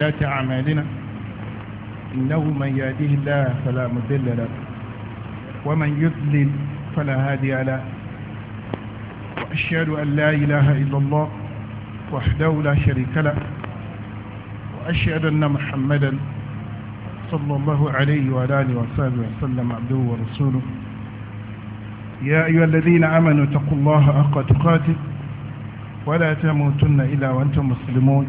ذات أعمالنا إنه من يهده الله فلا مضل له ومن يضلل فلا هادي له وأشهد أن لا إله إلا الله وحده لا شريك له وأشهد أن محمدا صلى الله عليه وعلى آله وصحبه وسلم عبده ورسوله يا أيها الذين آمنوا اتقوا الله حق تقاته ولا تموتن إلا وأنتم مسلمون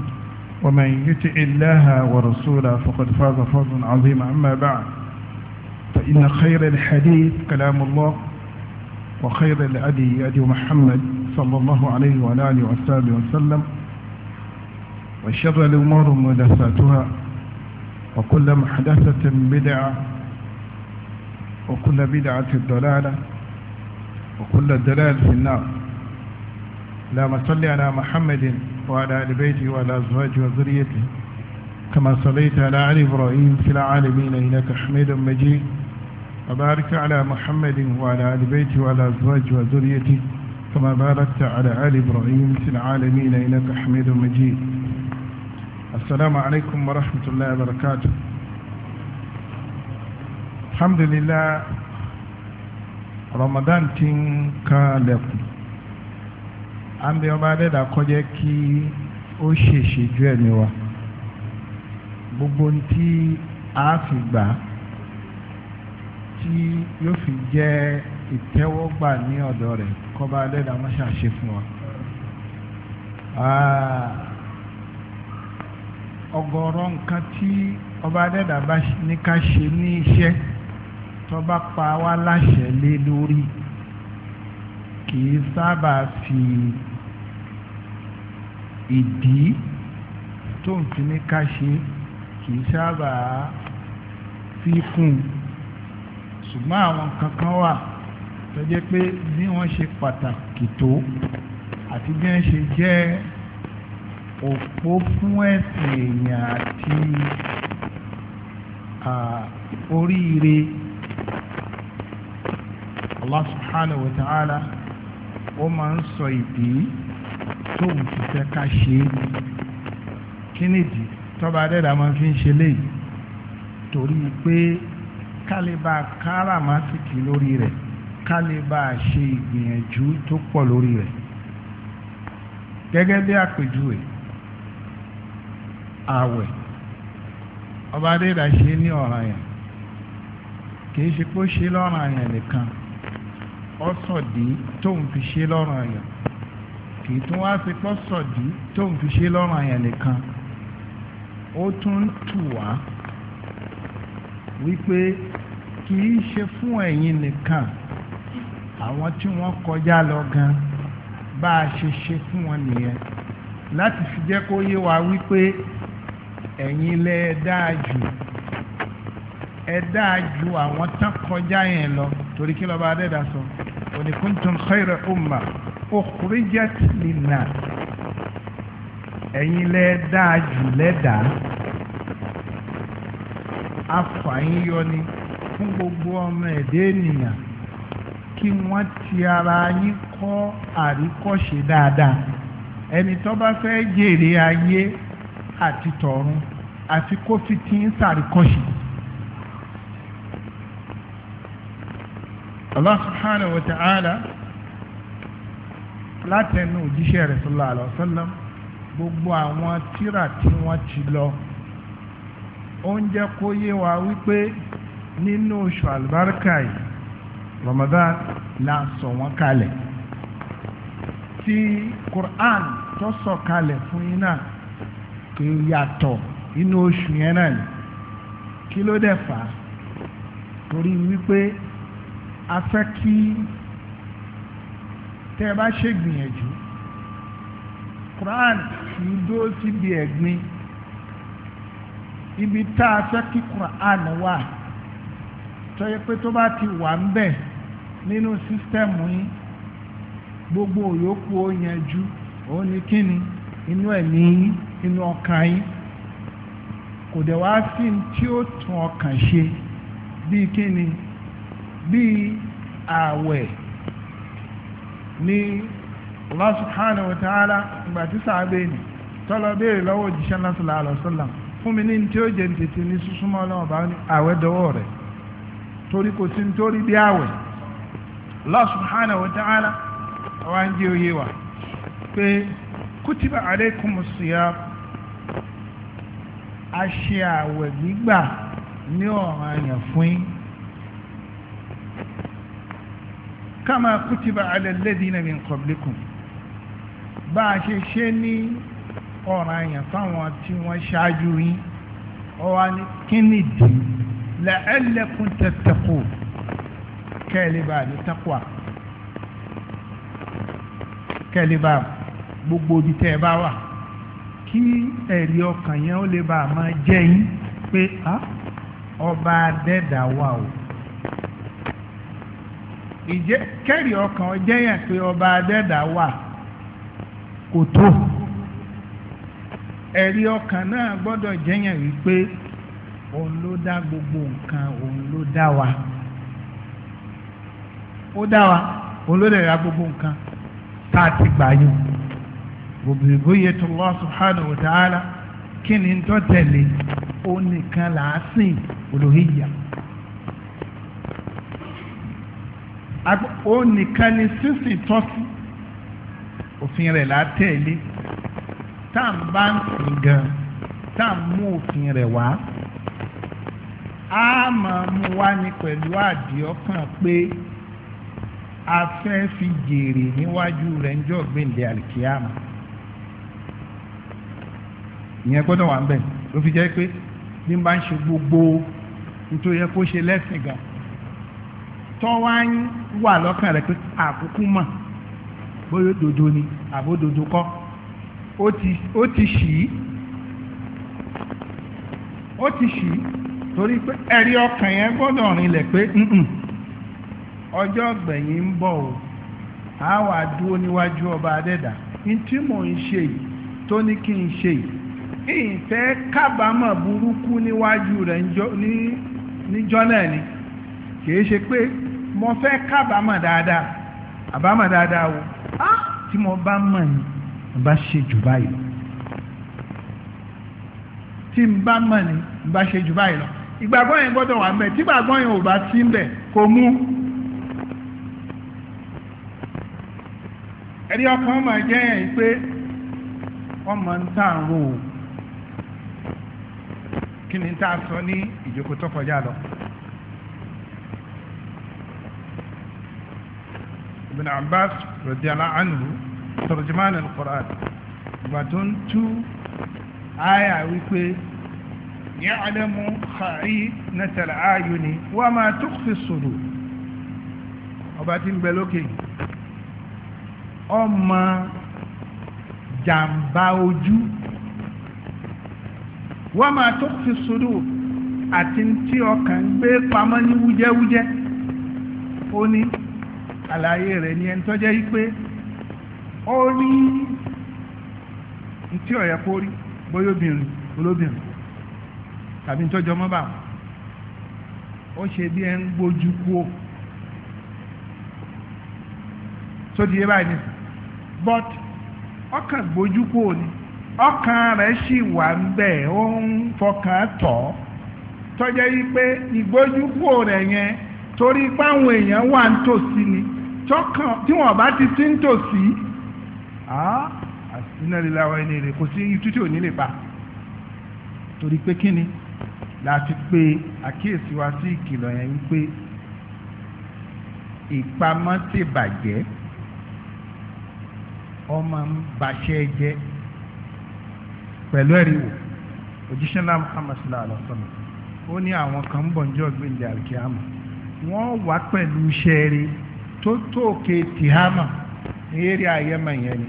ومن يطع الله ورسوله فقد فاز فوزا عظيما أما بعد فإن خير الحديث كلام الله وخير الأدي هدي محمد صلى الله عليه وعلى آله وصحبه وسلم وشر الأمور محدثاتها وكل محدثة بدعة وكل بدعة ضلالة وكل ضلال في النار اللهم صل على محمد وعلى آل بيته وعلى أزواجه وذريته كما صليت على آل إبراهيم في العالمين إنك حميد مجيد وبارك على محمد وعلى آل بيته وعلى أزواجه وذريته كما باركت على آل إبراهيم في العالمين إنك حميد مجيد السلام عليكم ورحمة الله وبركاته الحمد لله رمضان تنكالكم a ń ọba adẹ́dà kọjá kí ó ṣèṣe ju ẹ̀mí wa gbogbo tí a fi gbà tí yóò fi jẹ́ ìtẹ́wọ́gbà ní ọdọ rẹ̀ kọba adẹ́dà wọ́n ṣàṣe fún wa. ọ̀gọ̀rọ̀ nǹkan tí ọba adẹ́dà bá ní ká ṣe ní iṣẹ́ tó pa wá láṣẹ lé lórí kì í sábà fi. ìdí tó ń fi ní ká ṣe kì í sábà fi kún ṣùgbọ́n àwọn kankan wà tó jẹ́ pé bí wọ́n ṣe pàtàkì tó àti bí wọ́n ṣe jẹ́ òpó fún ẹ̀sìn èèyàn àti oríire Allah subhanahu wa ta'ala ó máa ń sọ ìdí tóun ti fẹ́ ká ṣe é kí nìdí tọ́ba adẹ́dàá máa fi ń ṣe léyìí torí pé kálíbà káràmásìkì lórí rẹ̀ kálíbà ṣe ìgbìyànjú tó pọ̀ lórí rẹ̀ gẹ́gẹ́ bí àpèjúwe àwẹ̀ ọba adẹ́dàá ṣe ní ọ̀ràn yẹn kì í ṣe pé ó ṣe lọ́ràn yẹn nìkan ọ̀sọ̀dí tóun fi ṣe lọ́ràn yẹn kì í tún wá fi pọ́ sọ̀dí tó ń fi ṣe lọ́rùn àyàn nìkan ó tún ń tù wá wípé kì í ṣe fún ẹ̀yin nìkan àwọn tí wọ́n kọjá lọ gan bá a ṣe ṣe fún wọn nìyẹn láti fi jẹ́ kó yé wa wípé ẹ̀yin lẹ dáa jù ẹ dáa ju àwọn tán kọjá yẹn lọ torí kí lọ́ba adẹ́dà sọ òní kuntum khayra umma ukhrijat linnas ẹ̀yin lẹ dáa jù lẹ́dàá afààyàn yọ ni fún gbogbo ọmọ ẹ̀dẹ́ ènìyàn kí wọ́n ti ara yín kọ́ àríkọ́ṣe dáadáa ẹni tó bá fẹ́ jèrè ayé àti tọ̀run àti kó fi ti ń sàríkọ́ṣe. Allah subhanahu wa ta'ala látẹnu òjíṣẹ́ rẹ̀ sallallahu alaihi wasallam gbogbo àwọn tírà tí wọ́n ti lọ ó kó yé wa wípé nínú oṣù àlùbáríkà yìí Ramadan la sọ wọ́n kalẹ̀ tí Quran tó sọ kalẹ̀ fún yín náà kò yàtọ̀ inú oṣù yẹn náà ni kí ló dẹ̀ fà á torí wípé a kí tẹ́ ẹ bá ṣègbìyànjú Quran kì í dúró síbi ẹ̀gbin ibi tá a fẹ́ kí Quran wà tó yẹ pé tó bá ti wà ń bẹ̀ nínú sísítẹ́ẹ̀mù yín gbogbo òyòkù ó yanjú òun ni kíni inú ẹ̀mí yín inú ọkàn yín kò dẹ̀ wá sí tí ó tún ọkàn ṣe bíi kíni bíi ààwẹ̀. ní Allah subhanahu wa ni tọ́lọ lọ́wọ́ fún mi ní tí ó jẹ́ tètè ní súnmọ́ ọlọ́wọ́ ní àwẹ̀ dọwọ́ rẹ̀ torí kò sí nítorí bí àwẹ̀ Allah subhanahu wa ta'ala ń a ṣe àwẹ̀ gbígbà ní ọ̀ràn àyàn fún yín. kama kutiba ala alladhina min qablikum bá a ṣe ṣe ní ọ̀ràn àyàn fáwọn tí wọ́n ṣáájú yín ọwá ní kínìdì la'allakum tattaqun kẹ́ẹ̀lẹ́bà ní taqwa kẹ́ẹ̀lẹ́bà gbogbo ibi tẹ́ ẹ bá wà kí ẹ̀rí ọkàn yẹn ó lè bá a máa jẹ́ yín pé ah, ọba adẹ́dàá wà o. ìjẹ́ kẹ́rì ọkàn jẹ́yàn pé ọba adẹ́dà wà kò tó ẹ̀rí ọkàn náà gbọ́dọ̀ jẹ́yàn wípé òun ló dá gbogbo nǹkan òun ló dá wa ó dá wa òun ló dẹ̀ ra gbogbo nǹkan tá a ti gbà tó kí ni tó tẹ̀lé ó nìkan ó nìkan ni sísìn tọ́ sí òfin rẹ̀ látẹ̀lé tá à ń bá ń sìn gan tá à ń mú òfin rẹ̀ wá a máa mú wá ní pẹ̀lú àdìọ́kàn pé a fẹ́ fi jèrè níwájú rẹ̀ ń jọ àlìkíyàmù ìyẹn gbọ́dọ̀ wà ń bẹ̀ ló fi jẹ́ pé bí n bá ń ṣe gbogbo nítorí ẹ kó ṣe lẹ́sìn gan tọ́wáyín wà lọ́kàn rẹ̀ pé àkókò mọ̀ bóyá dodo ni àbó dodo kọ́ ó ti ṣì í ti ṣì í torí pé ẹ̀rí ọkàn yẹn gbọ́dọ̀ rinlẹ̀ pé ọjọ́ gbẹ̀yìn ń bọ̀ o a wà dúró níwájú ọba adẹ́dà ní tí mò ń ṣe ní kí n ṣe yìí ìfẹ́ kábàámọ̀ níwájú rẹ̀ níjọ́ náà ni kì í ṣe mo fẹ́ kábàámọ̀ dáadáa àbámọ̀ dáadáa o ah tí mo bá mọ̀ ni mo bá ṣe jù báyìí lọ tí n bá mọ̀ ni mo bá ṣe jù báyìí lọ ìgbàgbọ́ yẹn gbọ́dọ̀ wà mbẹ̀ tí ìgbàgbọ́ yẹn ò bá sí mbẹ̀ kò mú. ẹ̀rí ọkàn ọmọ jẹ́ yẹn pé ọmọ ń tà ń rò kí ni tá a sọ ní ìjókòó tó kọjá lọ ibn abbas radiyallahu anhu tarjuman al-quran ìgbà tó ń tú àyà wípé ya'lamu kha'inata al-a'yuni wa ma tukhfi as-sudur ọba tí ń gbẹ lókè ọmọ jàǹbá ojú wa ma tukhfi àti tí ọkàn gbé pamọ́ ní wújẹ́wújẹ́ ó ní. àlàyé rẹ̀ ni ẹni tó jẹ́ wípé ó rí tí ó kó rí bóyóbìnrin olóbìnrin tàbí tọ́jọ́ mọ́ ó ṣe bí gbójú kú di but ọkàn gbójú kú ó ní ọkàn rẹ̀ sì wà ń bẹ̀ ó ń fọkàn tọ̀ tọ́jọ́ yìí pé ìgbójú kú ó rẹ̀ yẹn torí páwọn èèyàn wà ń tọ́kàn tí wọ́n bá ti sí ń tòsí àsìnàléláwọ̀ ẹni rẹ̀ kò sí itú tí ò ní lè bá torí pé kí ni láti pé àkíyèsí wa sí ìkìlọ̀ yẹn wípé ìpamọ́ ti bàjẹ́ ọmọ ń baṣẹ́ jẹ́ pẹ̀lú ẹ̀rí wò òjíṣẹ́ náà Muhammad sallallahu alaihi wa sallam ó ní àwọn kan ń bọ̀ ń jọ́ gbé ilẹ̀ àríkè àmọ́ wọ́n wà pẹ̀lú iṣẹ́ rí tó tó òkè tìhámà ní eré àyẹ́mà yẹn ni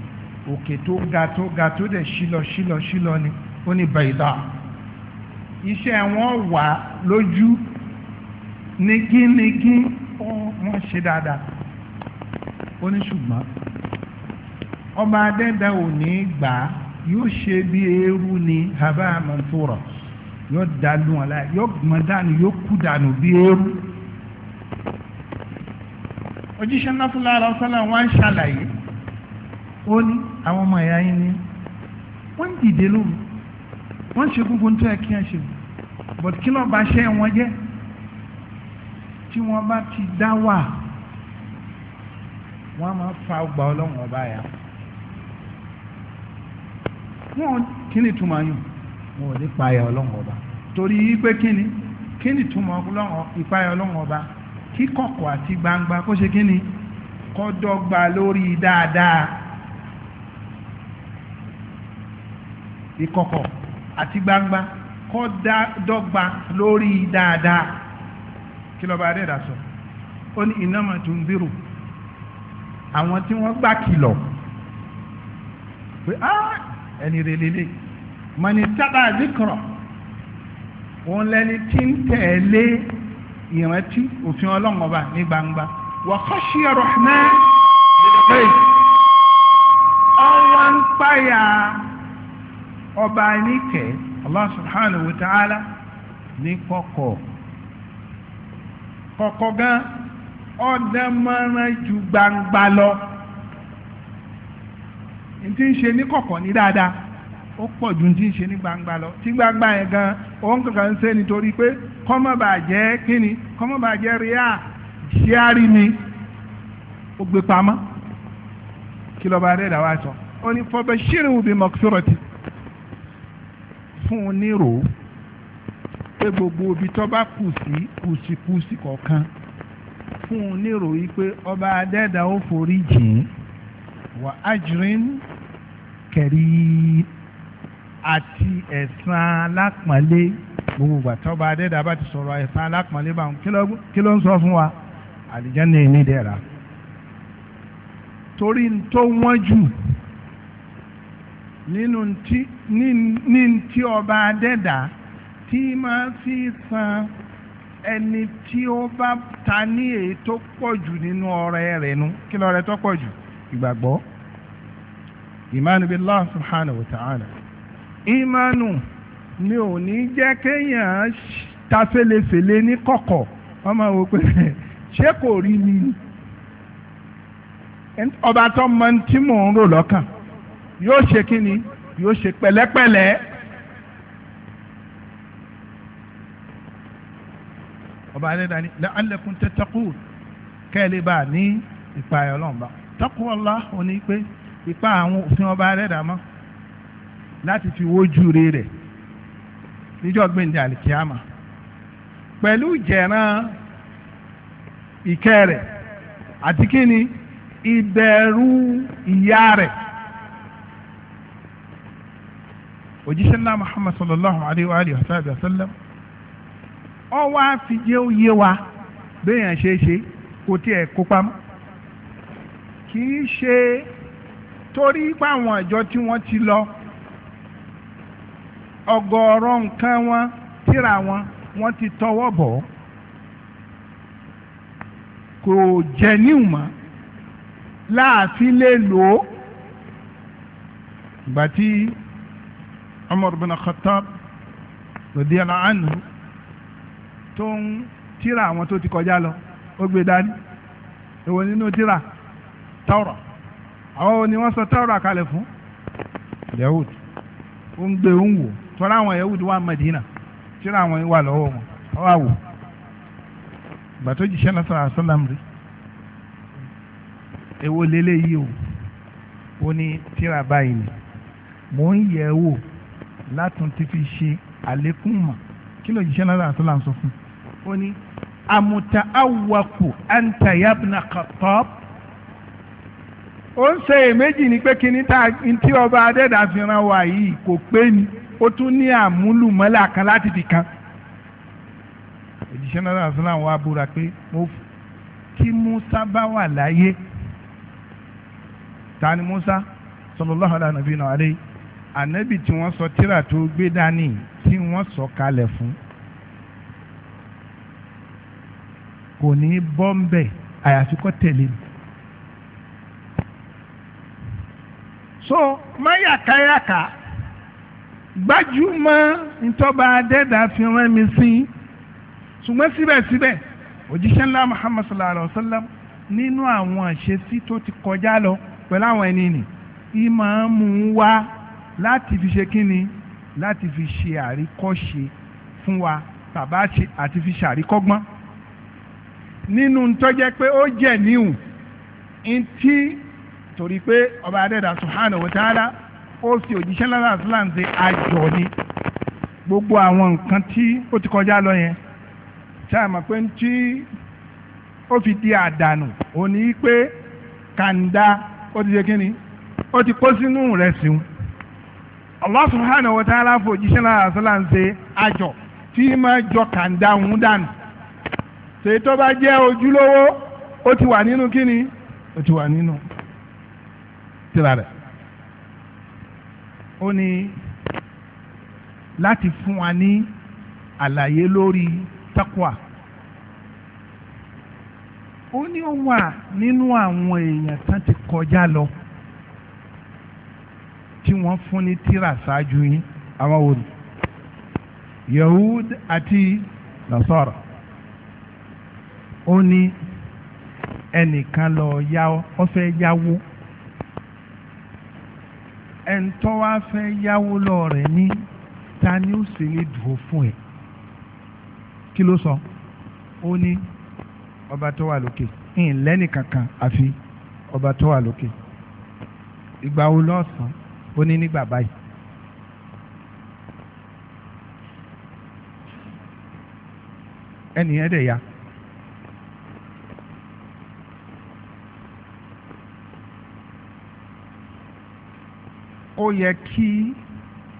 òkè tó ga tó ga tó dẹ̀ sílọ sílọ sílọ ni ó ní bàyìdá iṣẹ́ wọn wà lójú nigínigín ó wọ́n ṣe dáadáa ó ní ṣùgbọ́n ọba adẹ́dá ò ní gbà á yóò ṣe bí eérú ni haba mantura yóò dànù ọ̀la yóò gbọ̀n dànù yóò kú dànù bí eérú òjíṣẹ́ náfúlà àlọ́sọ́là wá ń ṣàlàyé ó ní àwọn ọmọ ẹ̀yà yín ní wọ́n ń dìde lóru wọ́n ṣe gbogbo ń tó ẹ̀ kí wọ́n ṣe bọ̀dù kí lọ́ọ́ bá ṣe wọn jẹ́ tí wọ́n bá ti dá wà wọ́n á máa fa ọgbà ọlọ́run ọba yà wọ́n kí ni túmọ̀ yùn wọ́n ò ní pa ẹ̀ ọlọ́run ọba torí pé kí ni kí ni túmọ̀ ìpayà ọlọ́run ọba kíkọ̀kọ̀ àti gbangba kó ṣe kíni kó dọ́gba lórí dáadáa ìkọ̀kọ̀ àti gbangba kó dọ́gba lórí dáadáa kí lọ́ba adẹ́dà sọ ó ní iná mà tún zero àwọn tí wọ́n gbà kìlọ̀ pé ah, ẹni rẹ̀ lélẹ̀ mọ̀ ní sábà zikọ̀rọ̀ òun lẹni tí ń tẹ̀lé ìrántí òfin ọlọ́run ọba ní gbangba wa khashiya rahman ọwọ́ ń páyà ọba níkẹ́ Allah subhanahu wa ta'ala ní kọ̀kọ̀ kọ̀kọ̀ gan ọ̀dẹ́mọ́rán ju gbangba lọ ní ti ń ṣe ní kọ̀kọ̀ ní dáadáa ó pọ̀ ju ti ń ṣe ní gbangba lọ tí gbangba yẹn gan òun kankan ń ṣe nítorí pé kọ́mọ̀bà jẹ́ kíni kọ́mọ̀bà jẹ́ ríà ṣíárì ni ó gbé pamọ́ kí lọ́ba adẹ́dà wá sọ ó ní fọbẹ́ ṣírìwù bíi mọ̀kúsọ̀rọ̀tì fún un ní rò ó pé gbogbo ibi tó bá kù sí kùsìkùsì kọ̀ọ̀kan fún un ní rò yí pé ọba adẹ́dà ó forí jìn wà ájìrín kẹrí àti ẹ̀san alápọ̀nlé gbogbo ìgbà tọ́ba adẹ́dà bá ti sọ̀rọ̀ ẹ̀san alápọ̀nlé bá wọn kí ló ń sọ fún wa àlìjánnà ní ìdẹ́ra torí tó wọ́n jù nínú tí ní tí ọba adẹ́dà tí máa fi san ẹni tí ó bá ta ní èyí tó pọ̀ jù nínú ọrẹ rẹ̀ nu kí lọ́rẹ tó pọ̀ jù ìgbàgbọ́ ìmánu billah subhanahu wa ta'ala ìmánu ni ò ní jẹ́ kéèyàn tafẹ́lẹ́fẹ́lẹ́ ní kọ̀kọ̀ wọ́n máa wò pé ṣé kò rí mi ni ọba tó mọ tí mò ń rò lọ́kàn yóò ṣe kí ni yóò ṣe pẹ̀lẹ́pẹ̀lẹ́. ọba alẹ́dàá ni la'allakum tattaqun kẹ́lẹ́ bá ní ìpayọ̀ lọ́nba taqwa Allah òní pé ìpa àwọn òfin ọba alẹ́dàá mọ́ láti fi wojú re rẹ̀ níjọ́ gbẹ̀ǹdẹ̀ àlìkíyàmà pẹ̀lú jẹ̀rán ìkẹ́ rẹ̀ àti kíni ìbẹ̀rù ìyá rẹ̀ òjíṣẹ́ ńlá Muhammad sallallahu alayhi wa alihi wa sallam ọ wá fi jẹ́ òye wa béèyàn ṣe kò tiẹ̀ kó pamọ́ kì í ṣe torí pé àwọn tí wọ́n ti lọ ọ̀gọ̀ọ̀rọ̀ nǹkan wọn tíra wọn wọ́n ti tọwọ́ bọ̀ kò jẹ́ níwùn mọ́ láàfin lè lò ó ìgbà tí Umar bin Khattab radiyallahu anhu tó ń tíra àwọn tó ti kọjá lọ ó gbé dání èwo nínú tíra Tawra àwọn ni wọ́n sọ Tawra kalẹ̀ fún Yahud ó ń gbé ń wò tọ́lá àwọn Yahudi wa Madina tíra àwọn wà lọ́wọ́ wọn ọwọ́ àwò gbàtọ́ jíṣẹ́ lọ́sọ̀rọ̀ àṣọlám rí èwo lélẹ̀ yìí o ó ní tíra báyìí ni mò ń yẹ̀ wò látún ti fi ṣe àlékún mọ̀ kí ló jíṣẹ́ lọ́sọ̀rọ̀ àṣọlám sọ fún ó ní àmùtà awakù àǹtà yabna Khattab ó ń ṣe èméjì ní pé kí ní tí ọba adẹ́dàfihàn wà yìí kò pé ni ó tún ní àmúlùmọ́lá kan láti fi kan òjíṣẹ́ náà sọ́lá wa búra pé kí Musa bá wà láyé ta ni Musa sallallahu alaihi nabiyina alayhi ànábì tí wọ́n sọ tírà tó gbé dání tí wọ́n sọ kalẹ̀ fún kò ní bọ́m̀bẹ̀ àyàfi kó tẹ̀lé mi. so máyàkáyàká gbajúmọ̀ ntọ́ba adẹ́dà fi rán mi sí ṣùgbọ́n síbẹ̀síbẹ̀ òjíṣẹ́ ńlá muhammad sallallahu alayhi wa sallam nínú àwọn àṣesí tó ti kọjá lọ pẹ̀lú àwọn ẹni nì ìmọ̀ọ́mù wa láti fi ṣe kíni láti fi ṣe àríkọ́ṣe fún wa tàbá àti fi ṣe àríkọ́gbọ́n nínú ntọ́jẹ́ pé ó jẹ̀ níhùn ntí torí pé ọba adẹ́dà subhanahu wa ta'ala ó sì òjíṣẹ́ lára islam àjọ ni gbogbo àwọn nǹkan tí ó ti kọjá lọ yẹn ṣe àmọ́ pé tí ó fi di àdànù ò ní pé kàńdá ó ti ṣe kí ni ó ti kó sínú rẹ̀ sìn Allah subhanahu wa ta'ala fòjíṣẹ́ lára islam ṣe àjọ tí máa jọ kàńdá òun dànù ṣèyí tó bá jẹ́ ojúlówó ó ti wà nínú kí ni ó ti wà nínú tíra ó ní láti fún wa ní àlàyé lórí takwa ó ní ó wà nínú àwọn èèyàn tán ti kọjá lọ tí wọ́n fún ní tírà ṣáájú yín àwọn wò ní Yahud àti Nasara ó ní ẹnìkan lọ yá ọ fẹ́ yáwó ẹ̀ńtọ́ wá fẹ́ yáwó lọ rẹ̀ ní ta ni ó sì lè dùn fún ẹ̀ kí ló sọ ó ní ọba tó wà lókè ńlẹ́nì kankan àfi ọba tó wà lókè ìgbà wo lọ́sàn-án ó ní nígbà báyìí. ẹnìyẹn dẹ̀ ya. ó yẹ kí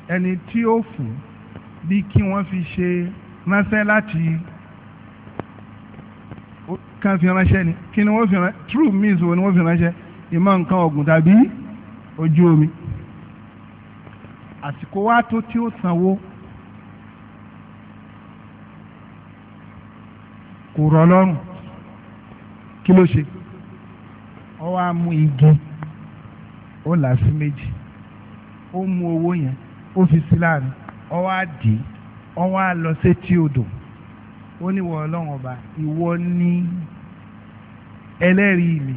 ẹni tí ó fún bí kí wọ́n fi ṣe ránṣẹ́ láti kan fi ránṣẹ́ ni kí ni wọ́n fi ránṣẹ́ true means wo ni wọ́n fi ránṣẹ́ ìmọ̀ nǹkan ọ̀gùn tàbí ojú omi àsìkò wa tó tí ó sanwó kò rọ̀ lọ́rùn kí ló ṣe ó wá mú igi ó là sí méjì ó mú owó yẹn ó fi sí láàrin ó wá dì í ó wá lọ sétí odò ó ní wọ ọlọ́run ọba ìwọ ní ẹlẹ́rìí mi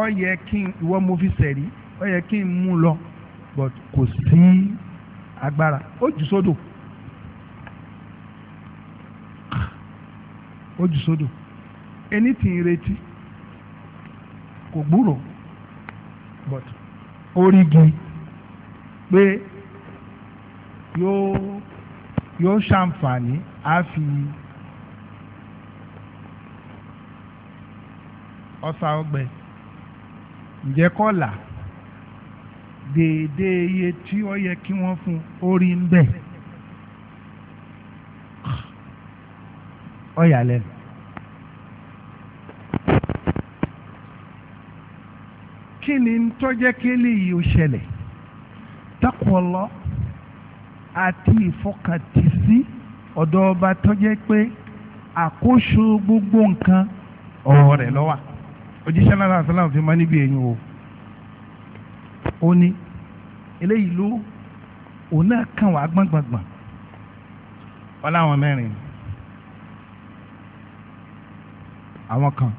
ó yẹ kí ìwọ mo fi sẹ̀rí ó yẹ kí n mú lọ but kò sí agbára ó jù sódò. ó jù sódò ẹni tí ń retí kò gbúrò but orígi pé yóò yóò ṣàǹfààní á fi ọ̀sà ọgbẹ́ ǹjẹ́ kọ́là déédéé iye tí ó yẹ kí wọ́n fún orí ń bẹ̀ ọ̀yàlẹ́nu. kí ni tó jẹ́ ó ṣẹlẹ̀ wọlọ́ àti ìfọkàntìsí ọ̀dọ̀ ọba tó jẹ́ pé àkóso gbogbo nǹkan ọ̀rọ̀ rẹ̀ ló wà òjíṣẹ́ náà àṣàlám fi máa níbi ẹ̀yìn o ó ní eléyìí ló òun náà kàn wá gbọ̀ngbọ̀ngbọ̀n wọn láwọn mẹ́rin àwọn kan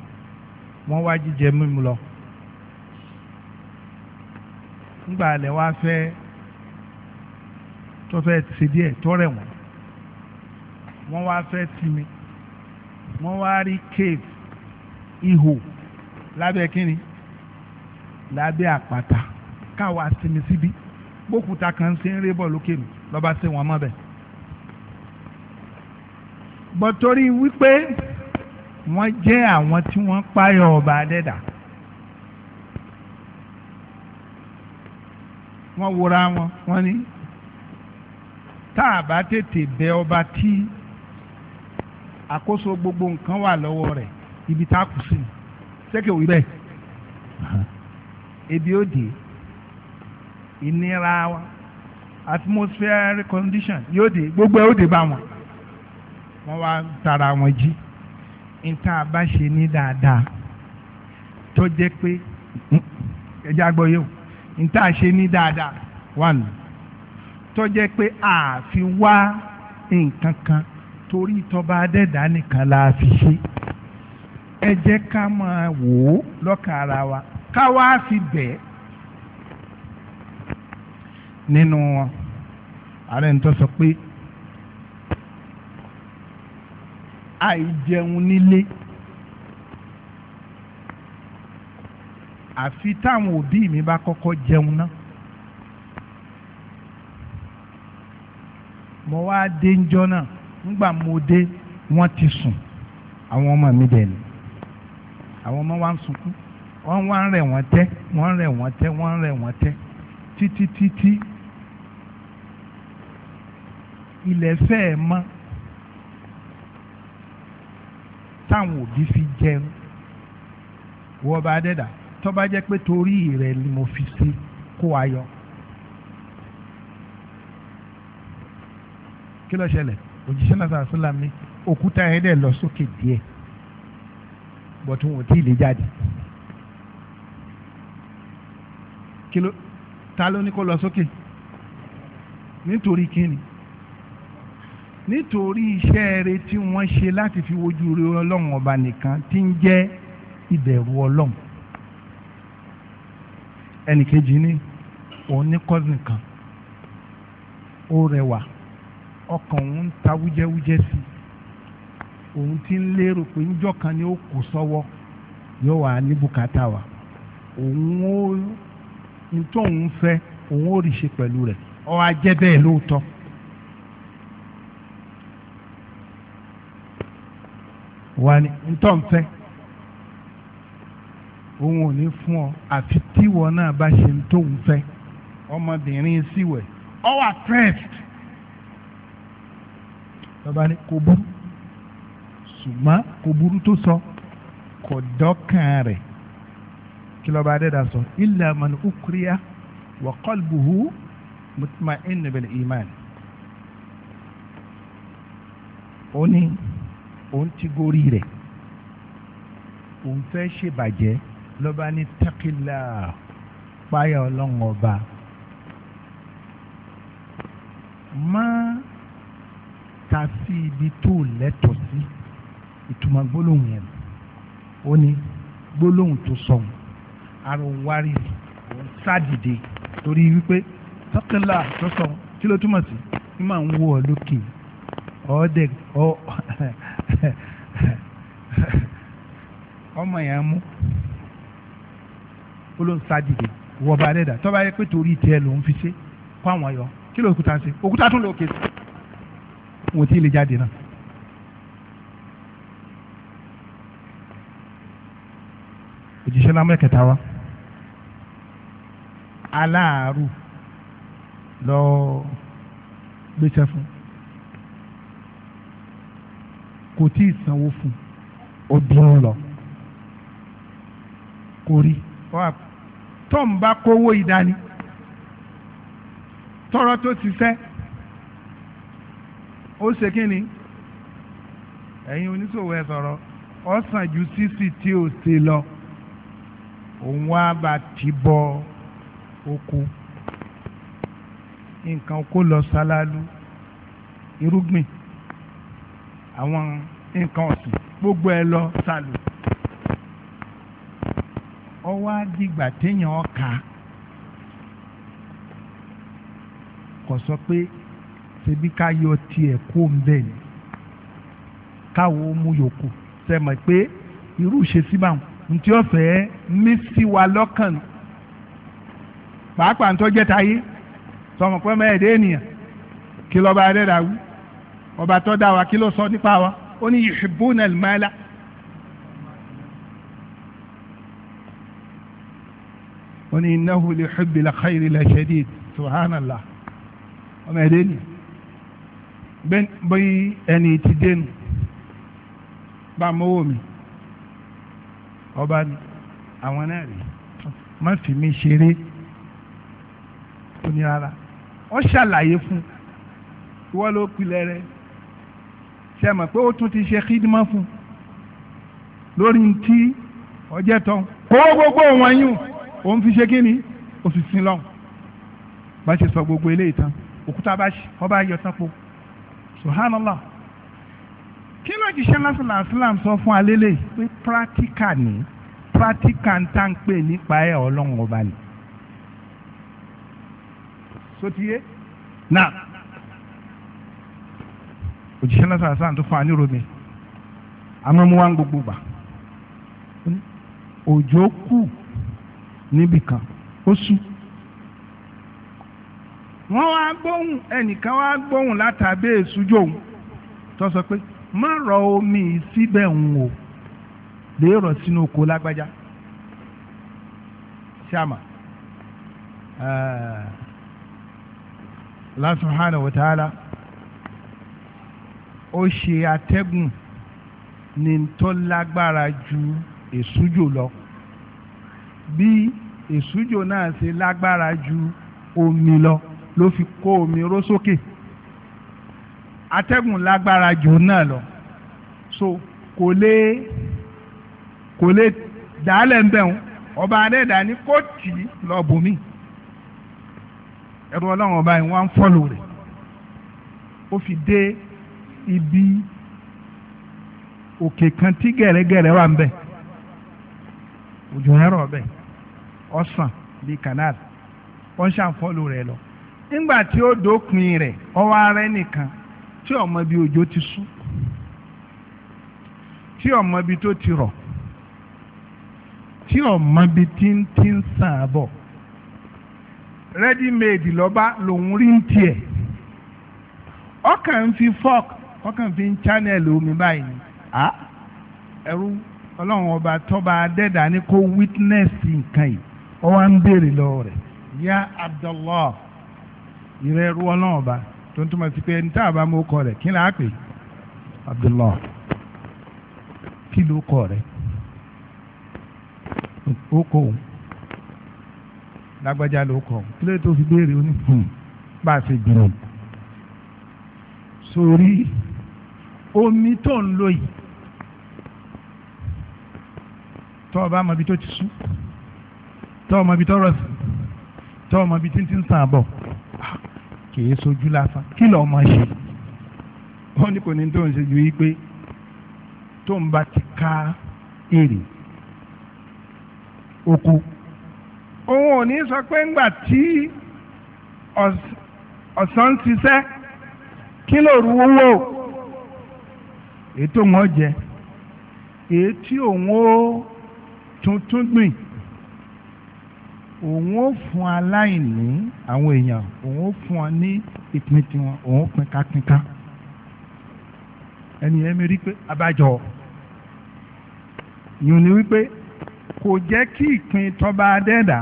wọ́n wá jíjẹ mímu lọ ńgbà alẹ́ wá fẹ́ẹ́ tó fẹ́ ṣe díẹ̀ tó rẹ̀ wọ́n wọ́n wá fẹ́ ti mi wọ́n wá rí cave ihò lábẹ́ kínni lábẹ́ àpáta káwa sinmi síbi gbókùtà kan ṣe ń ré bọ̀ lókè mi lọ́ba ṣe wọ́n mọ́ bẹ́ẹ̀. bọ́tọ́rí wípé wọ́n jẹ́ àwọn tí wọ́n páyọ̀ ọba adẹ́dà. wọ́n wúra wọn wọ́n ní tá a bá tètè bẹ ọba tí àkóso gbogbo nǹkan wà lọ́wọ́ rẹ̀ ibi tá a kù sí sẹ́kẹ̀ wí bẹ́ẹ̀ ebi ó ìnira wa atmospheric condition yóò dé gbogbo ẹ̀ ó dé bá wọn wọ́n wá tara wọn jí nǹkan àbá ṣe ní dáadáa tó jẹ́ pé ẹja gbọ́ yóò nǹkan àṣe ní dáadáa wà nù tó jẹ́ pé àfi wá nǹkan kan torí tọba adẹ́dá nìkan la fi ṣe ẹ jẹ́ ká máa wò ó lọ́kàn ara wa ká wá fi bẹ̀ ẹ́ nínú wọn ààrẹ ń tọ́ sọ pé àìjẹun nílé àfi táwọn òbí mi bá kọ́kọ́ jẹun náà. mo wá dé ńjọ́ náà ńgbà mo dé wọ́n ti sùn àwọn ọmọ mi dẹ̀ ni àwọn ọmọ wa ń sunkún wọ́n wá ń rẹ̀ wọ́n tẹ́ wọ́n ń rẹ̀ wọ́n tẹ́ wọ́n ń rẹ̀ wọ́n tẹ́ títí títí ilẹ̀ fẹ́ẹ̀ mọ́ táwọn òbí fi jẹun wọ́n bá dẹ́dà tó bá jẹ́ pé torí rẹ̀ ni mo fi ṣe kó ayọ̀. kí ló ṣẹlẹ̀ òjíṣẹ́ náà sàrà sílám ní òkúta yẹn dẹ̀ lọ sókè díẹ̀ bọ̀tún wọn tí ì lè jáde kí ló ta ló ní kó lọ sókè nítorí kíni nítorí iṣẹ́ rẹ tí wọ́n ṣe láti fi wojú rẹ ọlọ́run ọba nìkan tí ń jẹ́ ìbẹ̀rù ọlọ́run ẹnìkejì ní òun ní cousin kan ó rẹwà ọkàn òun ń ta wújẹ́wújẹ́ sí i òun ti ń lérò pé níjọ́ kan ni ó kù sọ́wọ́ yóò wà ní bùkátà wa òun ó nítorí òun fẹ́ òun ó rí ṣe pẹ̀lú rẹ̀ ó wá jẹ́ bẹ́ẹ̀ lóòótọ́. wà ní ntọ́ nfẹ́ òun ò ní fún ọ àfi tíwọ náà bá ṣe ntọ́ nfẹ́ ọmọbìnrin síwẹ̀ ọ wà pressed bàbá ní kò burú ṣùgbọ́n kò burú tó sọ kò dọ́kàn rẹ̀ kí lọ́ba adẹ́dà sọ illa man ukriya wa qalbuhu mutma'innu bil iman ó ní òun ti gorí rẹ̀ òun fẹ́ ṣèbàjẹ́ lọ́ba ní takila páyà ọlọ́run máa ta sí ibi tó lẹ́tọ̀ọ́ sí ìtumọ̀ gbólóhùn yẹn ó ní gbólóhùn tó sọ̀hún ara òun wá rí òun sádìde torí wípé tọ́kẹ́lá tó sọ̀hún kí ló túmọ̀ sí ní màá ń wọ ọ lókè ọ̀ọ́dẹ ọ ọmọ yẹn mú ó ló ń sádìde wọ́ọ̀bà rẹ̀ dà tọ́ba yẹ pé torí tiẹ̀ lòún fi ṣe kó àwọn yọ kí ló kúta ṣe òkúta tún lòókè sí wọn ti lè jáde náà. òjíṣẹ́ lámọ́ ẹ̀kẹta wa aláàárù lọ gbéṣẹ́ fún kò tí ì sanwó fún ó dúró lọ kò rí tọ́ǹba kówó ìdání tọ́rọ́ tó ti sẹ́ ó ṣe kí ni ẹ̀yin oníṣòwò ẹ sọ̀rọ̀ ó sàn ju sísì tí ò ṣe lọ òun á bá ti bọ oko nǹkan oko lọ ṣáláàlú irúgbìn àwọn nǹkan ọ̀sìn gbogbo ẹ lọ sálù ọwọ́ á téèyàn ọ̀ka kò sọ pé ṣebí ká yọ tiẹ̀ kó ń bẹ̀ ni káwọn ó mú yòókù sẹ́mọ̀ pé irú ìṣesí bá ń tí ó fẹ́ mí sí wa lọ́kàn pàápàá ń tọ́jẹ́ táyé sọmọ pé mẹ́ẹ̀ẹ́dẹ́ ènìyàn kí lọ́ba adẹ́dà wí ọba tó dá wa kí ló sọ wa ó ní yuhibbuna al-mala. ó ní innahu li hubbil khayri la shadid subhanallah ọmọ ẹ̀dẹ́ ènìyàn bẹ́ẹ̀ ẹni tí dénú bá mọ́wó mi ọba ni àwọn náà rí má fi mí ṣeré òní rárá ọ ṣàlàyé fún ìwọ ló pilẹ̀ rẹ ṣe mọ̀ pé ó tún ti ṣe kídímọ́ fún lórí ti ọjẹ́ tán kówó gbogbo wọn yún òun fi ṣe kíni òfìsìn lọ́hùn bá ṣe sọ gbogbo eléyìí tán òkúta bá ṣe ọba yọ tán subhanallah kí ló jíṣẹ́ lásìlá islam sọ fún alélẹ̀ pé pratica ni pratica ń nípa ẹ̀ ọlọ́run ọba ni. sotiye na lásìlá islam tó fún gbogbo gbà òjò kù níbìkan wọ́n wá gbóhùn ẹnìkan wá gbóhùn látàbẹ́ èsújò òun tó sọ pé má rọ omi síbẹ̀ ń o lè rọ̀ sínú oko lágbájá ṣàmà Allah subhanahu wa ta'ala ó ṣe atẹ́gùn ní tó lágbára ju èsújò lọ bí èsújò náà ṣe lágbára ju omi lọ ló fi kó omi ró sókè atẹ́gùn lágbára jù náà lọ so kò lè kò lè dàálẹ̀ ń bẹ̀rùn ọba adẹ́dà ní kó tì í lọ bùnmí ẹ̀rọ ọlọ́run ọba yìí wọ́n á ń fọ́lù rẹ̀ ó fi dé ibi òkè kan tí gẹ̀rẹ́gẹ̀rẹ́ wà ń bẹ̀ òjò yẹn rọ̀ bẹ̀ ọ̀sán bíi canal wọ́n ṣàǹfọ́lù rẹ̀ lọ. ńgbà tí ó dópin rẹ̀ ọwọ́ arẹ nìkan tí ọmọ ibi òjò ti sú tí ọmọ ibi tó ti rọ̀ tí ọmọ ibi tí ń ti ń sàn bọ̀ ready made lọ́ba lòún rí ń tiẹ̀ ọkàn ń fi fork ọkàn fi ń channel omi báyìí ah ẹrú ọlọ́run ọba tọ́ba ni kó witness nǹkan yìí ọwọ́ ń lọ́wọ́ ya ìrẹ́ ẹrú ọlọ́run ọba tó ń túmọ̀ sí pé ní tá a bá mú kọ rẹ̀ kí ni a pè Abdullah kí ló kọ rẹ̀ ó kọ òun lágbájá ló kọ òun kí ló tó fi béèrè ó ní hmm, bá a ṣe gbìyànjú sórí omi tó ń lò yìí tọ́ ọ bá mọ tó ti sú tọ́ ọ mọ tó rọ̀ sí tọ́ ọ mọ tí ń ti ń sàn bọ̀ kìí sojú lásán kí lọ́ọ́ máa ṣe wọ́n ní kò ní tó ń ṣe ju wípé tó ń bá ti ká èrè oko òun ò ní sọ pé ńgbà tí ọ̀sán ń ṣiṣẹ́ kí lóru owó ètò wọn jẹ èyí tí òun ó tuntun gbìn òun ó fún aláìní àwọn èèyàn òun ó fún ọ ní ìpín tiwọn òun ó pín kápínká ẹni yẹn mi rí pé abájọ yìí ni wípé kò jẹ́ kí ìpín tọ́ba adẹ́dà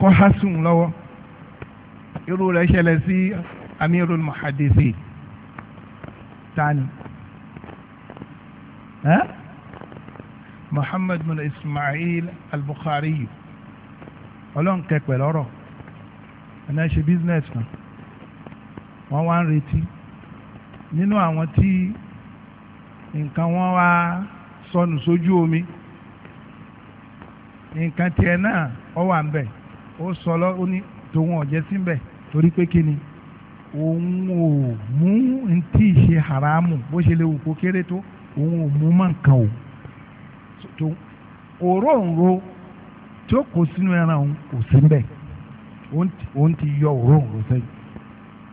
kọ́ há lọ́wọ́ irú rẹ̀ ṣẹlẹ̀ sí amirul muhadisi tani eh? muhammad ismail al-bukhari yìí ọlọ́run kẹpẹ̀ lọ́rọ̀ ẹ̀ná ṣe business kan wọ́n wá ń retí nínú àwọn tí nǹkan wọn wá sọnù sójú omi nǹkan tiẹ̀ náà ọ wà ń bẹ̀ ó sọ lọ ó ní tòun ọ̀jẹ́ síbẹ̀ torí pé kí ni òun ò mú ntí ṣe haramu bó ṣe lè wù kó kéré tó òun ò mú mọ̀ nǹkan o òróǹro tí ó kó sínú ẹran òun kò sí ń bẹ̀ òun ti yọ òró òun sẹ́yìn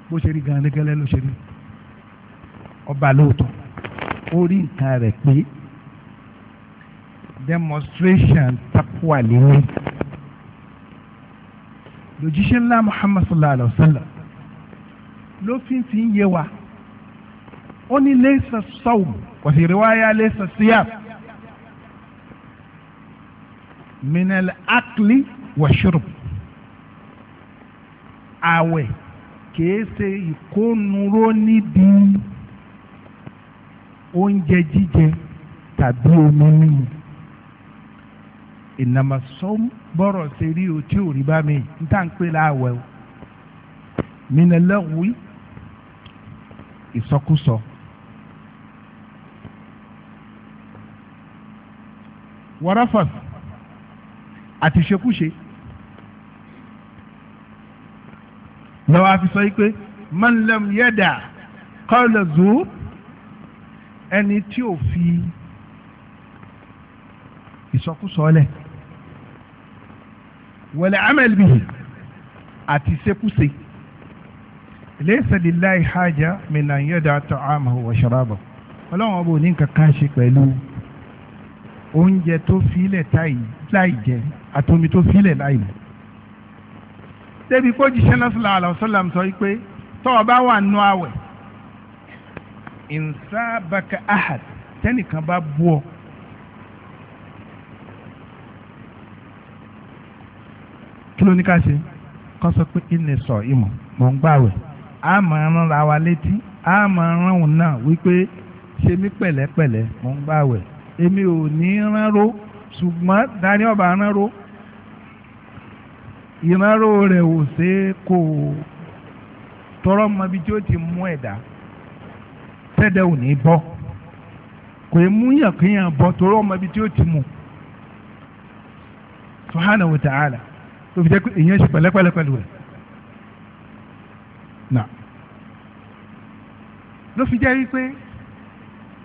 bó ṣe rí ganan gẹ́lẹ́ ló ṣe rí ọba lóòótọ́ ó rí nǹkan rẹ̀ pé demonstration takwa lẹ́yìn lójíṣẹ́ ńlá Muhammad sallallahu alayhi wa sallam ló fi ń fi ń yé wa ó ní laysa sawm wa fi riwaya laysa siyam minal akli washurub àwẹ̀ kìí ṣe ìkónuró nídìí oúnjẹ jíjẹ tàbí omi mímu ìnàmà sọm bọ̀rọ̀ ṣe rí o tí ò rí bá mi n tá n pè láàwẹ̀ o minalẹ́wì ìsọkúsọ. wọ́rọ́fọ̀sì àti ṣekúṣe lọ́wọ́ àfi sọ yìí pé man lam yada qawla zur ẹni tí ò fi ìsọkúsọ lẹ̀ wala amal bihi àti ṣekúṣe laysa lillahi haja min an yada ta'amahu wa sharabahu ọlọ́run ọba ò ní nǹkan kan ṣe pẹ̀lú oúnjẹ tó filẹ̀ láì jẹ àtomi tó filẹ̀ láì mu. débi kó jíṣẹ́ náà sọ̀rọ̀ àlọ́sọ́làm sọ pé tọ́ bá wà nù àwẹ̀ ìnsábàkà ahad tẹ́nìkan bá bú ọ. kí ló ní ká ṣe kó sọ pé ìnì sọ ìmọ̀ mò ń gbàwẹ̀ a máa rán ra wa létí a máa rán òun náà wípé ṣe mí pẹ̀lẹ́pẹ̀lẹ́ mò ń gbàwẹ̀ èmi ò ní ránró ṣùgbọ́n dání ọba ránró ìránró rẹ̀ ò ṣe kò tọrọ mọbi tí ó ti mú ẹ̀dá tẹ́dẹ̀ ò ní bọ́ kò é mú yàn bọ́ tọrọ mọbi tí ó ti mú subhanahu wa ta'ala tó fi jẹ́ pé èèyàn ṣe pẹ̀lẹ́pẹ̀lẹ́ pẹ̀lú nà ló fi jẹ́ wípé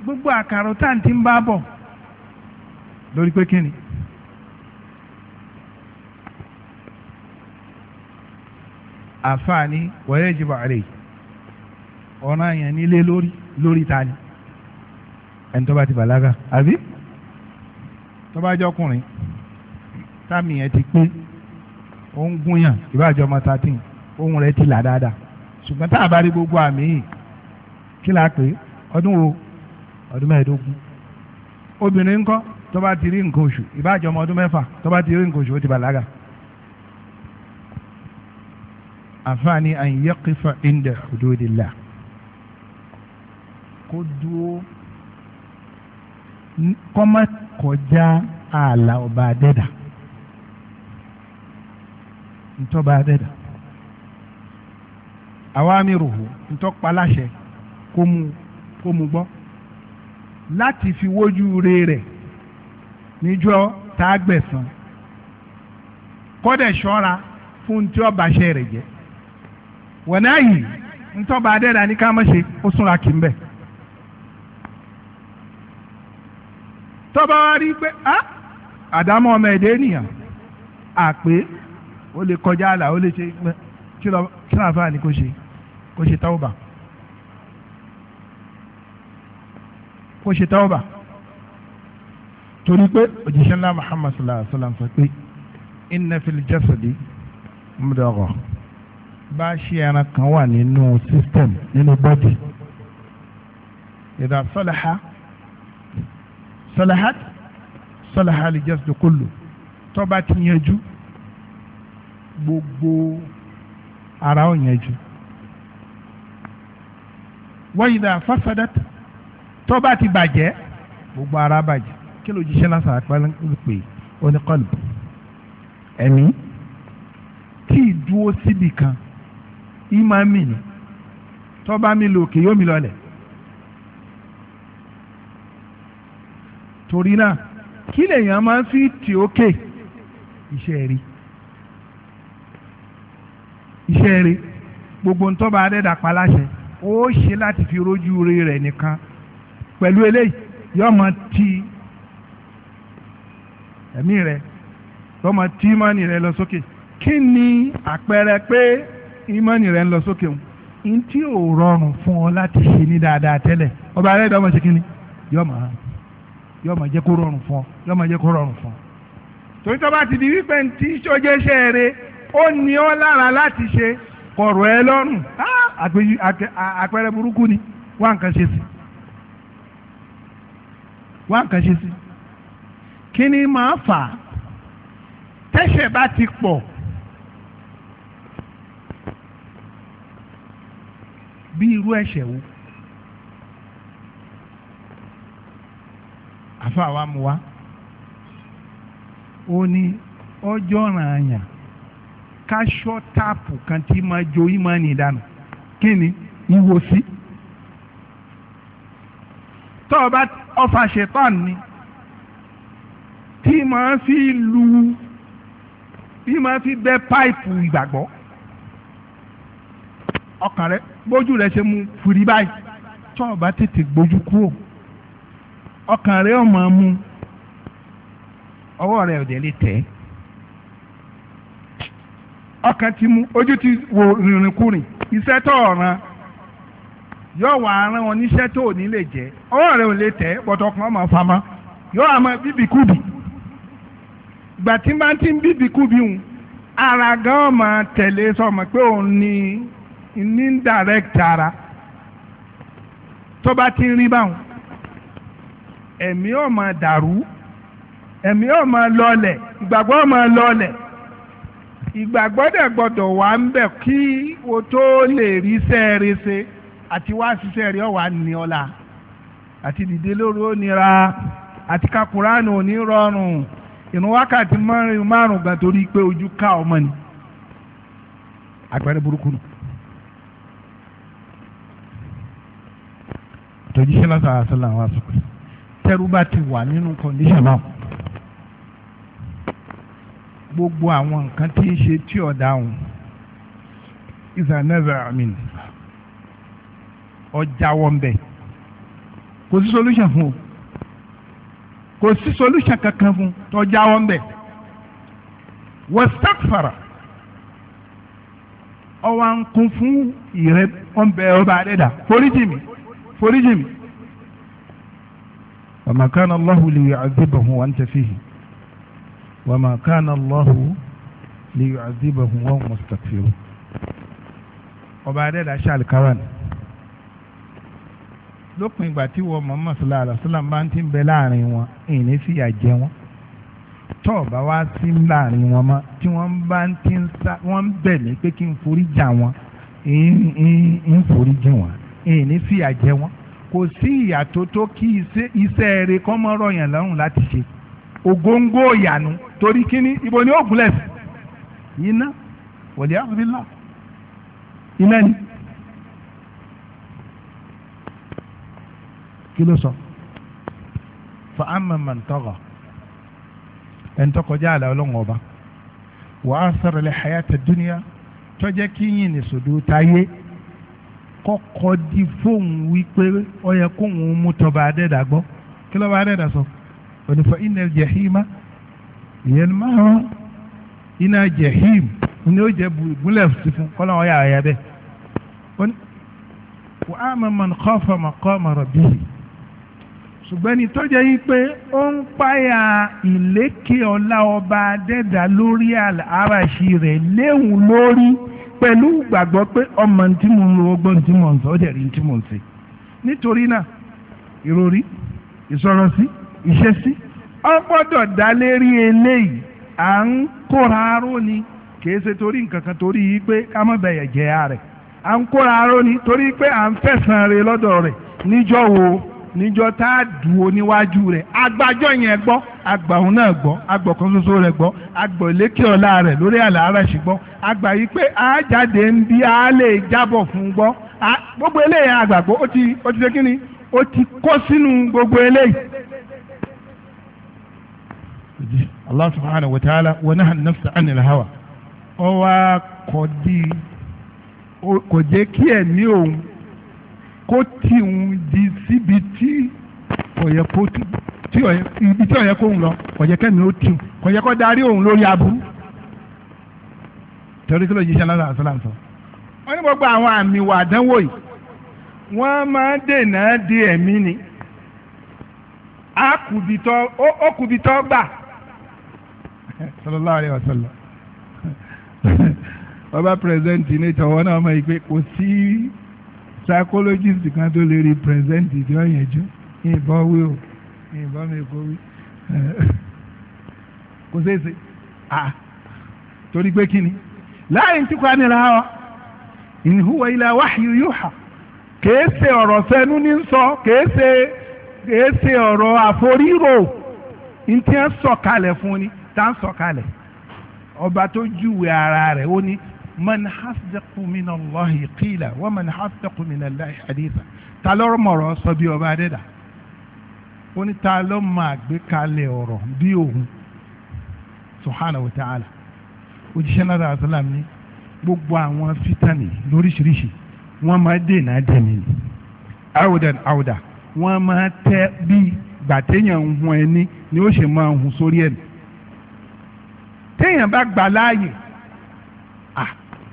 gbogbo àkàrò taa ń bá bọ̀. lórí pé kíni. àfààní wọ́yẹ́ ìjìbọ̀ àlè ọ̀ràn yẹn nílé lórí lórí ta ni ẹni tó bá ti bàlágà àbí tó bá jọkùnrin táàmì yẹn ti pé ó ń gúnyàn ìbájọ́ ọmọ thirteen ohun rẹ̀ ti là dáadáa ṣùgbọ́n tá a bá rí gbogbo àmì yìí kí la pè ọdún wo ọdún mẹ́ẹ̀ẹ́dógún obìnrin ńkọ́ tó bá ti rí nǹkan oṣù ìbáàjọ ọmọ ọdún mẹ́fà tó bá ti rí nǹkan oṣù ó ti bàlágà àfààní an yaqifa inda hududillah kó dúó kọ́má kọjá ààlà ọba adẹ́dà ntọ́ba adẹ́dà awamiruhu ntọ́paláṣẹ kó mu kó mu gbọ́ láti fi wójú re rẹ̀. n'íjọ tá a gbẹ̀san kọ́dẹ̀ ṣọ́ra fún tí ọba ṣe rẹ̀ jẹ́ wọ̀n náà yìí ntọ́ba adẹ́rẹ́ ní ká ṣe ó súnra kì í bẹ̀. tọ́ba rí pé á àdámọ́ ọmọ ẹ̀dẹ́ ènìyàn àpé ó lè kọjá àlà ó lè ṣe kí ní kó ṣe kó ṣe bà. torí pé òjíṣẹ́ ńlá muhammad sallallahu alayhi wa sallam sọ pé inna fil jasadi mudagha bá ṣe ẹran kan wà nínú system nínú body idha salaha salahat salaha li jasadi kullu tó ti yanjú gbogbo ara ò yanjú wa idha fasadat tó ti bàjẹ́ gbogbo ara bàjẹ́ kí ló jíṣẹ́ lásán àpẹẹrẹ pé ó ní kọ́lùbù ẹ̀mí tí ìdúró síbì kan ìmáàmì ni tọ́ba mi lòkè yóò mi lọlẹ̀ torí náà kí lèèyàn máa ń fi tì ókè iṣẹ́ rí iṣẹ́ rí gbogbo ntọ́ba adẹ́dà paláṣẹ ó ṣe láti fi rójú rẹ̀ nìkan pẹ̀lú eléyìí yọ́ọ́ máa ti ẹ̀mí rẹ tọ́mọ tí ìmánì rẹ lọ sókè kí ni àpẹẹrẹ pé ìmánì rẹ ń lọ sókè òun n tí ò rọrùn fún ọ láti ṣe ní dáadáa tẹ́lẹ̀ ọba rẹ dọ́mọ ṣe kínní yọ mọ̀ ọ́n yọ mọ̀ jẹ́ kó rọrùn fún ọ yọ mọ̀ jẹ́ kó rọrùn fún ọ. torí tọ́ ti di wípé tí sójẹ́ ṣe eré ó ní ọ lára láti ṣe kọ̀rọ̀ ẹ lọ́rùn àpẹẹrẹ burúkú ni wá nǹkan ṣe sí wá nǹkan ṣe sí kí ni máa fà á tẹ́ṣẹ̀ bá ti pọ̀ bí irú ẹ̀ṣẹ̀ wo àfa wa mu wa ó ní ọjọ́ ràn àyàn káṣọ́ táàpù kan tí máa jo ìmọ̀ ní ìdánù kí ni ìwòsí bá ọfà ṣetán ni tí màá fi lu tí màá fi bẹ́ páìpù ìgbàgbọ́ ọkàn rẹ gbójú rẹ ṣe mu fìrí báyìí tí wọn bá tètè gbójú kúrò ọkàn rẹ ọmọ mu ọwọ́ rẹ ọ̀dẹ̀ lè tẹ̀ ọkàn ti mu ojú ti wò rìnrìnkúrìn iṣẹ́ tó ọ̀ràn yóò wà aràn wọn níṣẹ́ tó ò ní lè jẹ́ ọwọ́ rẹ ò lè tẹ̀ bọ́tọ̀ ọmọ fama yóò àmọ́ bíbí kúbi gbàtí bá ti ń bíbí kú bí òun ara gan ọmọ tẹ̀lé sọmọ pé òun ni ní ń direct ara tó bá ti ń rí báwọn ẹ̀mí ọmọ dàrú ẹ̀mí ọmọ lọlẹ̀ ìgbàgbọ́ ọmọ lọlẹ̀ ìgbàgbọ́ dẹ̀ gbọ́dọ̀ wà ń bẹ̀ kí o tó lè rí sẹ́ẹ̀rẹ́ ṣe àti wá ṣiṣẹ́ rí ọ̀wà ní ọ̀la àti dìde lóru ó nira àti kakùránù ò ní rọrùn ìrun wákàtí márùn gan torí pé ojú ká ọmọ ni àpẹẹrẹ burúkú nù. tòjíṣẹ́ lásán àṣàlà àwọn àṣùkò tẹ́rù bá ti wà nínú kọ́ndíṣàn náà gbogbo àwọn nǹkan tí ń ṣe tí ọ̀dà ọ̀hún ìzànẹ́zà àmìn ọjà wọ́n bẹ̀ kò sí solution fún o kò sí solution kankan fún tó jáwọ́ ńbẹ̀ wọ́sítàkfàrà ọwọ́ ń kún fún ìrẹ́ ọ̀nbẹ ọba adẹ́dà foríjì mi foríjì mi wàmà kánà Allahu li yu'adhibahum wa anta fihi wàmà kánà Allahu li yu'adhibahum wa hum mustaghfirun ọba adẹ́dà ṣàlùkáwá ni lópin ìgbà tí wọ́n mọ̀ọ́mọ̀ sọlá àlọ́sọ́lá bá ń ti ń bẹ láàrin wọn ìní sì yà jẹ wọn tọ́ ọ bá wá sí láàrin wọn mọ́ tí wọ́n bá ń ti ń sá wọ́n ń bẹ̀ mí pé kí n forí jà wọn ń forí jì wọn ìní sì yà jẹ wọn kò sí ìyàtọ̀ tó kí iṣẹ́ rẹ kọ́ mọ́ rọ̀yàn lọ́rùn láti ṣe ògóńgó ìyànú torí kíní ibo ni ó gúnlẹ̀ sí iná wọ̀lẹ́ iná ni. kí ló sọ fa amama ntọgọ ẹntọkọjá àlà ọlọ́wọ́n ọba wà á sọ̀rọ̀ lẹ́ hayata dúníà tọ́jẹ́ kí yín ní sòdò táyé kọ́kọ́ di fóun wípé ó yẹ kóun mú tọba adẹ́dà gbọ́ kí lọ́ba adẹ́dà sọ onífọ̀ iná jẹ̀hìmá ìyẹn máa hàn iná jẹ̀hìm ní ó jẹ́ gúnlẹ̀ fún kọ́lá wọn yà bẹ́ẹ̀ wà á mọ̀ mọ̀ nǹkan fọmọ̀ kọ́ mọ̀ bíyì. ṣùgbọ́n ní tó yí pé ó ń páyà ìlékè ọlá ọba adẹ́dà lórí àràṣì rẹ̀ léwu lórí pẹ̀lú gbàgbọ́ pé ọmọ tí mo ń lo ọgbọ́n tí mo ń sọ tí mo à ń kóra aró ni kìí ṣe torí nǹkan kan torí à ń kóra aró ni torí pé à ń fẹ̀sán re níjọ́ tá a dúró níwájú rẹ agbájọ́ yẹn gbọ́ agbà òun náà gbọ́ agbọ̀ kan ṣoṣo rẹ gbọ́ agbọ̀ lékè lórí àlà ara ṣì agbà yìí pé a jáde ń bí a lè jábọ̀ fún gbọ́ gbogbo eléyìí ti ó ti ṣe kí ni ti sínú gbogbo eléyìí. Allah subhanahu wa ta'ala wa nafsa hawa kò jẹ́ kí kó tì ń di síbi tí ọ̀yẹ́ kó tì tí ọ̀yẹ́ ibi tí ọ̀yẹ́ kó ń lọ ọ̀yẹ́ kẹ́mi ó tì ọ̀yẹ́ kó darí òun lórí aburú. torí kí ló yíṣẹ́ lára àṣàlàn sọ. wọ́n ní gbogbo àwọn àmì ìwà àdánwò yìí wọ́n máa dènà di ẹ̀mí ni ó kùbìtọ́ gbà. sallallahu alaihi wasallam bàbá pírẹsidẹ́ǹtì ní ìtọ́wọ́ náà mọ̀ ẹ́ pé kò sí. psychologist kan tó lè represent ìjọ yẹn jù ìbọn wí o ìbọn mi kò torí pé kí ni tí kò á nira wa kèé se ọ̀rọ̀ sẹ́nu ní sọ kèé ṣe kèé ọ̀rọ̀ àforíro fún ni tá ọba tó júwe rẹ̀ ó man hasdaqu min allahi qila wa man hasdaqu min allahi haditha ta ló mọ̀rọ̀ sọ bí ọba adẹ́dà ó ní ta ló máa gbé kalẹ̀ ọ̀rọ̀ bí òun subhanahu wa ta'ala òjíṣẹ́ náà àṣàlám ní gbogbo àwọn fítàní lóríṣiríṣi wọ́n máa dènà dènà ni àwòdàn àwòdà wọ́n máa tẹ́ bí gbàtẹ́yàn ń hun ẹni ni ó ṣe máa hun sórí ẹni téèyàn bá gbà láàyè ah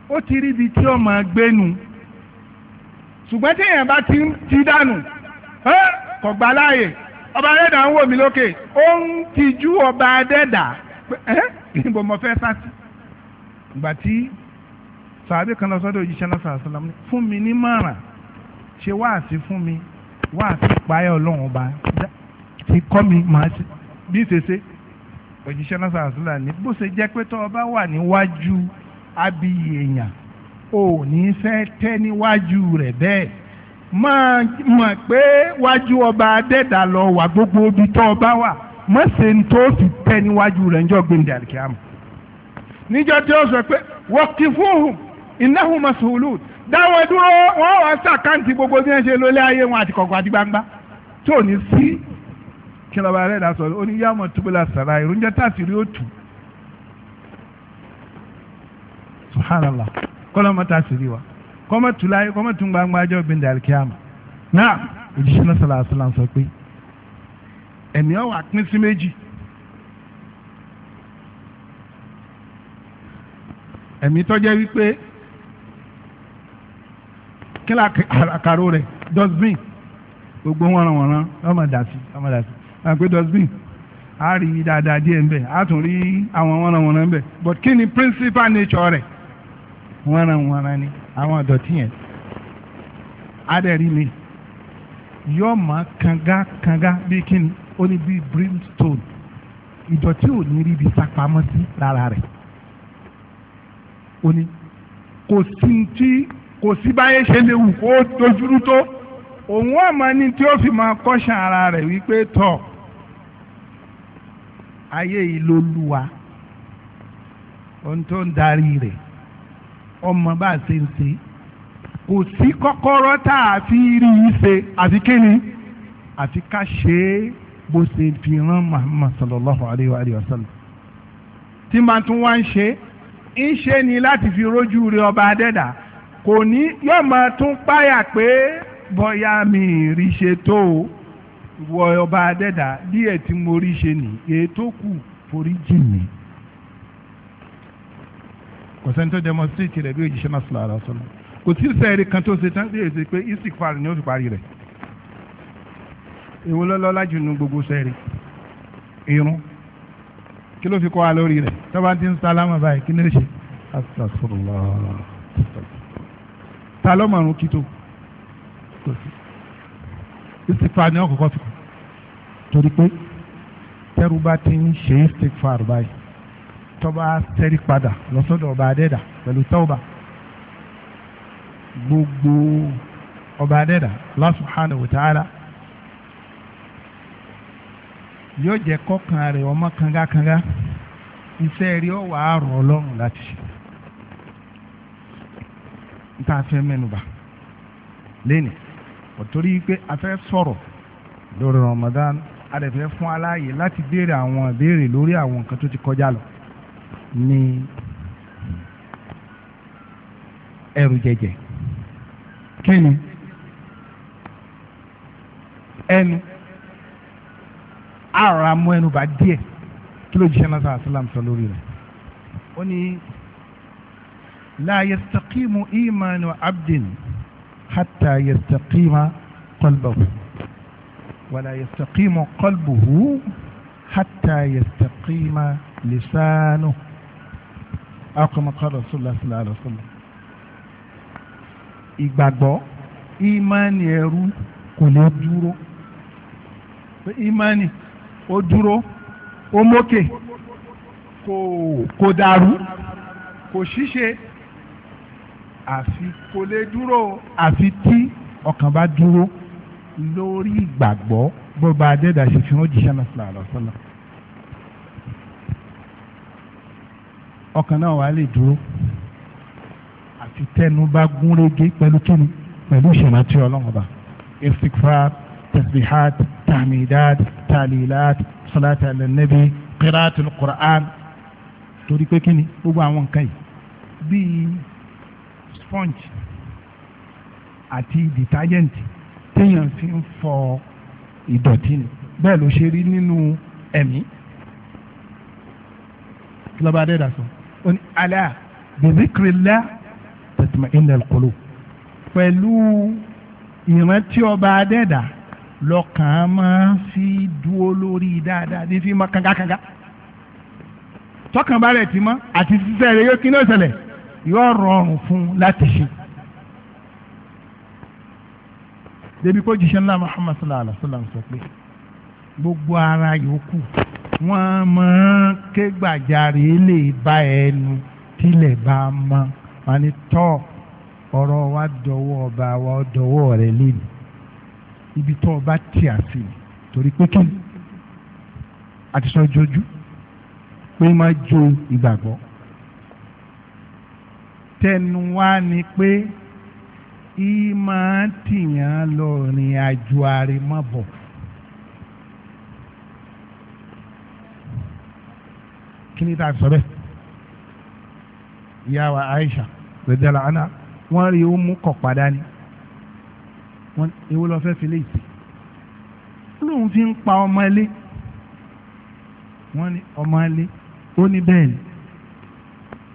ó ti rí ibi tí ó máa gbénu ṣùgbọ́n téèyàn bá ti dànù kò gbà láàyè ọba adẹ́dà ń wò mí lókè ó ń tijú ọba adẹ́dà ẹ́ níbo mo fẹ́ sásì ìgbà tí sàbí kan lọ sọ́dọ̀ òjíṣẹ́ náà sàrà sàlámù fún mi ní márùn ṣe wáàsí fún mi wáàsí ìpáyà ọlọ́run ọba ti kọ́ mi màá ṣe bí ṣe ṣe náà sàrà sàlámù bó ṣe jẹ́ pé tọ́ ọba wà níwájú Abi èèyàn ò ní fẹ́ tẹ́ níwájú rẹ̀ bẹ́ẹ̀ máa mọ̀ pé wájú ọba adẹ́dà lọ wà gbogbo ibi tó ọba wà mọ̀sẹ̀ ń tó fi tẹ́ níwájú rẹ̀ ńjọ́ gbẹ̀ndẹ̀ àríkíámù níjọ́ tí ó sọ pé wọ́kì fúhùn ìnáhùn mọ̀sùlùmù dáwọn dúró wọ́n wá sàkáǹtì gbogbo bí wọ́n ṣe lólé ayé wọn àti kọ̀kọ̀ àti gbangba tí ní sí kí lọ́ba adẹ́dà sọ̀rọ̀ oníyàmọ̀ túbúlà sàrà ìrúnjẹ́ tàṣírí ó tù subhanallah kọ́lọ́ mọ́ ta sí rí wa kọ́mọ́ tù láyé kọ́mọ́ tù gbangba ajọ́ gbẹ̀ndẹ̀ alikiyama náà òjíṣẹ́ náà sọ̀rọ̀ àṣìlá sọ pé ẹ̀mí ọ̀wà pín sí méjì ẹ̀mí tọ́jẹ́ wípé kí la àkàrò gbogbo wọ̀nranwọ̀nran ọmọ dàsí ọmọ dàsí àwọn pé dustbin a rí dáadáa díẹ̀ ń a tún rí àwọn wọ̀nranwọ̀nran ń bẹ̀ but kini principal nature rẹ̀ wọ́nranwọ́nran ni àwọn ìdọ̀tí yẹn adẹ̀rí mi yóò máa kanga kanga bíi kíni ó ní bíi brimstone ìdọ̀tí ò ní ríbi sápamọ́ sí lára rẹ̀ ó ní kò sí tí kò sí báyé ṣe lè wù kó dojúrú tó òun ọmọ ni tí ó fi máa kọ́ṣà ara rẹ̀ wípé tọ̀ ayé yìí ló lù wá ohun tó ń darí rẹ̀ ọmọ bá a ṣe ń ṣe kò sí kọ́kọ́rọ́ tá a fi rí i ṣe àfi kíni àfi ká ṣe é bó ṣe fi hàn Muhammad sallallahu alayhi wa alihi wa sallam tí màá tún wá ń ṣe ń ṣe ni láti fi rójú rí ọba adẹ́dà kò ní yóò máa tún páyà pé bọ́yá mi rí ṣe tó wọ ọba adẹ́dà díẹ̀ tí mo rí ṣe nì èyí tó kù forí jì mí. kò sẹ́ni tó demonstrate rẹ̀ bí òjíṣẹ́ náà sọ̀rọ̀ àrà sọ̀rọ̀ kò sí sẹ́ẹ̀rì kan tó ṣe tán sí èsì pé istikfar ni ó fi parí rẹ̀ èwo lọ́lọ́lá jù nu gbogbo sẹ́ẹ̀rì irun kí ló fi kọ́ wa lórí rẹ̀ tó bá ti ń sálámà báyìí kí ló ṣe astagfirullah ta ló mọ̀ ọ́n kí tó kò sí istikfar ni wọ́n kọ́kọ́ fi kọ́ torí pé tẹ́rù bá ti ń ṣe istikfar báyìí. tó bá tẹ́rí padà lọ́sọ́dọ̀ ọba adẹ́dà pẹ̀lú tọ́ba gbogbo ọba adẹ́dà Allah subhanahu wa ta'ala yóò jẹ́ kọ́kàn rẹ̀ ọmọ kangakanga iṣẹ́ rí ọ wà ọlọ́run láti ṣe nta fẹ́ mẹ́nuba a fẹ́ sọ̀rọ̀ lórí Ramadan a lè fún aláàyè láti béèrè àwọn béèrè lórí àwọn nǹkan tó ní ẹrù jẹjẹ kí ni ẹnu ara mú ẹnu bá díẹ̀ kí ló jíṣẹ́ náà sàlám sọ lórí rẹ̀ ó ní la yastaqimu imanu abdin hatta yastaqima qalbuhu wala yastaqimu qalbuhu hatta yastaqima lisanuhu akọmọkọ rasulullah sallallahu alaihi wa sallam ìgbàgbọ́ ìmánì ẹrú kò lè dúró ìmánì ó dúró ó mókè kò kò dàrú kò ṣíṣe àfi kò lè dúró àfi tí ọkàn bá dúró lórí ìgbàgbọ́ bó ba adẹ́dàṣe fi hàn jíṣẹ́ náà sallallahu alaihi ọkàn náà wà á lè dúró àti tẹnu bá gún régé pẹ̀lú kíni pẹ̀lú ìṣèrántí ọlọ́run ọba istikfar tasbihat tahmidat talilat salatu ala nabi qiraatul qur'an torí pé kíni gbogbo àwọn nǹkan yìí bíi sponge àti detergent téèyàn fi ń fọ ìdọ̀tí ni bẹ́ẹ̀ ló ṣe rí nínú ẹ̀mí kí ló bá dé dà sọ oní alá bizikirila tètèmọ ilẹ̀ kolo pẹ̀lú ìrántí ọba adẹ́dà lọ́kàn máa fi dúó lórí dáadáa ní fi mọ kankankanka tọkàn bá rẹ̀ ti mọ́ àti sísẹ́ rẹ̀ yóò kí ní òṣèlè yóò rọrùn fún un láti ṣe. débi kó jíṣẹ́ ńlá Muhammad sallallahu alaihi wa sallam sọ pé gbogbo ara yòókù wọ́n máa ké gbàjarè lè bá ẹnu tilẹ̀ bá mọ́ wọn ni tọ́ ọ̀rọ̀ wa dọ̀wọ́ ọba wa dọ̀wọ́ rẹ̀ lẹ́nu ibi tó ọba tì á sí torí pé kí àti sọ jojú pé má jo ìgbàgbọ́ tẹnu wa ni pé ìmọ̀ tìyàn lọ àjò àrèmọ́bọ̀. kí ni táà sọ bẹ́ẹ̀ ìyá wa Aisha rẹ̀dẹ̀lá àná wọ́n rí ó mú kọ̀ padà ní wọ́n ewu lọ fẹ́ fi lè sí lóun fi ń pa ọmọ ilé wọ́n ní ọmọ ilé ó ní bẹ́ẹ̀ ni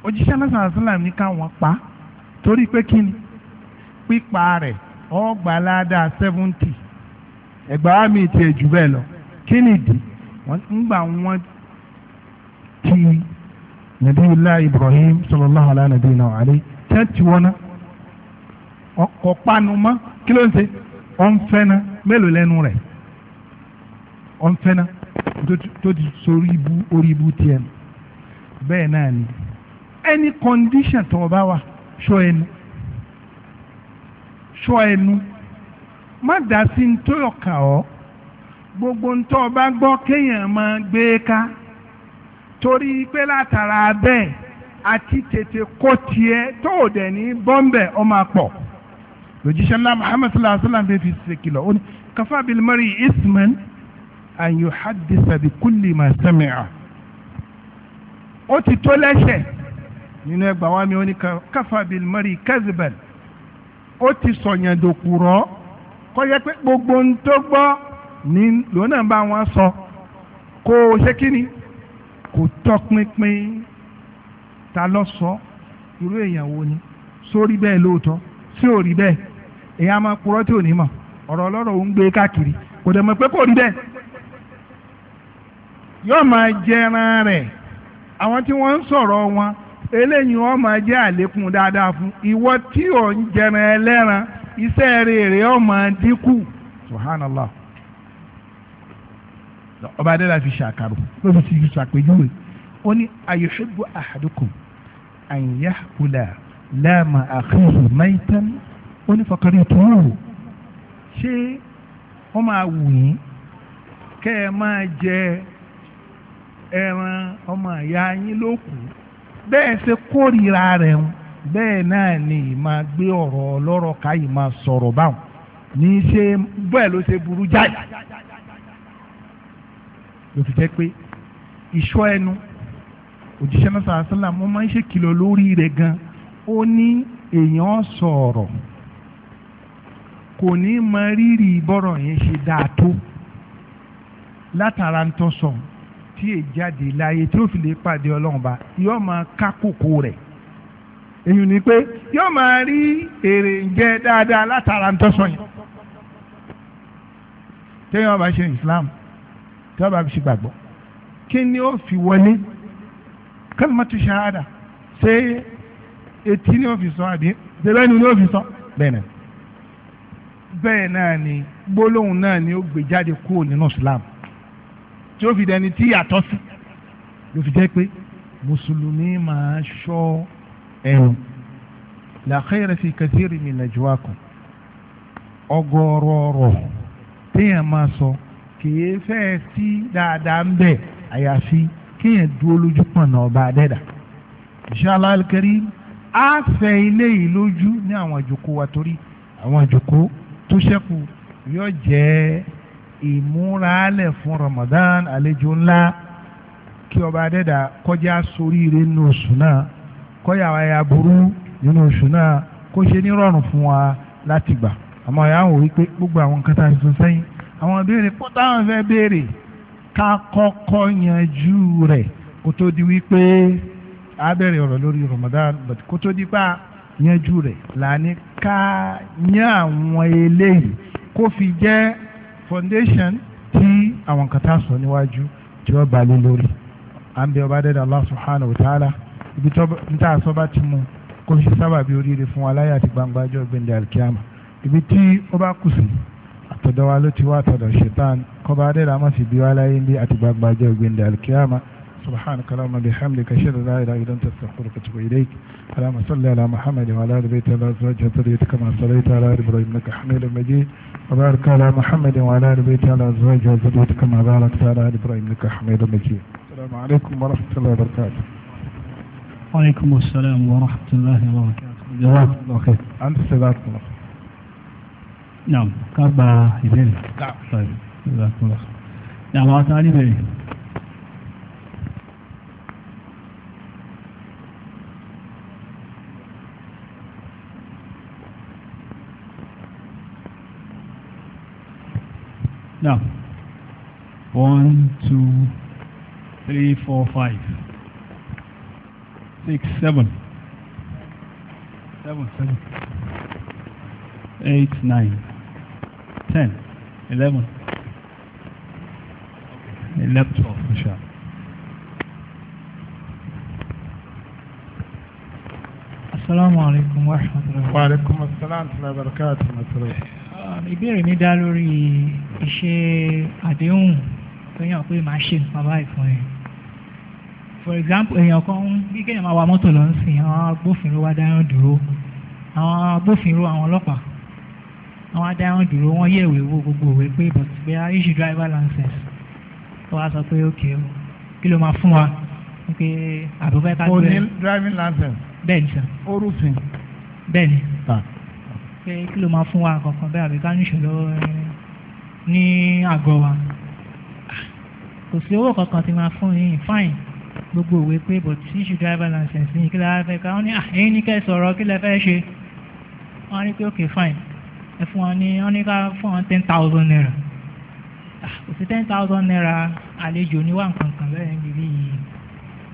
òjíṣẹ́ lọ́sàn àṣìláàmù ní káwọn pa torí pé kí ni pípa rẹ̀ ọgbà seventy ẹgbàá mi tiẹ̀ jù bẹ́ẹ̀ lọ kí ni ìdí wọ́n ń gbà wọ́n ti nabiyullah ibrahim sallallahu alaihi nàbí náà àlẹ́ chẹ́ẹ̀tì wọn náà ọkọ̀ panu mọ́ kí ló ń ṣe ọ̀n fẹ́nà mélòó lẹ́nu rẹ̀ ọ̀n fẹ́nà tó ti sori ibu orí ibu tiẹ̀ bẹ́ẹ̀ náà ni any condition tó o bá wà ṣọ́ ẹnu ṣọ́ ẹnu má dá sí ní tó kà ọ́ gbogbo ń ọ bá gbọ́ kéèyàn máa gbé ká torí pé látara bẹ́ẹ̀ àti tètè kó tiẹ̀ tó o dẹ̀ ní bọ́m̀bẹ̀ ọ máa pọ̀ lójíṣẹ́ ńlá muhammed sallallahu alayhi wa sallam fi ṣe kìlọ̀ ó ní kafa bil mari isman an yuhaddisa bi kulli ma sami'a ó ti tó lẹ́sẹ̀ nínú ẹgbàá wa mi ó ní kafa bil mari kaziban ó ti sọ̀yàn dòkùrọ̀ pé gbogbo ń tó gbọ́ ní lónà bá wọn sọ kó o ṣe kí ni kò tọ́ tọpinpin ta lọ sọ irú èèyàn wo ni sórí bẹ́ẹ̀ lóòótọ́ sí ò rí bẹ́ẹ̀ èyí á máa purọ́ tí ò ní mọ̀ ọ̀rọ̀ ọlọ́rọ̀ ò ń gbé káàkiri kò dẹ̀ mọ̀ pé kò rí bẹ́ẹ̀ yóò máa jẹran rẹ̀ àwọn tí wọ́n ń sọ̀rọ̀ wọn eléyìí wọ́n máa jẹ́ àlékún dáadáa fún ìwọ tí ò ń jẹran ẹlẹ́ran iṣẹ́ rere ó dínkù subhanallah ọba adéla fi ṣàkàrò ló fi ti ṣàpèjúwe ó ní ayuhibbu ahadukum an yahula láàmà akhihi maitan ó ní fọkàrí tòórò ṣé wọ́n máa wù yín kẹ́ ẹ máa jẹ ẹran ọmọ ìyá yín lókù bẹ́ẹ̀ ṣe kórìíra rẹ̀ ń bẹ́ẹ̀ náà ni máa gbé ọ̀rọ̀ ọlọ́rọ̀ káyìí máa sọ̀rọ̀ báwọn ní í ṣe bẹ́ẹ̀ ló ṣe burú jáì ló fi jẹ́ pé ìṣọ́ ẹnu òjíṣẹ́ náà sàrà sálà mo máa ń ṣèkìlọ̀ lórí rẹ̀ gan ó ní èèyàn sọ̀rọ̀ kò ní mọ rírì bọ́rọ̀ yẹn ṣe dáa tó látara ń tọ́ sọ tí è jáde láàyè tí ó fi lè pàdé ọlọ́run bá yóò máa ká kókó rẹ̀ èyí ni pé yóò máa rí èrè ń jẹ dáadáa látara ń tọ́ sọ yẹn téèyàn bá ṣe Islam tí wọ́n bá fi gbàgbọ́ kí ni ó fi wọlé kalimatu shahada ṣé etí ni ó fi sọ àbí ṣẹlẹ̀ ni ó fi sọ bẹ́ẹ̀ náà bẹ́ẹ̀ náà ni gbólóhùn náà ni ó gbé jáde kúrò nínú Islam tí ó fi dẹni tí yàtọ̀ sí ló fi jẹ́ pé mùsùlùmí máa ṣọ́ ẹ̀rù la khayra fi kathiri min najwakum ọgọ́rọ̀ọ̀rọ̀ téèyàn máa sọ. So, kìí fẹ́ sí dáadáa ń bẹ̀ àyàfi kéèyàn dúró lójú pọ̀nà ọba adẹ́dà inshallah al-karim á fẹ́ ilé yìí lójú ní àwọn ìjòkó wa torí àwọn ìjòkó tó ṣẹ́kù yóò jẹ́ ìmúralẹ̀ fún Ramadan àlejò ńlá kí ọba adẹ́dà kọjá soríire nínú oṣù náà kọjá àyà burú nínú oṣù náà kó ṣe nírọ̀rùn fún wa láti gbà àmọ́ ìyá àwọn wípé gbogbo àwọn nǹkan tá a ti sọ sẹ́yìn àwọn béèrè pọ́ táwọn fẹ́ béèrè ká kọ́kọ́ yanjú rẹ̀ kó tó di wípé a ọ̀rọ̀ lórí Ramadan but kó tó di pa yanjú rẹ̀ lànà ká yán àwọn eléyìí kó fi jẹ́ foundation tí àwọn kan tá a sọ níwájú tí wọ́n balẹ̀ lórí à ọba dẹ́dẹ́ Allah subhanahu wa ta'ala ibi tó ń tà sọ bá ti mú kó fi sábàbí oríire fún wa láyé àti gbangba ọjọ́ gbẹ̀ndẹ̀ alikiyama ibi tí ó bá kù sí. àtọ̀dọ̀ wa ló ti wá àtọ̀dọ̀ ṣetán kọba adéra má sì bí wá jẹ́ سبحانك اللهم بحمدك اشهد لا اله الا انت استغفرك واتوب اليك اللهم صل على محمد وعلى ال بيت الازواج وذريته كما صليت على ال ابراهيم انك حميد مجيد وبارك على محمد وعلى ال بيت الازواج وذريته كما باركت على ال ابراهيم انك حميد مجيد السلام عليكم ورحمه الله وبركاته وعليكم السلام ورحمه الله وبركاته جزاكم الله خير انت جزاكم الله خير náà ká gba ìbéèrè. náà àwọn ata ní Now, one, two, three, four, five, six, seven, seven, seven, eight, nine. ten eleven eleven twelve inshallah. Assalamu alaikum wa rahmatullahi. Wa alaikum assalam wa barakatuh. Uh, ìbéèrè mi dá lórí iṣẹ́ àdéhùn tó yàn pé màá ṣe nǹkan báyìí fún ẹ. For example, èèyàn kan bí kéèyàn máa wa mọ́tò lọ sí àwọn agbófinró wá dáná dúró. Àwọn agbófinró àwọn ọlọ́pàá wọ́n á dáhùn dúró wọ́n yẹ̀wé wo gbogbo òwe pé but pé a issue driver license wọ́n á sọ pé ok o kí ló máa fún wa pé àbúfẹ́ ká gbé. o ní driving license. bẹ́ẹ̀ ni sà. o rúfin. bẹ́ẹ̀ ni. pé kí ló máa fún wa kankan bẹ́ẹ̀ àbí ká ní ìṣòro eh, ní àgọ́ wa kò sí owó kankan tí máa fún yín fine gbogbo òwe pé but issue driver license ní kí lè fẹ́ ká wọ́n ní ah, ẹ̀yin ní kẹ́ sọ̀rọ̀ kí lè fẹ́ ṣe wọ́n á ní pé ok fine ẹ fún wọn ní wọn ní ká fún wọn ten thousand naira ah, kò sí ten thousand naira àlejò ní wà nǹkan kan bẹ́ẹ̀ níbí yìí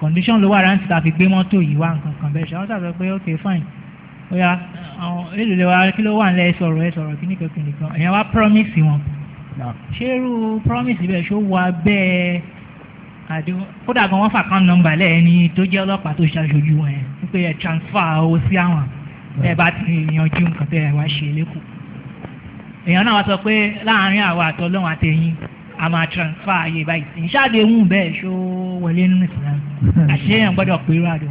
condition ló wà rántí tàbí gbé mọ́tò yìí wà nǹkan kan bẹ́ẹ̀ ṣe àwọn sàgbẹ́ pé ok fine ó yá àwọn èlò lè wa kí ló wà nílẹ̀ ẹ sọ̀rọ̀ ẹ sọ̀rọ̀ kí nìkan kìnìkan kan èèyàn wá promise wọn ṣé irú promise bẹ́ẹ̀ ṣó wà bẹ́ẹ̀ àdéhùn kódà gan wọ́n fà kán nọ́mbà lẹ́ẹ̀ni tó jẹ́ ọlọ́pàá tó ṣàṣojú wọn yẹn wípé ẹ transfer owó sí àwọn ẹ bá ti yanjú nǹkan tẹ́ ẹ wá ṣe lẹ́kọ̀ọ́ èèyàn náà wá sọ pé láàrin àwa àtọlọ́run àtẹ̀yìn a máa transfer ààyè báyìí sí ṣáàdé ń bẹ́ẹ̀ ṣó wọlé nínú Islam àṣeyàn gbọ́dọ̀ pé irú àdó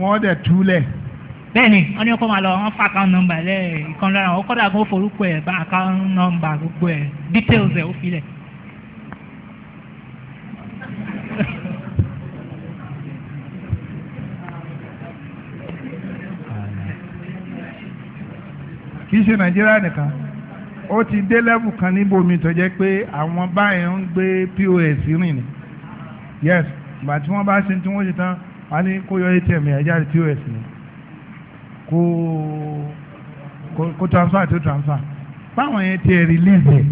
wọ́n dẹ̀ túlẹ̀. bẹ́ẹ̀ni wọ́n ní kó máa lọ wọ́n fa account number lẹ́ẹ̀ ìkànnì lára wọn kọ́dà kó forúkọ ẹ̀ bá account number gbogbo ẹ̀ details ẹ̀ ó filẹ̀. kìí ṣe nàìjíríà nìkan ó ti dé level kan níbomi tó jẹ́ pé àwọn báyìí ń gbé pos rìn ni yes ìgbà tí wọ́n bá ṣe tí wọ́n ṣe tán wọ́n ní kó yọ atm yẹn jáde pos ni kó kó transfer tó transfer báwọn yẹn ti ẹ̀rí lẹ́sẹ̀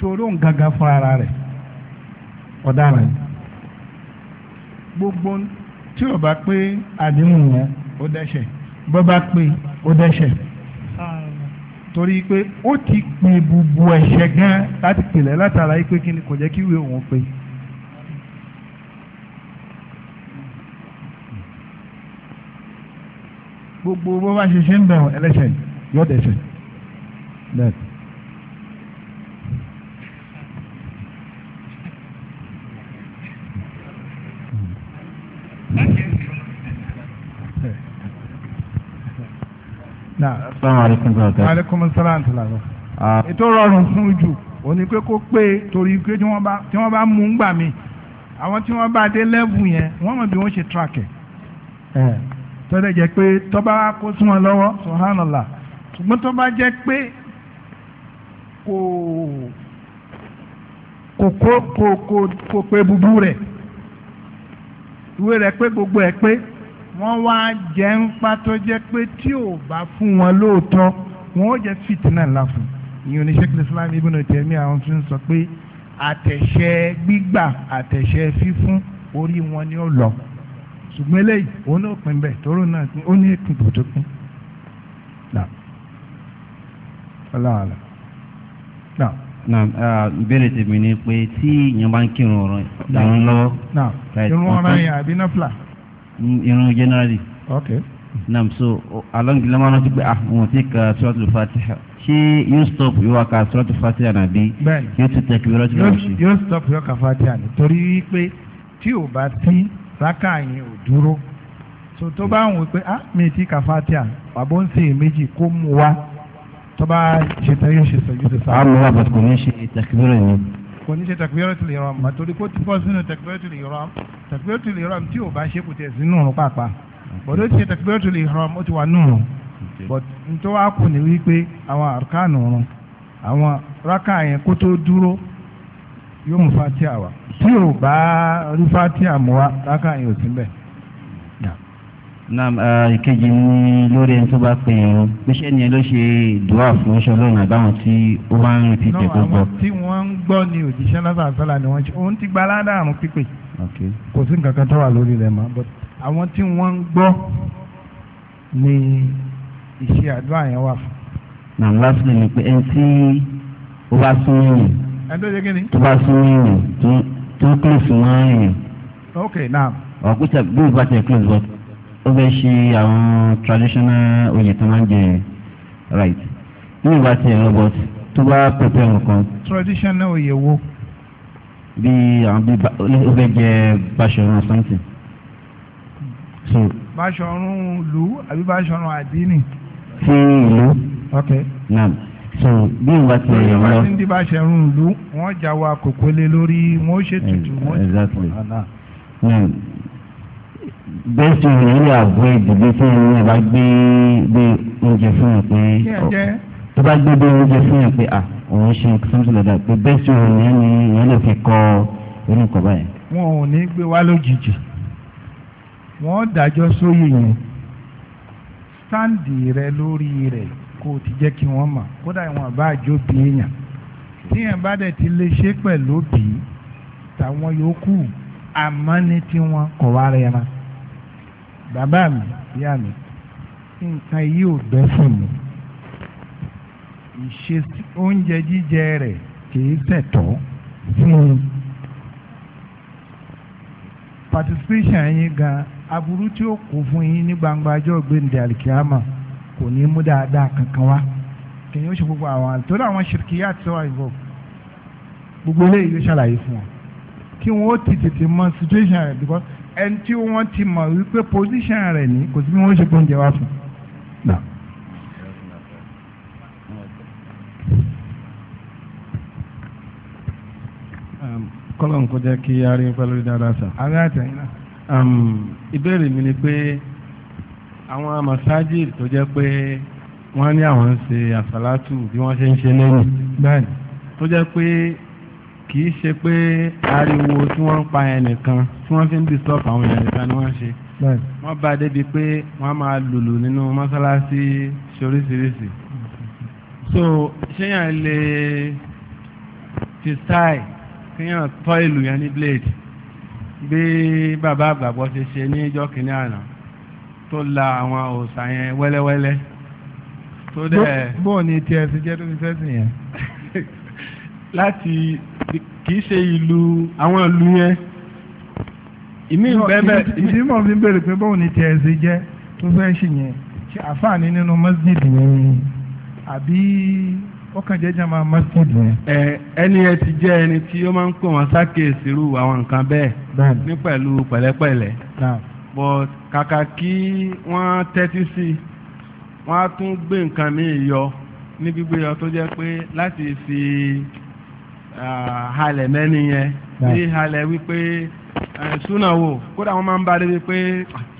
ṣòro ń gangan fún ara rẹ̀ ọ̀daràn gbogbo tí ó bá pé àdéhùn yẹn ó dẹ́ṣẹ̀ bó bá pé ó dẹ́ṣẹ̀ torí pé ó ti pin gbogbo ẹ̀ṣẹ̀ gan láti pèlẹ̀ látara yìí pé kí ni kò jẹ́ kí ìwé òun pé. gbogbo bó bá ṣe ṣe ń bẹ̀rù ẹlẹ́ṣẹ̀ yọ̀ọ́ aleykum salaam tala. Ah. ètò rọrùn fún jù òní pé kó pé torí pé tí wọ́n bá mú un gbà mí àwọn tí wọ́n bá dé level yẹn wọ́n mọ̀ bí wọ́n ṣe track ẹ̀ eh. tọ́lẹ̀ jẹ́ pé tọ́ba kó sí wọn lọ́wọ́ subhanallah ṣùgbọ́n tọ́ba jẹ́ pé kò kò kò kò kò pé búburú rẹ̀ ìwé rẹ̀ pé gbogbo ẹ̀ pé wọ́n wá jẹ́ ń pa tó jẹ́ pé tí ò bá fún wọn lóòótọ́ wọn ó jẹ́ fìtínà ńlá fún ìyẹn oníṣẹ́ kìlísílámù ibùdó tẹ̀mí àwọn tó ń sọ pé àtẹ̀ṣẹ́ gbígbà àtẹ̀ṣẹ́ fífún orí wọn ni ó lọ ṣùgbọ́n eléyìí òun náà pin bẹ́ẹ̀ tóró náà ó ní ètò ìbòtó pin. ọlọ́ọ̀lá. naam ìbéèrè tèmi ni pé tí ìyẹn bá ń kírun ọ̀rọ̀ ìrun lọ́wọ́. irun ọ̀rọ̀ yẹn àbí náà fìlà irun generally. okay. naam so along the line wọn ti gbé ah wọn ti ka suratul fatiha ṣé You stop yóò wá ka suratul fatiha nàbí. bẹ́ẹ̀ni yóò tún tẹ kibirọ your wọn ṣe. You stop your ka fatiha ni torí pé tí ò bá sí raka yẹn ò dúró so tó bá ń wò pé ah mi ti ka fatiha bàbá ń sè é méjì kó mu wá tó bá ṣe tẹ yóò ṣe sọ yóò ṣe sọ. àmọ́ àbàtúkọ̀ ní ṣe tẹkibirọ yẹn kò ní ṣe takbiratul ihram àtòrí kó ti bọ́ sínú takbiratul ihram takbiratul ihram tí ò bá ṣe kò tẹ̀ sínú òrùn pàápàá bọ̀dọ̀ ti ṣe takbiratul ihram ó ti wà nùrùn but nítorí wàá kù ní wípé àwọn àrùkánù òrùn àwọn rákà yẹn kó tó dúró wa tí ò bá rí fatia wa rákà yẹn ò sí bẹ́ẹ̀ naam ah, ìkejì ni lórí ẹni tó bá pè é o gbèsè ni ẹ ló ṣe dùwà fún oṣù ọlọ́run àbáwọn tí ó wá ń retí tẹ̀ tó gbọ́. àwọn tí wọ́n ń gbọ́ ni òjíṣẹ́ lásán àṣálà ni wọ́n ṣe òun ti gba aládàá àrùn pípé kò sí nǹkan kan tó wà lórí rẹ̀ mọ́ but àwọn tí wọ́n ń gbọ́ ni ìṣe àdúrà yẹn wà fún. naam lastly ni pé ẹni tí ó bá sún yìnyín. tó ni. tó bá sún yìnyín tó tó kílò fún wọn yìnyín. ok naam. ọ̀pọ̀ ó fẹ́ ṣe àwọn traditional oyè tó máa ń jẹ right nínú ìgbà tí ẹ̀rọ bọ́t tó bá pẹ̀pẹ́ nǹkan. traditional oyè wo. bí àwọn bí ó fẹ́ jẹ báṣọ̀run something. so. báṣọ̀run ìlú àbí báṣọ̀run àdínì. ti ìlú. ok. naam so bí ìgbà tí ẹ̀rọ lọ. wọ́n ti ń di báṣọ̀run ìlú wọ́n jà wá kòkó lórí wọ́n ṣètùtù wọ́n ti. exactly bẹ́ẹ̀ sì rẹ̀ ilé àbúrò ìdìbò tí ẹni ẹ̀ bá gbé gbé oúnjẹ fún yàn pé tó bá gbé gbé oúnjẹ fún yàn pé ah òun ṣe something like that pé bẹ́ẹ̀ sì rẹ̀ ìyẹn ni ìyẹn lè fi kọ inú kọ báyìí. wọn ò ní gbé wá lójijì wọn dájọ́ sóyè yẹn sáǹdì rẹ lórí rẹ kó o ti jẹ́ kí wọ́n mọ̀ kódà ìwọ̀n bá àjò bí èèyàn tíyẹn bá dẹ̀ ti lè ṣe pẹ̀lú òbí tàwọn yòókù àmọ́ ní tiwọn kọ̀ wá rẹ̀ ẹran bàbá mi ìyá mi nǹkan yìí ò bẹ́ fún mi ìṣe oúnjẹ jíjẹ rẹ̀ kìí ṣẹ̀tọ́ fún un participation yín gan aburú tí ó kó fún yín ní gbangba ọjọ́ gbẹ̀ǹdẹ̀ alikiyama kò ní mú dáadáa kankan wá kìí ó ṣe gbogbo àwọn àtọ́lá àwọn ṣìrìkìyà tí wọ́n ìbò gbogbo eléyìí ló ṣàlàyé fún wọn kí wọ́n ó ti tètè mọ situation rẹ̀ because ẹni tí wọ́n ti mọ̀ wípé position rẹ̀ ní kò sí bí wọ́n ṣe kó ń jẹ wá fún un. Ehm, kọ́lọ́n kó kí a pẹ̀lú dáadáa sà. àbí àtẹ̀yìn náà. Ehm, ìbéèrè mi ni pé àwọn masaji tó jẹ́ pé wọ́n ní àwọn ń ṣe àsálátù bí wọ́n ṣe ń ṣe lẹ́yìn. bẹ́ẹ̀ni. tó jẹ́ pé kì í ṣe pé ariwo tí wọ́n ń pa ẹnìkan tí wọ́n fi ń disturb àwọn èèyàn nìkan ni wọ́n ṣe wọ́n bá débi pé wọ́n máa lùlù nínú mọ́sálásí ṣoríṣiríṣi so ṣéyàn lè fi style kéèyàn tọ́ ìlú yẹn ní blade bí bàbá àgbàgbọ́ ṣe ṣe ní ìjọ kìíní àná tó la àwọn òòsà yẹn wẹ́lẹ́wẹ́lẹ́ tó dẹ̀. bó o ní tiẹ̀ sí jẹ́ tó fi fẹ́ sìn yẹn. láti kì í ṣe ìlú àwọn ìlú yẹn ìmí bẹ́ẹ̀ ìdí mọ̀ fi bèrè pé báwo ni tiẹ̀ ṣe jẹ́ tó fẹ́ ṣì yẹn ṣe àfààní nínú masjid yẹn àbí ọkàn jẹjẹ máa masjid yẹn. ẹ ẹni ẹ ti jẹ ẹni tí ó máa ń pè wọn sákèsì irú àwọn nǹkan bẹ́ẹ̀ ní pẹ̀lú pẹ̀lẹ́pẹ̀lẹ́ but kàkà kí wọ́n tẹ́tí sí i wọ́n á tún gbé nǹkan míì yọ ní gbígbé yọ tó jẹ́ pé láti fi. halẹ̀ mẹ́ni yẹn bí halẹ̀ wípé súnà wò kódà wọ́n máa ń bá dé wípé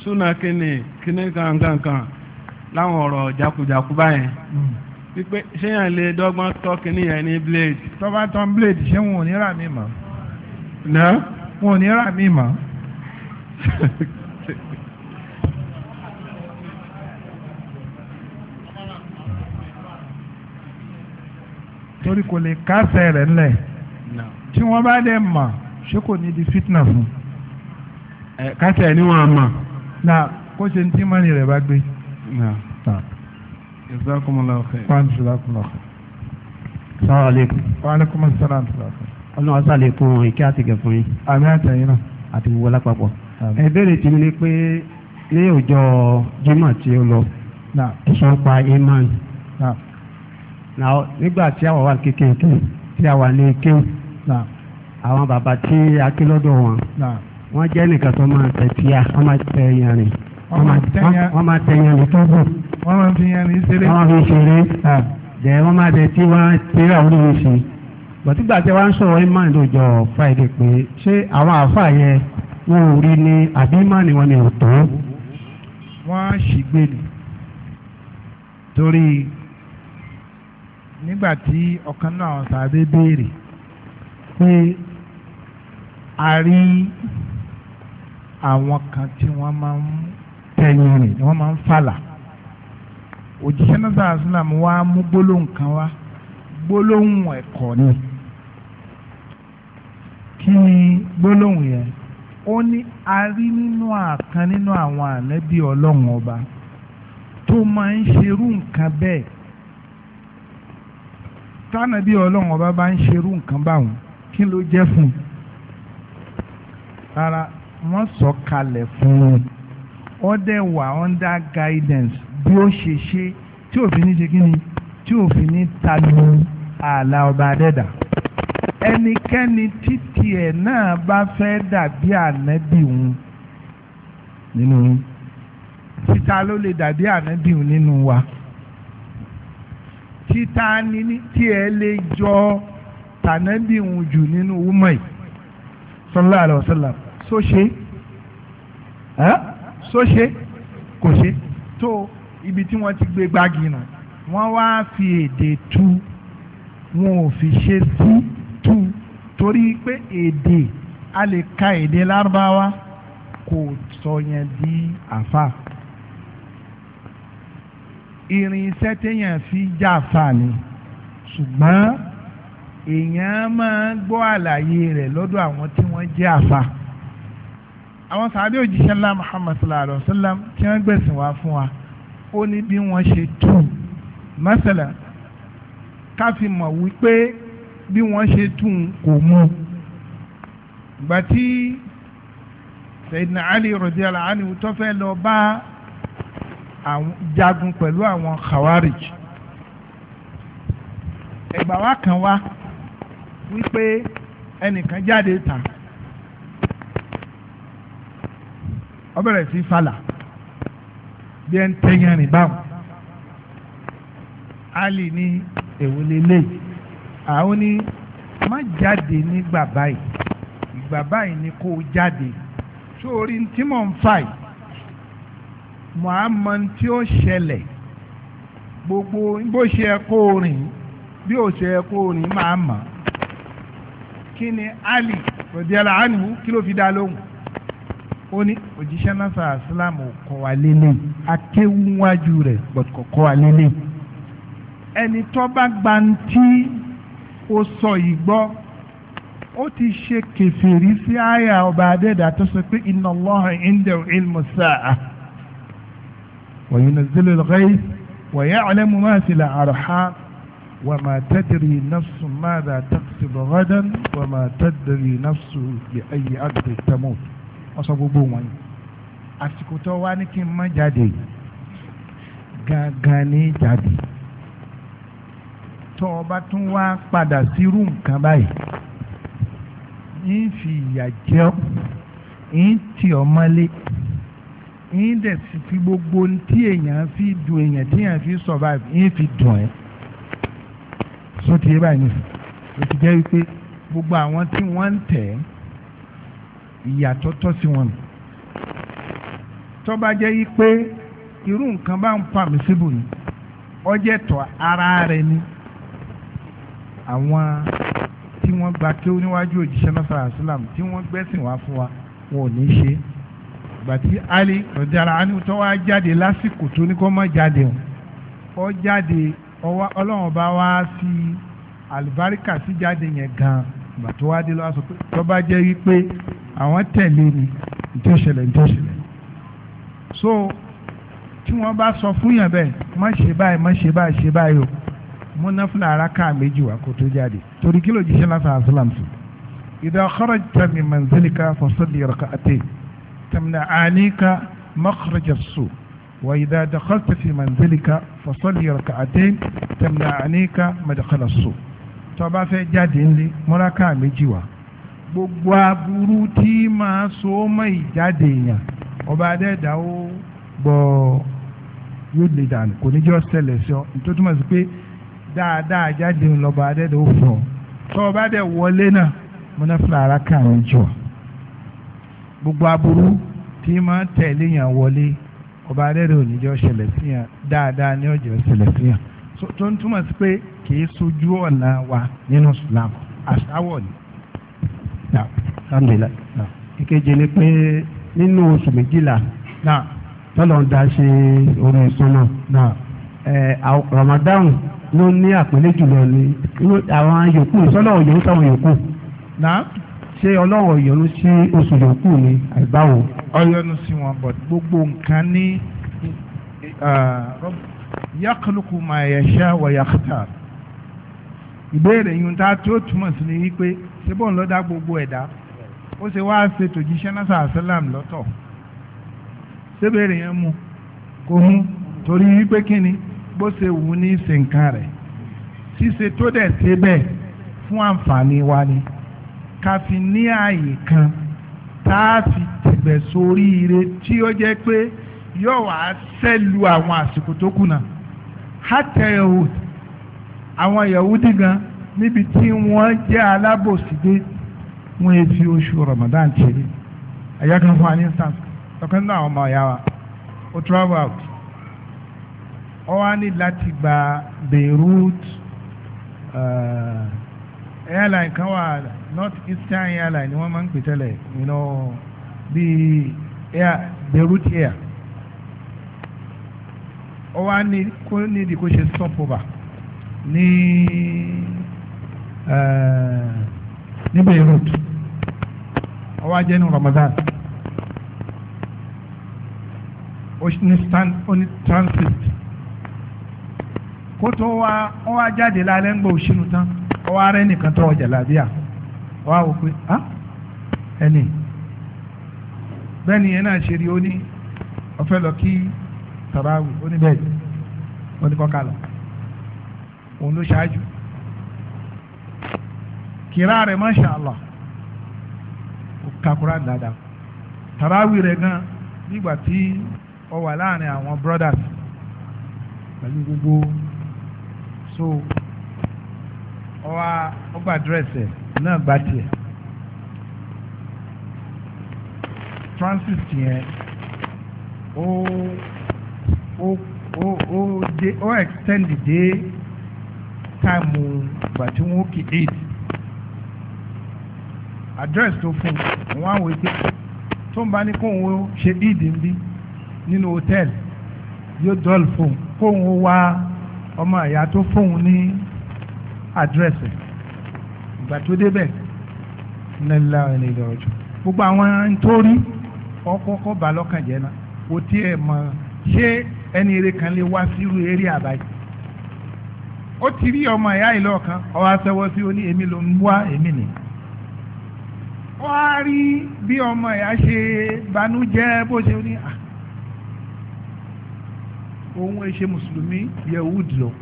súnà kíni kíni kankankan láwọn ọ̀rọ̀ jákujàku báyẹn hmm. wípé ṣéyàn lè dọ́gbọ́n tọ́ kíní yẹn ní blade. tọ́ba tán blade ṣé wọn ò ní rà mí mọ́. ná wọn ò ní rà mí mọ́. torí kò lè kásẹ̀ rẹ̀ ńlẹ̀ tí wọ́n bá dẹ̀ mọ̀ ṣé kò ní di fitna fún. ẹ kásẹ̀ ni wọ́n mọ̀. na kó ṣe ní tí mọ́ni rẹ̀ bá gbé. jazakumullahu khair. jazakumullahu khair. assalamu alaikum. wa alaikum assalam. ọlọ́run ọ̀sán lè kún ìkẹ́ àtìgẹ̀ fún yín. àmì àtẹ̀yìn náà. àti wíwọ́ lápapọ̀. ẹ bẹ̀rẹ̀ tí mi ni pé ní ọjọ́ jimá tí ó lọ. ẹ̀sán pa imán náà nígbà tí àwa wà kékeré tí àwa ní kéwù àwọn bàbá tí a ké lọ́dọ̀ wọn wọ́n jẹ́ nìkan tó máa tẹ̀ tíya wọ́n máa tẹ̀ yanrìn wọ́n máa tẹ̀ yanrìn tó bù wọ́n máa fi yanrìn ṣeré wọ́n máa fi ṣeré jẹ́ wọ́n máa tẹ̀ tí wọ́n tẹ̀rẹ̀ àwọn oríṣi bọ̀tígbà tí wọ́n ń sọ̀rọ̀ ìmọ̀ ìdòjọ́ Friday pé ṣé àwọn àáfàá yẹn wọn ò rí ni àbí ìmọ̀ ni wọ́n ni ò tó. wọ́n á ṣègbè ni torí nígbà tí ọ̀kan náà àwọn sàbẹ béèrè a rí àwọn kan tí wọ́n máa ń tẹ̀yìn rẹ̀ ni wọ́n máa ń fàlà òjíṣẹ́ náà sàrà sílám wá mú gbólóhùn kan wá gbólóhùn ẹ̀kọ́ ni kí ni gbólóhùn yẹn ó ní a rí nínú àkan nínú àwọn ànábì ọlọ́run ọba tó máa ń ṣerú nǹkan bẹ́ẹ̀ tánàbí ọlọ́run ọba bá ń ṣerú nǹkan báwọn kí ló jẹ́ fún un rárá wọ́n sọ kalẹ̀ fún un ó wà under guidance bí ó ṣe ṣe tí òfin ní ṣe kí ni tí òfin ní talu ààlà ọba adẹ́dà ẹnikẹ́ni títí ẹ̀ náà bá fẹ́ dàbí ànábì òun nínú títa ló lè dàbí ànábì nínú wa. No títa níní tí ẹ lè jọ tànábì ń jù nínú wúmọ̀ yìí sallallahu alaihi wasallam so ṣe ẹ so ṣe kò ṣe tó ibi tí wọ́n ti gbé gbági nù wọ́n wá fi èdè tu wọn ò fi ṣe sí tu torí pé èdè a lè ka èdè lárúbáwá kò sọ yẹn di àfáà irin iṣẹ́ téèyàn fi jà fà ni ṣùgbọ́n èèyàn máa gbọ́ àlàyé rẹ̀ lọ́dọ̀ àwọn tí wọ́n jẹ́ àfà àwọn sàbí òjíṣẹ́ ńlá Muhammad sallallahu alayhi wa sallam tí wọ́n gbẹ̀sìn wá fún wa ó ní bí wọ́n ṣe tù mọ́sálà ká fi mọ̀ wípé bí wọ́n ṣe tù kò mú ìgbà tí Sayyidina Ali radiyallahu anhu tó fẹ́ lọ bá jagun pẹ̀lú àwọn khawarij ẹgbà wa kan wá wípé ẹnìkan jáde ta ó bẹ̀rẹ̀ sí falà bí ẹ ń tẹ́yìn rìn báwọn Ali ní èwo lélẹ̀ àwọn ní má jáde nígbà báyìí ìgbà báyìí ni kó o jáde sórí tí mò ń fà yìí Muhammad tí ó ṣẹlẹ̀ gbogbo bó ṣe ẹkọ orin bí ó ṣe ẹkọ orin máa mọ̀ kí ni ali rọ̀díẹ́lá ánìmú kí ló fi dá lóhùn ó ní òjíṣẹ́ náà sọ àsìlámù kọ́ wa lélẹ̀ akéwúwájú rẹ̀ gbọ̀dọ̀ kọ́ wa lélẹ̀ ẹni tó bá gba ń tí ó sọ yìí gbọ́ ó ti ṣe kèfèrí sí àyà ọba adẹ́dà tó sọ pé inna Allaha indahu ilmu sa'a. وينزل الغيث ويعلم ما في الأرحام وما تدري نفس ماذا تكسب غدا وما تدري نفس بأي أرض تموت وصبوا وين àsìkò tó wá ní kí n má jáde gangan ní jáde tó o bá tún wá padà sírú nǹkan báyìí ń fi ìyà jẹ́ ń tì ọ́ mọ́lé In dẹ̀ sì fi gbogbo tí èèyàn fi dùn èèyàn tí èèyàn fi survive yín fi dùn ẹ́ so ti yé báyìí nìyí ló ti jẹ́ wípé gbogbo àwọn tí wọ́n ń tẹ̀ ìyàtọ̀ tọ́ sí wọn nù tó bá jẹ́ wípé irú nǹkan bá ń pa mí síbò ni ọjẹ́ tọ̀ ara rẹ̀ ni àwọn tí wọ́n gba kéwú níwájú òjíṣẹ́ náà sàrà sílámù tí wọ́n gbẹ́sìn wá fún wa wọn ò ní ṣe é bàtí ali rọ̀díàlà ánú tó wá jáde lásìkò tó ní kó má jáde o ó jáde ọlọ́run bá wá fi àlùbáríkà sí jáde yẹn gan ìgbà wá dé lọ́wọ́ sọ pé tó bá jẹ́ wípé àwọn tẹ̀lé ni ntí ó ṣẹlẹ̀ ntí ṣẹlẹ̀ so tí wọ́n bá sọ fún yàn bẹ́ẹ̀ má ṣe báyìí má ṣe báyìí ṣe báyìí o múná fúnra ara ká méjì wá kó tó jáde torí kí ló jíṣẹ́ lásán àṣìlámù sí ìdá kharajta min manzilika fasalli rak'atayn. تمنعانيك مخرج السوء وإذا دخلت في منزلك فصلي ركعتين تمنعانيك مدخل السوء tọba fẹ́ jáde ńlẹ mọláká méjì wá gbogbo aburú tí máa so mọ́ ìjáde yẹn ọba adẹ́ẹ̀dá ó gbọ́ yóò lè dànù kò ní jọ́ ṣẹlẹ̀ sọ nítorí túmọ̀ sí pé dáadáa jáde ńlọba adẹ́ẹ̀dá ó fọ̀ tọba dẹ̀ wọlé náà mọ́náfíà ara kà ń jọ gbogbo aburú tí máa tẹ̀lé yàn wọlé ọba adẹ́rẹ́ oníjọ́ ṣẹlẹ̀ sí yàn dáadáa ní ọjọ́ ṣẹlẹ̀ sí yàn tó ń túmọ̀ sí pé kì í sojú ọ̀nà wa nínú Islam àṣàwọ̀ ni. alhamdulilayi ìkejì ni pé nínú oṣù méjìlá tọ́lọ̀ ń daṣe orí ìsúná Ramadan ló ní àpẹẹlẹ jùlọ ní àwọn yòókù sọ́lọ̀ yòókù sáwọn yòókù ṣé ọlọ́wọ̀ ìyọnu sí oṣù yòókù ni àìbáwò. ọyọnu sí wọn bọ gbogbo nǹkan ní yakhluqu ma yasha wa yakhtar ìbéèrè yìí tá a tó túmọ̀ sí ni wípé ṣé bọ́ọ̀ ló dá gbogbo ẹ̀dá ó ṣe wá ṣe tòjíṣẹ́ náà sàásálàm lọ́tọ̀ ṣébèrè yẹn mu kò mú torí wípé kí ni bó ṣe wù ní ṣe nǹkan rẹ̀ ṣíṣe tó dẹ̀ ṣe bẹ́ẹ̀ fún àǹfààní wa ni ká fi ní ààyè kan tá a fi tìbẹ̀ sórí ire tí ó jẹ́ pé yóò wá sẹ́lu àwọn àsìkò tó kùnà hátẹ́ yahudi àwọn yahudi gan níbi tí wọ́n jẹ́ alábòsí wọ́n yẹ fi oṣù ramadan ṣeré ẹ̀yà kan fún an instance ọ̀kan nínú àwọn ọmọ ọ̀yá wa ó travel out ó wá ní láti gba Beirut. Uh, airline kan wà north eastern airline ni wọ́n máa ń pè tẹ́lẹ̀ you know air Beirut air ó wá ní kó nídìí kó ṣe stopover ní ní Beirut ó wá jẹ́ ní Ramadan ó ní stand ó ní transit kó tó wá ó wá jáde lálẹ́ ń gbọ́ tán. ọwọ́ ara ẹnìkan tọrọ jàlábíà ọwọ́ àwọn pé ẹni bẹ́ẹ̀ ni yẹn náà ṣe rí ó ní ọ̀fẹ́ lọ kí tàràwì ó ní bẹ́ẹ̀ ó ní kọ́ka lọ òun ló ṣáájú kìrá rẹ̀ masha Allah kakura dada tàràwì rẹ̀ gan nígbà tí ọ wà láàrin àwọn brothers pẹ̀lú gbogbo so ọwọ́ ọgbà dírẹ́sì náà gbà tiẹ̀ Francis yẹn ó ó ó ó dé ó extend dé táìmù ìgbà tí wọ́n kì í address tó fún un wọ́n á wọ ike tó ń bá ní kóun ó ṣe ìdí ń bí nínú hòtẹ́ẹ̀lì yóò dọ́ọ̀lù fún un kóun wá ọmọ ìyá tó fóun ní àdírẹ́sì ìgbà tó débẹ̀ nílá ẹni ìdọ̀rọ̀jù gbogbo àwọn tó rí ọkọ̀ọ̀kọ̀ bá lọ́kàn jẹ́ náà kò tiẹ̀ mọ̀ ṣé ẹni eré kan lè wá sírú eré àbáyé ó ti rí ọmọ ìyá ìlú ọ̀kan ọwọ́ aṣẹ́wọ́ sí oní èmi ló ń wá èmi nì ó á rí bí ọmọ ìyá ṣe banújẹ́ bó ṣe ní òun ah. ẹ ṣe mùsùlùmí yẹ̀wù dùn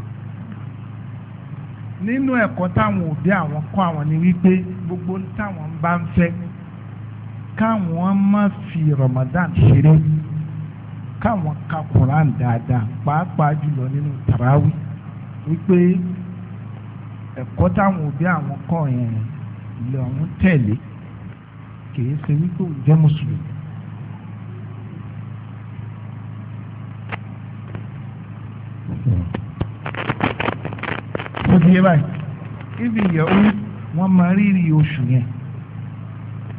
nínú ẹ̀kọ́ táwọn òbí àwọn kọ́ àwọn ni wípé gbogbo táwọn bá ń fẹ́ káwọn má fi Ramadan ṣeré káwọn ka Quran dáadáa pàápàá jùlọ nínú tarawih wípé ẹ̀kọ́ táwọn òbí àwọn kọ́ yẹn lọ́hún tẹ̀lé kìí ṣe wípé òun jẹ́ mùsùlùmí. Thank hmm. you. ó ti baa báyìí ibi ìyàwó wọn máa rírì oṣù yẹn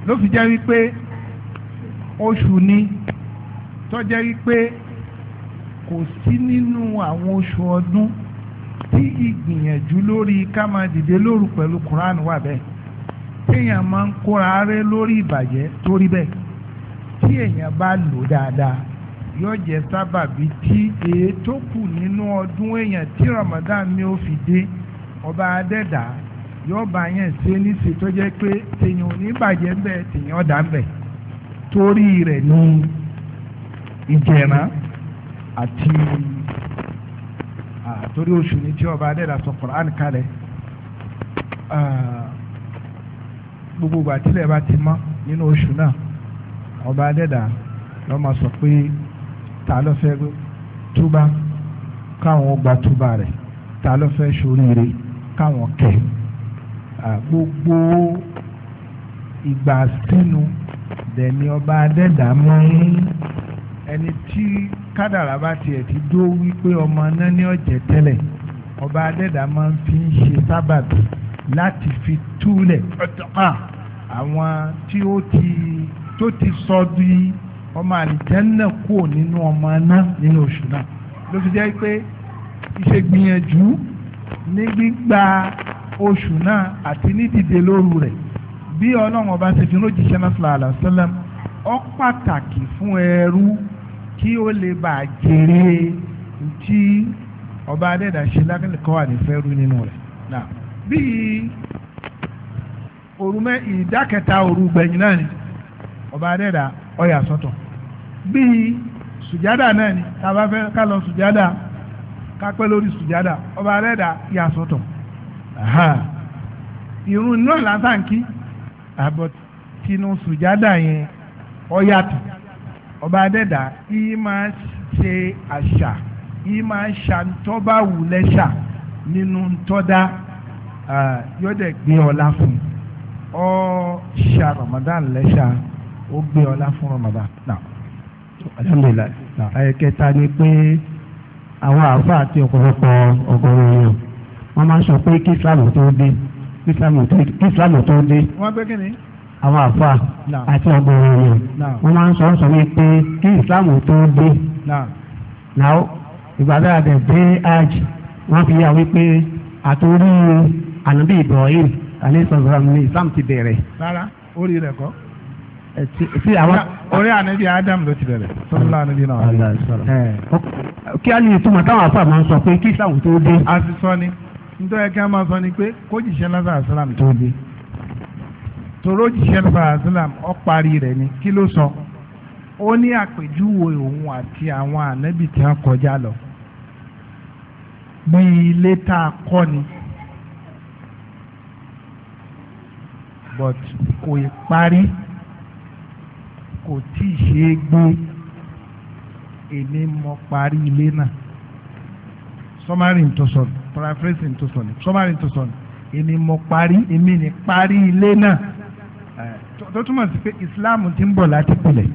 ló fi jẹ́ wípé oṣù ni tó jẹ́ wípé kò sí nínú àwọn oṣù ọdún tí ìgbìyànjú lórí ká máa dìde lóru pẹ̀lú Quran wà bẹ́ẹ̀ téèyàn máa ń kóra rẹ lórí ìbàjẹ́ torí bẹ́ẹ̀ tí èèyàn bá lò dáadáa yóò saba sábàbí tí èyí tó kù nínú ọdún èèyàn tí Ramadan mi ò fi dé ọba adẹ́dà yóò bá yẹn ṣe níṣe tó jẹ́ pé tèèyàn ò ní bàjẹ́ tèèyàn ọ̀dà torí rẹ̀ ní àti àtòrí oṣù ní tí ọba adẹ́dà sọ Quran kalẹ̀ gbogbo ìgbà bá ti mọ́ nínú oṣù náà ọba adẹ́dà ló máa sọ pé ta ló fẹ́ gba rẹ̀ ta ló káwọn kẹ gbogbo ìgbà sínú dẹni ọba adẹ́dàmú ẹni tí kádàrà bá tiẹ̀ ti dó wípé ọmọ náà ní ọ̀jẹ̀ tẹ́lẹ̀ ọba adẹ́dà máa ń fi ń ṣe sábàbí láti fi túlẹ̀ àwọn tí ó ti tó ti sọ di ọmọ àlìjẹ́nà kúrò nínú ọmọ náà nínú oṣù náà ló fi jẹ́ pé ìṣègbìyànjú ní gbígba oṣù náà àti ní dìde lóru rẹ̀ bí ọlọ́run ọba ṣe fi lójíṣẹ́ náà sallallahu alaihi wasallam ó pàtàkì fún ẹrú kí ó lè bà jèrè tí ọba adẹ́dà ṣe lákàlẹ́kọ́ wà ní fẹ́rú nínú rẹ̀ náà bíi òrùmẹ́ ìdá kẹta òru gbẹ̀yìn náà ni ọba adẹ́dà ó sọ́tọ̀ bíi sùjádà náà ni tá a bá fẹ́ ká lọ sùjádà kápẹ́ lórí sùjádà ọba rẹ́dà yà sọ́tọ̀ irun náà lásán kí àbọ̀ tinú sùjádà yẹn ọ yàtọ̀ ọba adẹ́dà yìí máa ṣe àṣà yìí máa ṣàǹtọ́bà wù lẹ́ṣà nínú ntọ́dá yọ̀dẹ̀ gbé ọlá fún ọ ṣà Ramadan lẹ́ṣà ó gbé ọlá fún Ramadan alhamdulilayi ayẹkẹta ni pé àwọn àáfà àti ọ̀pọ̀lọpọ̀ ọ̀gọ̀rọ̀ èèyàn wọ́n máa ń sọ pé kí islam tó dé kí islam tó dé àwọn àáfà àti ọ̀gọ̀rọ̀ èèyàn wọ́n máa ń sọ sọ pé kí islam tó dé náà ìgbàdá rẹ̀ dé aj wọ́n fi yà wípé àtúrí ànábì Ibrahim alẹ́ sọ̀rọ̀ ní islam ti bẹ̀rẹ̀. rárá orí rẹ̀ kọ́. Eh, ti àwọn. orí ànábi Adam ló ti bẹ̀rẹ̀ sọ́dúnlá náà. Eh. kí á ní ìtumọ̀ táwọn afa máa ń sọ pé kí tó dé. ti sọ ni nítorí kí máa sọ ni pé kó jìṣẹ́ tó dé tòró ni kí sọ ó ní àpèjúwe òun àti àwọn ànábì tí lọ bí ilé tá a kọ́ ni but kò kò tí ì ṣe é gbé èmi mo parí ilé náà sọmárì tó sọ paraphrase tó sọ ni sọmárì tó sọ ni èmi mo parí èmi ni parí ilé náà eh, tó túmọ̀ sí pé Islam ti ń bọ̀ láti pilẹ̀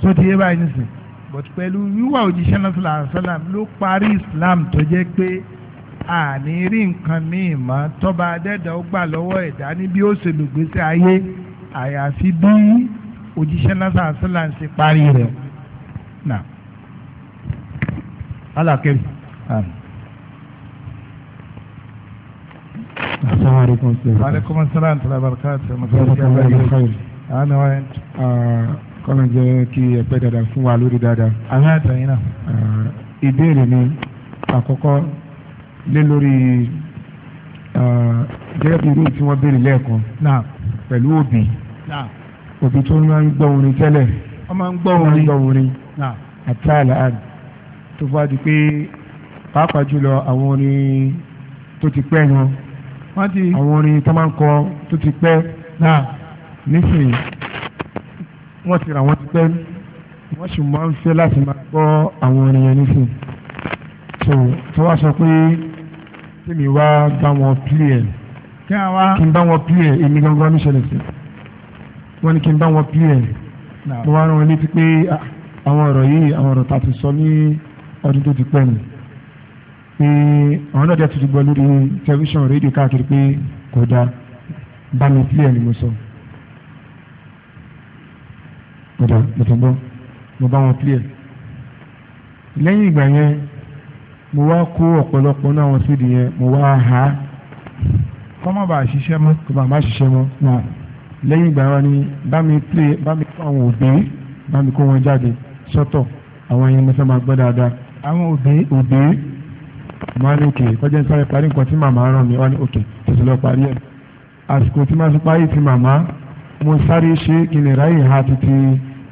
so ti yé báyìí nísìn but pẹ̀lú wíwà òjíṣẹ́ náà sọ̀rọ̀ àṣàlám ló parí Islam tó jẹ́ pé àní rí nǹkan míì mọ́ tọ́ba adẹ́dàá ó gbà lọ́wọ́ ẹ̀dá ní ó ṣe lògbésí ayé àyàfi bí òjíṣẹ́ lásán àṣìlá ń ṣe parí rẹ̀ náà. alákẹ́rì. asalaamualeykum salaam. aleykum salaam tala barakatu. ana wa yẹn. Ah, kọ́nà jẹ́ kí ẹ pẹ́ dáadáa fún wa lórí dáadáa. àwọn àtàyìn náà. ìbéèrè mi àkọ́kọ́ lé lórí ah, gẹ́gẹ́ bí irú tí wọ́n béèrè lẹ́ẹ̀kan pẹ̀lú òbí òbí tó máa ń gbọ́ orin tẹ́lẹ̀ wọ́n máa ń gbọ́ orin gbọ́ orin àtàlà àn tó bá di pé pàápàá jùlọ àwọn orin tó ti pẹ́ wọn àwọn orin tó máa ń kọ tó ti pẹ́ nísìnyí wọ́n ti rà wọ́n ti pẹ́ wọ́n sì máa ń fẹ́ láti máa gbọ́ àwọn orin yẹn nísìnyí so tó wá sọ pé tèmi wá bá wọn pílì kí n bá wọn pílì èmi gangan ní ṣẹlẹ̀ wọ́n ní kí n bá wọn pín ẹ̀ mo wá rán wọn létí pé ah, àwọn ọ̀rọ̀ yìí àwọn ọ̀rọ̀ tá a ti sọ ní ọdún tó ti pẹ́ ni pé àwọn náà dẹ̀ ti gbọ́ lórí tẹlifíṣàn rédíò káàkiri pé kò dáa bá mi pín ẹ̀ ni mo sọ. ọ̀dà mọ̀tọ́gbọ́ mo bá wọn pín ẹ̀ lẹ́yìn ìgbà yẹn mo wá kó ọ̀pọ̀lọpọ̀ náà wọn sídìí yẹn mo wá há kọ́mọ́ bá a ṣiṣẹ́ mọ́ kọ́mọ́ bá a ṣiṣẹ́ mọ́ náà lẹ́yìn ìgbà wọn ni bá mi plé bá mi kó àwọn òbí bá mi kó wọn jáde sọ́tọ̀ àwọn yẹn mọ́sá máa gbọ́ dáadáa àwọn òbí òbí máa ní òkè kọjá ń sáré parí nǹkan tí màmá ràn mí wá ní òkè tètè lọ parí ẹ̀ àsìkò tí màá fi parí ti màmá mo sáré ṣe kí ni ráyè ha títí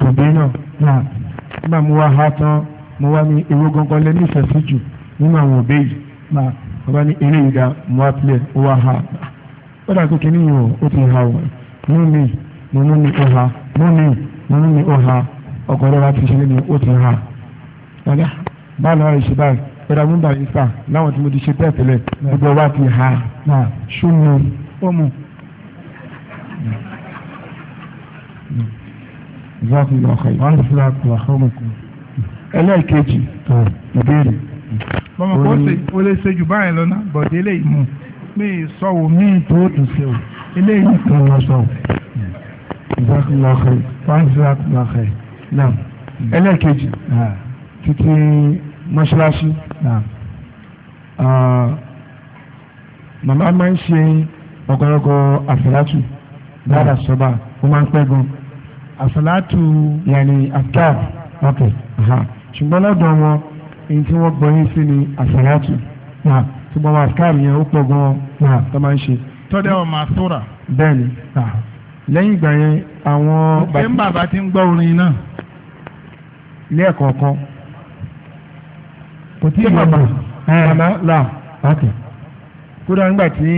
òbí náà nígbà mo wá ha tán mo wá ní ewé gangan lẹ́nu ìfẹ́ sí jù nínú àwọn òbí yìí mo bá ní eré ìdá mo wá pilẹ̀ mo wá ha ó dà múmi múmi ó ha múmi múmi ó ha ọkọ̀ rẹ̀ wá ti ṣe lẹ́nu ó ti ha ọ̀dà báwo ni wọ́n lè ṣe báyìí ẹ̀rọ múmbà yìí sà láwọn tí mo ti ṣe bẹ́ẹ̀ tẹ́lẹ̀ gbogbo wa ti ha ṣùnú ọmọ. ẹlẹ́ẹ̀kejì ìbéèrè. bọ́mọ̀ kó o lè ṣe jù báyìí lọ ná bọ̀dé lè mú mi sọ omi tó tù sí o eléyìí kan lọ sọ ìzákùnláhẹ fáńsíláhẹ náà ẹlẹ́ẹ̀kejì títí mọ́ṣáláṣí màmá máa ń ṣe ọ̀gọ́rọ̀gọ́ àfẹ́látù dáadáa sọ́ba ó máa ń pẹ́ gan àfẹ́látù yàní aftar ok ṣùgbọ́n lọ́dọ̀ wọn èyí tí wọ́n gbọ́ yín sí ni àfẹ́látù náà. ṣùgbọ́n àwọn àfikáàrù yẹn ó pọ̀ gan-an tó máa ń ṣe. tọ́dẹ̀ bẹ́ẹ̀ni lẹ́yìn ìgbà yẹn àwọn. ṣé ń bàbá ti ń gbọ́ orin náà. ilé ẹ̀kọ́ kò tí ì là báyìí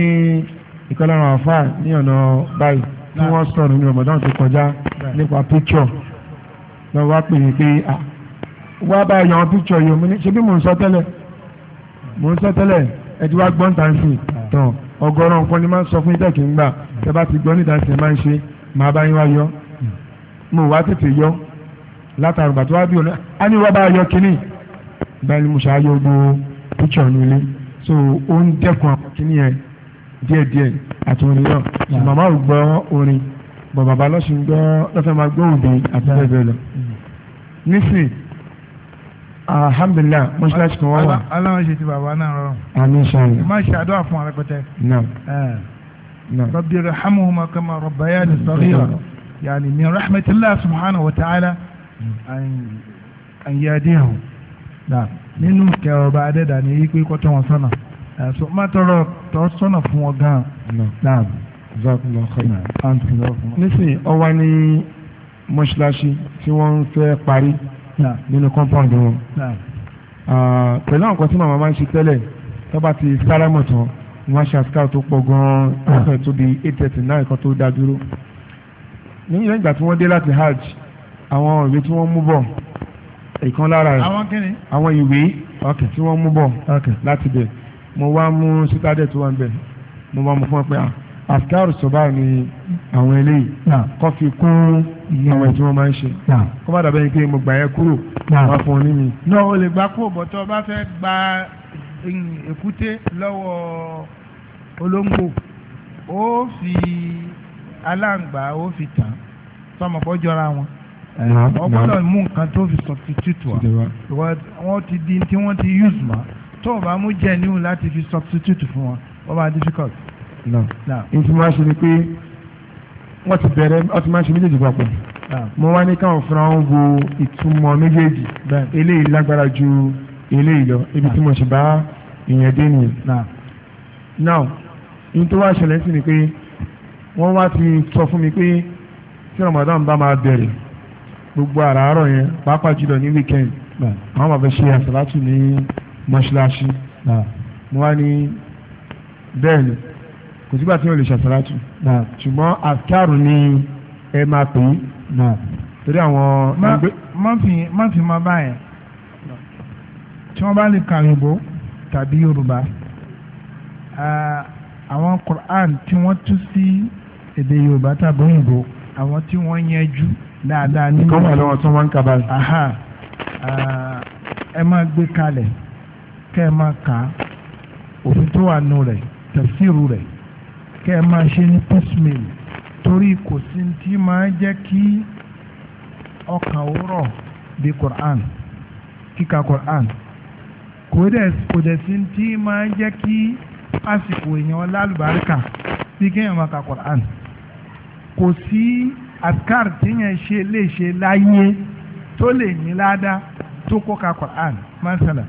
tí wọ́n sọ̀rọ̀ ní ọmọdé kọjá nípa lọ́wọ́ wá pè pé wá bá yan yìí ṣé bí mò ń sọ tẹ́lẹ̀ mò ń sọ ẹtí wá gbọ́n tà ń sìn tán ọgọ́rọ̀ nǹkan ni máa ń sọ fún yín tẹ̀kí ń gbà tẹ bá ti gbọ́ níta ṣe máa ń ṣe màá bá yín wá yọ mo wá tètè yọ látàrí bàtú wá bí òun á ní wọ́n bá yọ kínní báyìí mo ṣàyọ gbogbo píkṣọ̀ nílé so ó ń dẹ́kun àwọn kínní yẹn díẹ̀díẹ̀ àti orin náà màmá ò gbọ́ orin bọ̀ bàbá lọ́sùn gbọ́ lọ́fẹ̀ẹ́ máa gbọ́ òde àti bẹ́ẹ̀ bẹ́ẹ̀ lọ nísìnyí alhamdulilah mọ́ṣáláṣí kan wá wà. aláwọ̀ ṣe ti bàbá náà rọrùn. àmín ṣáàlì. má ṣe àdúrà fún arẹpẹtẹ. naam. naam. rabbi rahamuhuma kama rabbayani saghira yaani min rahmatulah subhanahu wa ta'ala an yadihum. naam nínú kẹrọ ọba adẹ́dà ni yí pé kọ́tọ́ wọn sọ́nà ẹ̀sùn má tọrọ tọ́ sọ́nà fún wọn gan-an. naam zakunlọ kọ́nà àǹtí tí wọ́n ń parí nínú compound wọn pẹ̀lú àwọn kan tí màmá máa ń ṣe tẹ́lẹ̀ tó bá ti sáramọ̀ tán wọ́n ṣe àṣìkà tó pọ̀ gan-an ọ̀sẹ̀ tó di eight thirty nine kan tó dá dúró níyẹn ìgbà tí wọ́n dé láti hajj àwọn ìwé tí wọ́n mú bọ̀ ìkan lára rẹ̀ àwọn ìwé tí wọ́n mú bọ̀ láti bẹ̀ mo wá mú sítádẹ̀ tó wà ń bẹ̀ mo wá mú fún ọ pé à afikaru soba ni àwọn eléyìí kọ́ fi kún àwọn tí wọ́n máa ń ṣe kó bá dàbẹ́ yìí pé mo gbà yẹ kúrò wá fún un ní mi. náà o lè gbà kó bọ̀tọ̀ bá fẹ́ gba èkúté lọ́wọ́ olóńgbò ó fi aláǹgbá ó fi tàn sọmọkọ jọra wọn wọ́n mú nǹkan tó fi substitute wa wọ́n ti di tí wọ́n ti use ma tó o bá mú genuine láti fi substitute fún wọn ó máa difficult náà n tí wọ́n ṣe ni pé wọ́n ti bẹ̀rẹ̀ wọ́n ti máa ṣe méjèèjì papọ̀ mo wá ní káwọn fúnra wọn wo ìtumọ̀ méjèèjì eléyìí lágbára ju eléyìí lọ ibi tí mo ṣe bá ìyẹn dé nìyẹn now n tó wá ṣẹlẹ̀ sí ni pé wọ́n wá ti sọ fún mi pé tí Ramadan bá máa bẹ̀rẹ̀ gbogbo àràárọ̀ yẹn pàápàá jùlọ ní weekend àwọn bàbá ṣe àsàlátù ní mọ́ṣáláṣí mo wá ní bẹ́ẹ̀ ni kò sígbà tí wọ́n lè ṣàṣàlátù ṣùgbọ́n àkàrù ni ẹ máa pè é torí àwọn. má fi máa bá yẹn tí wọ́n bá lè ka òyìnbó tàbí yorùbá àwọn quran tí wọ́n tú sí èdè yorùbá tàbí òyìnbó àwọn tí wọ́n yẹjú dáadáa nínú. kọ́mọ lọ́wọ́ tí wọ́n ń kaba. ẹ máa gbé kalẹ̀ kẹ́ ẹ máa kà á òfin tó wà nù rẹ̀ tẹ̀síìrù rẹ̀ kẹ́ ẹ máa ṣe ní postmail torí kò sí tí máa jẹ́ kí ọkàn òwúrọ̀ bí Quran kíka Quran kò dẹ̀ sí tí máa jẹ́ kí àsìkò èèyàn lálùbáríkà bí kéèyàn máa ka Quran kò sí àkàr téèyàn ṣe lè ṣe láyé tó lè ní ládàá tó kó ka Quran masala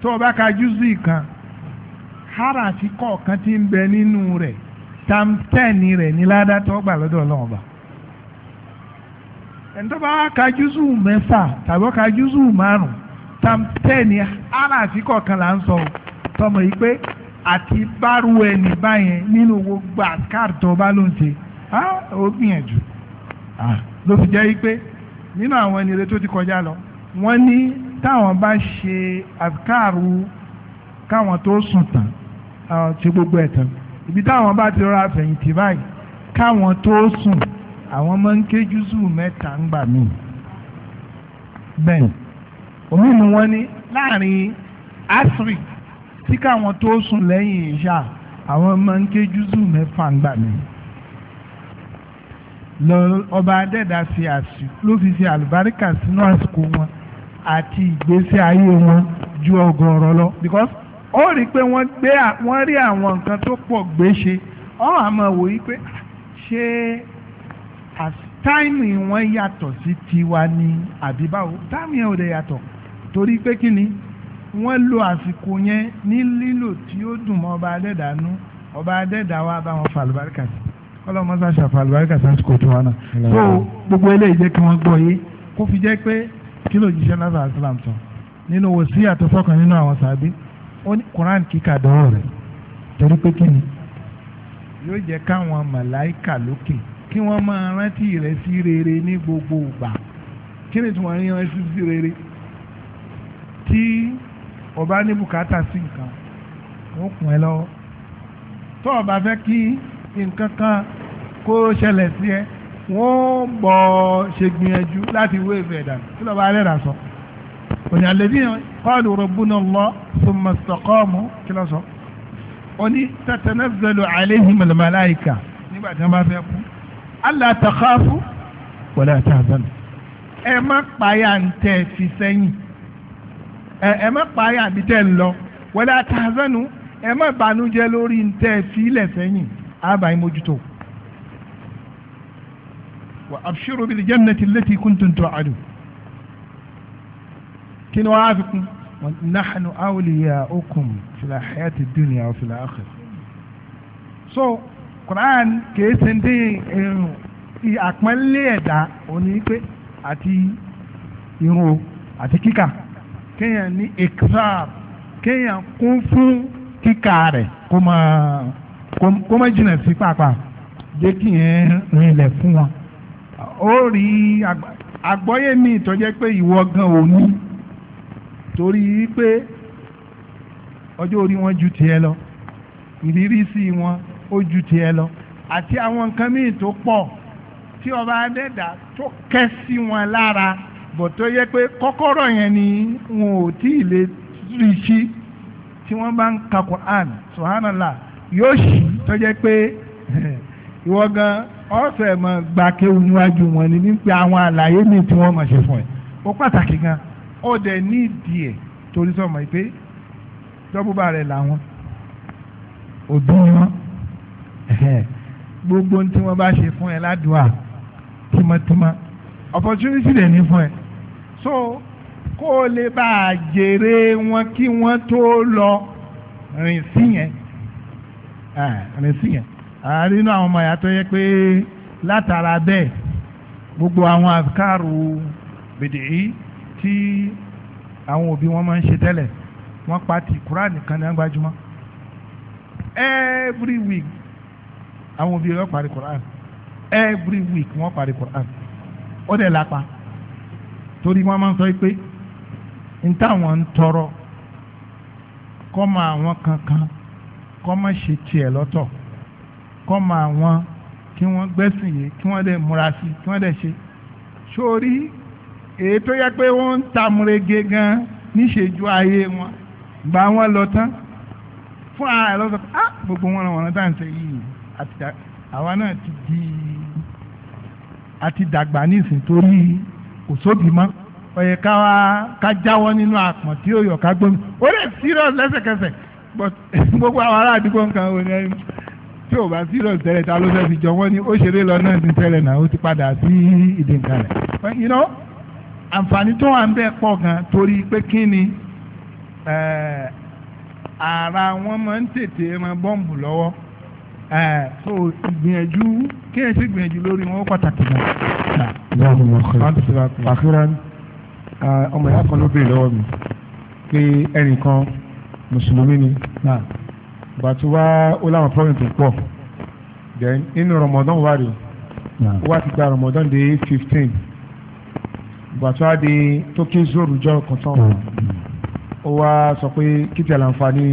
tó o bá ka júzù kan harafi kọ̀ọ̀kan tí ń bẹ nínú rẹ̀ tamtẹ́ẹ̀nì rẹ̀ ní ládàtọ́ gbà lọ́dọ̀ ọlọ́run bá ẹni tó bá ka júzù mẹ́fà tàbí ka júzù márùn tamtẹ́ẹ̀nì harafi kọ̀ọ̀kan là ń sọ tọmọ yìí pé àti bárú ẹni báyẹn nínú gbogbo àkàtọ̀ bá ló ń ṣe ó gbìyànjú ló fi jẹ́ pé nínú àwọn ẹni rẹ̀ tó ti kọjá lọ wọ́n ní táwọn bá ṣe àkàrù káwọn tó sùn tán àwọn ti gbogbo ẹ̀ tán ibi táwọn bá ti rọra fẹ̀yìntì báyìí káwọn tó sùn àwọn máa ń ké júùsù mẹ́ta ń gbà mí bẹ́ẹ̀ omi ni wọ́n ní láàrin asri tí káwọn tó sùn lẹ́yìn ìṣá àwọn máa ń ké júùsù mẹ́fà ń gbà mí lọ ọba adẹ́dá fi àsìkò ló fi ṣe àlùbáríkà sínú àsìkò wọn àti ìgbésí ayé wọn ju ọgọ́rọ̀ lọ because ó rí i pé wọ́n gbé wọ́n rí àwọn nǹkan tó pọ̀ gbé ṣe ọ̀hún àmọ́ wò yí pé ṣé táìmì wọn yàtọ̀ sí tiwa ní àbíbáwò táìmì yẹn ò dẹ̀ yàtọ̀ torí pé kí ni wọ́n lo àsìkò yẹn ní lílò tí ó dùn mọ́ ọba adẹ́dàánú ọba adẹ́dàá wa bá wọn fàlùbáríkà sí ọlọ́mọsá ṣàfàlùbáríkà sásìkò tó wà náà so gbogbo eléyìí jẹ́ kí wọ́n gbọ́ yé kó fi jẹ́ pé kí ló jíṣẹ́ lásán àti làǹtọ̀ nínú wòsíyà tó sọ́kàn nínú àwọn sàbí ó ní Quran kíkà dọ́wọ́ rẹ̀ torí pé kí ni yóò jẹ́ káwọn màláìkà lókè kí wọ́n máa rántí rẹ̀ sí rere ní gbogbo ìgbà kí ni tí wọ́n rí rántí sí rere tí o bá ní bùkátà sí nǹkan wọ́n kún ẹ lọ́wọ́ tó o bá fẹ́ kí nǹkan kan kó ṣẹlẹ̀ sí ẹ wọ́n bọ̀ ṣègbìyànjú láti wé ìfẹ́ dànù kí lọ́ba alẹ́ rà sọ. So òní alladhina qalu rabbuna Allah thumma istaqamu kí ló sọ òní tatanazzalu alayhim al-malaika nígbà tí wọ́n bá fẹ́ kú alla takhafu wala tahzanu ẹ má pààyà ń tẹ̀ fi sẹ́yìn ẹ má pààyà bí tẹ̀ ń lọ wala ẹ má bànújẹ́ lórí ń tẹ̀ fi ilẹ̀ sẹ́yìn àbáyé mójútó. وأبشروا بالجنة التي كنتم توعدون kí ni wọ́n á fi kún nahnu awliyaukum fil hayati dunya wa fil akhirah so Quran kìí ṣe ń dín eh, àpọ́nlé ẹ̀dá òní pé àti irun àti kíkà kéèyàn ní exam kéèyàn kún fún kíkà rẹ̀ kó máa kó máa jìnnà sí pàápàá jẹ́ kí yẹn rinlẹ̀ fún wọn. ó rí àgbọ́yé mi tó jẹ́ pé ìwọ gan ò ní torí pé ọjọ́ orí wọn ju tiẹ̀ lọ ìrírísí wọn ó ju tiẹ̀ lọ àti àwọn nǹkan míì tó pọ̀ tí ọba adẹ́dà tó kẹ́ sí wọn lára bọ̀ tó yẹ pé kọ́kọ́rọ́ yẹn ni wọn ò tí ì lè rí sí tí wọ́n bá ń ka Quran subhanallah yóò ṣì tó jẹ́ pé ìwọ gan ọ̀sẹ̀ mọ̀ gbàkéwu níwájú wọn ni nípa àwọn àlàyé míì tí wọ́n mọ̀ ṣe fún ẹ̀ ó pàtàkì gan-an ọdẹ ní ìdí ẹ̀ torí sọmọ yìí pé dọ́bùbà rẹ̀ làwọn òbí wọn gbogbo tí wọ́n bá ṣe fún ẹ ládùúà tímọ́tímọ́ opportunity rẹ̀ ní fún ẹ so kó o lè bá a jèrè wọn kí wọ́n tó lọ rìn sí yẹn rìn sí yẹn àárínú àwọn ọmọ yàtọ̀ yẹ pé látara bẹ́ẹ̀ gbogbo àwọn àfikàrù bìdìí tí àwọn òbí wọn máa ń ṣe tẹ́lẹ̀ wọ́n pa ti Quran nìkan náà gbajúmọ́ every week àwọn òbí wọn parí Quran every week wọ́n parí Quran ó dẹ̀ lápá torí wọ́n máa ń sọ pé n táwọn ń tọrọ kọ́ mọ àwọn kankan kọ́ mọ ṣe tiẹ̀ lọ́tọ̀ kọ́ mọ àwọn kí wọ́n gbẹ́sìn yìí kí wọ́n dẹ̀ múra sí kí wọ́n dẹ̀ ṣe sórí èyí tó yẹ pé wọ́n ń tamurege gan níṣẹ́jú ayé wọn gbà wọ́n lọ tán fún ara ẹ̀ lọ́sọ̀ ah gbogbo wọn wọn tá à ń sẹ yìí àwa náà ti di àti dàgbà nísìn torí kò sóbì mọ́ ọ̀yẹ ká wá ká jáwọ́ nínú àpọ̀n tí ó yọ̀ ká gbómi ó lè serious lẹ́sẹ̀kẹsẹ̀ gbogbo àwọn ará àdúgbò nǹkan ò ní ẹni tí ò bá serious tẹ́lẹ̀ ta ló fẹ́ fi jọ wọ́n ní ó ṣeré lọ náà ní tẹ́lẹ̀ náà ó ti padà sí ìdínkàlẹ̀ you know. àǹfààní tó wà ń pọ̀ gan torí pé kí ni ara wọn máa ń tètè ran bọ́ǹbù lọ́wọ́ so ìgbìyànjú kéèyàn sì gbìyànjú lórí wọn pàtàkì náà. àkírán ọmọ ìyá kan ló béèrè lọ́wọ́ mi pé ẹnìkan mùsùlùmí ni bàtú wá ó láwọn problem tó pọ̀ then inú Ramadan wà wá ti gba Ramadan fifteen. gbàtúwá di tó kí zoro jọ kọtán mm. ó wá sọ pé kíkì àlàǹfààní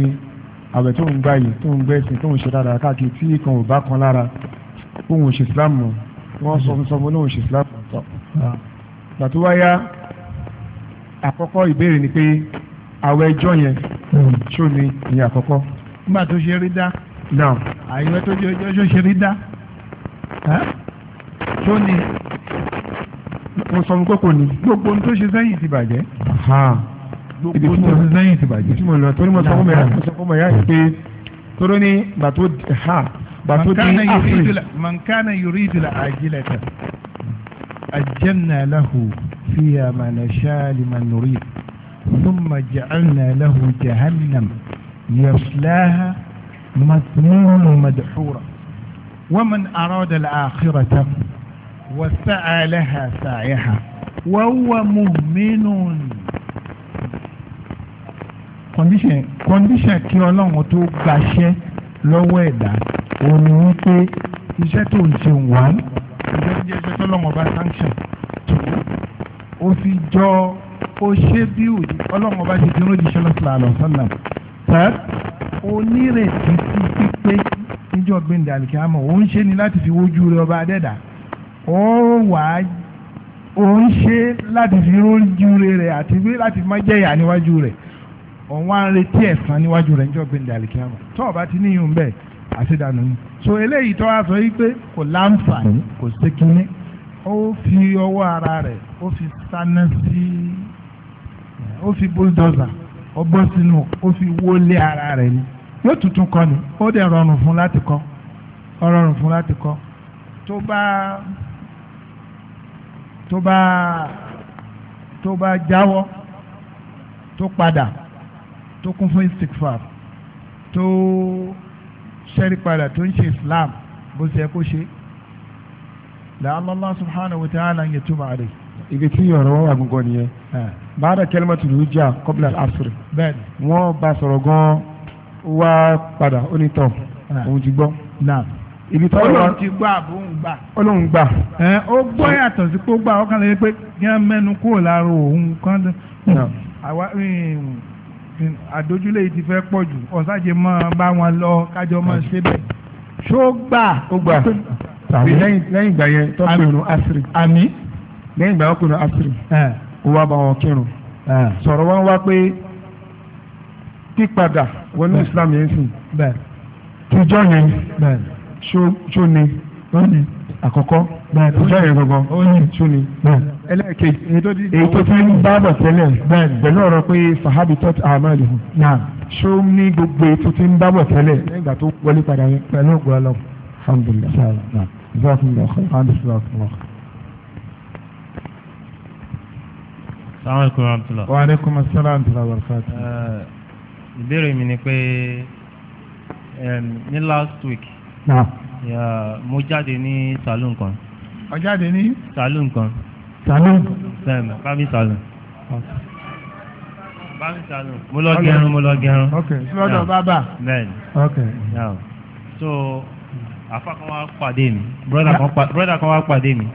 àwẹ̀ tó ń gbà yìí tó ń gbẹ́ sìn tó ń ṣe dáadáa káàkiri tí kan ò bá kan lára òun ò ṣe islam mọ́ wọ́n sọ fún sọmọ olóhùn ṣe islam tọ́ gbàtúwá yá àkọ́kọ́ ìbéèrè ni pé àwẹ̀ ẹjọ́ yẹn mm. ṣó ni ìyẹn àkọ́kọ́. nígbà tó ṣe rí dá. àyẹ̀wò tó ṣe rí dá. ṣó ni mo sọ fún kókò ní. gbogbo ohun tó ṣe sẹ́yìn ti bàjẹ́. gbogbo ohun tó ṣe sẹ́yìn ti bàjẹ́. ìtumọ̀ lọ torí mo sọ fún mi mo sọ fún mi pé tóró ní bàtó ha bàtó dín àfírí. mankana yuridu la ajilata ajjanna lahu fiya ma nasha liman nurid thumma ja'alna lahu jahannam yaslaha masmunan madhura wa man arada al-akhirata. وسعى لها سعيها وهو مؤمن condition condition kí ọlọ́run tó gbaṣẹ́ lọ́wọ́ ẹ̀dá òun ni wípé iṣẹ́ tó ń ṣe wá iṣẹ́ tó jẹ́ iṣẹ́ tó lọ́wọ́ bá sanction tó o fi jọ o ṣe bí ọlọ́run bá ṣe ti rán jíṣẹ́ lọ́sọ̀lá àlọ́sọ́nà tẹ́ onírètí sí pípé níjọ́ gbẹ̀ndẹ̀ àlùkí àmọ́ òun ṣe ni láti fi wojú rẹ ọba adẹ́dàá ó wà á ó ń ṣe láti fi rójú rẹ̀ àti pé láti má jẹ̀yà níwájú rẹ̀ òun wá ń retí ẹ̀san níwájú rẹ̀ níjọ́ gbẹ̀ndẹ̀ àlìkíyàmọ̀ tó o bá ti níyùn bẹ́ẹ̀ àṣedànù ni so eléyìí tó wá sọ yìí pé kò láǹfààní kò sí kínní ó fi ọwọ́ ara rẹ̀ ó fi sáná sí ó fi bulldozer ó bọ́ sínú ó fi wọlé ara rẹ̀ ni yóò tuntun kọ́ ni ó dẹ̀ rọrùn fún láti kọ́ ó rọrùn fún láti kọ́ tó bá tó bá tó bá jáwọ́ tó padà tó kún fún istikfar tó ṣẹ́rí padà tó ń ṣe islam bó ṣe kó ṣe la'allahu subhanahu wa ta'ala ń yẹ túbọ̀ àdè. ibi tí ọ̀rọ̀ wọn wà gbogbo nìyẹn bàdà kẹlẹ́mọ̀tì ló jà kọ́bílà àṣírí wọ́n bá sọ̀rọ̀ gan-an wá padà ó ní tọ̀ òun ti gbọ́ ibi tó lọ Ọlọ́run ti gbọ́ àbò ń gbà. Ọlọ́run gbà. ẹ ó gbọ́ yàtọ̀ sí pé ó gbà ọkàn lè pé kí wọ́n mẹ́nu kúrò lára òun kan àwa àdójúlé yìí ti fẹ́ pọ̀ jù ọ̀sájẹ máa bá wọn lọ kájọ máa ṣe bẹ́ẹ̀. ṣó gbà. ó gbà lẹ́yìn lẹ́yìn ìgbà yẹn tó pinnu asiri. àmì. lẹ́yìn ìgbà yẹn tó pinnu asiri. ó wá bá wọn kírun. sọ̀rọ̀ wọn wá pé pípadà wọnú Islam yẹn sìn. tìjọ́ yẹn ṣó ni wọ́n ni àkọ́kọ́ bẹ́ẹ̀ni ìjọ yẹn gbọ̀ngàn ó ní ìtúni bẹ́ẹ̀ni ẹlẹ́ẹ̀kejì èyí tó ti ń bábọ̀ tẹ́lẹ̀ bẹ́ẹ̀ni pẹ̀lú ọ̀rọ̀ pé fahabi tọ́tù àmàlù náà ṣó ní gbogbo èyí tó ti ń bábọ̀ tẹ́lẹ̀ nígbà tó wọlé padà yẹn pẹ̀lú ògùn ọlọ́run alhamdulilayi náà ìfọwọ́kùnrin ọ̀kọ́ alhamdulilayi. sàmàlùkù rahmatulah. wa aleykum asalaam wa rahmatulah wa barakatuh. Eh, ìbéèrè mi ni pé ní last week mo jáde ní salon kan. ọ jáde ní. salon kan. salon. bẹ́ẹ̀ni bami salon. bami salon. mo lọ gẹrun mo lọ gẹrun. ok sílọ́dọ̀ bábà. bẹ́ẹ̀ni. ok. so afa kan wá pàdé mi broda kan wá pàdé mi.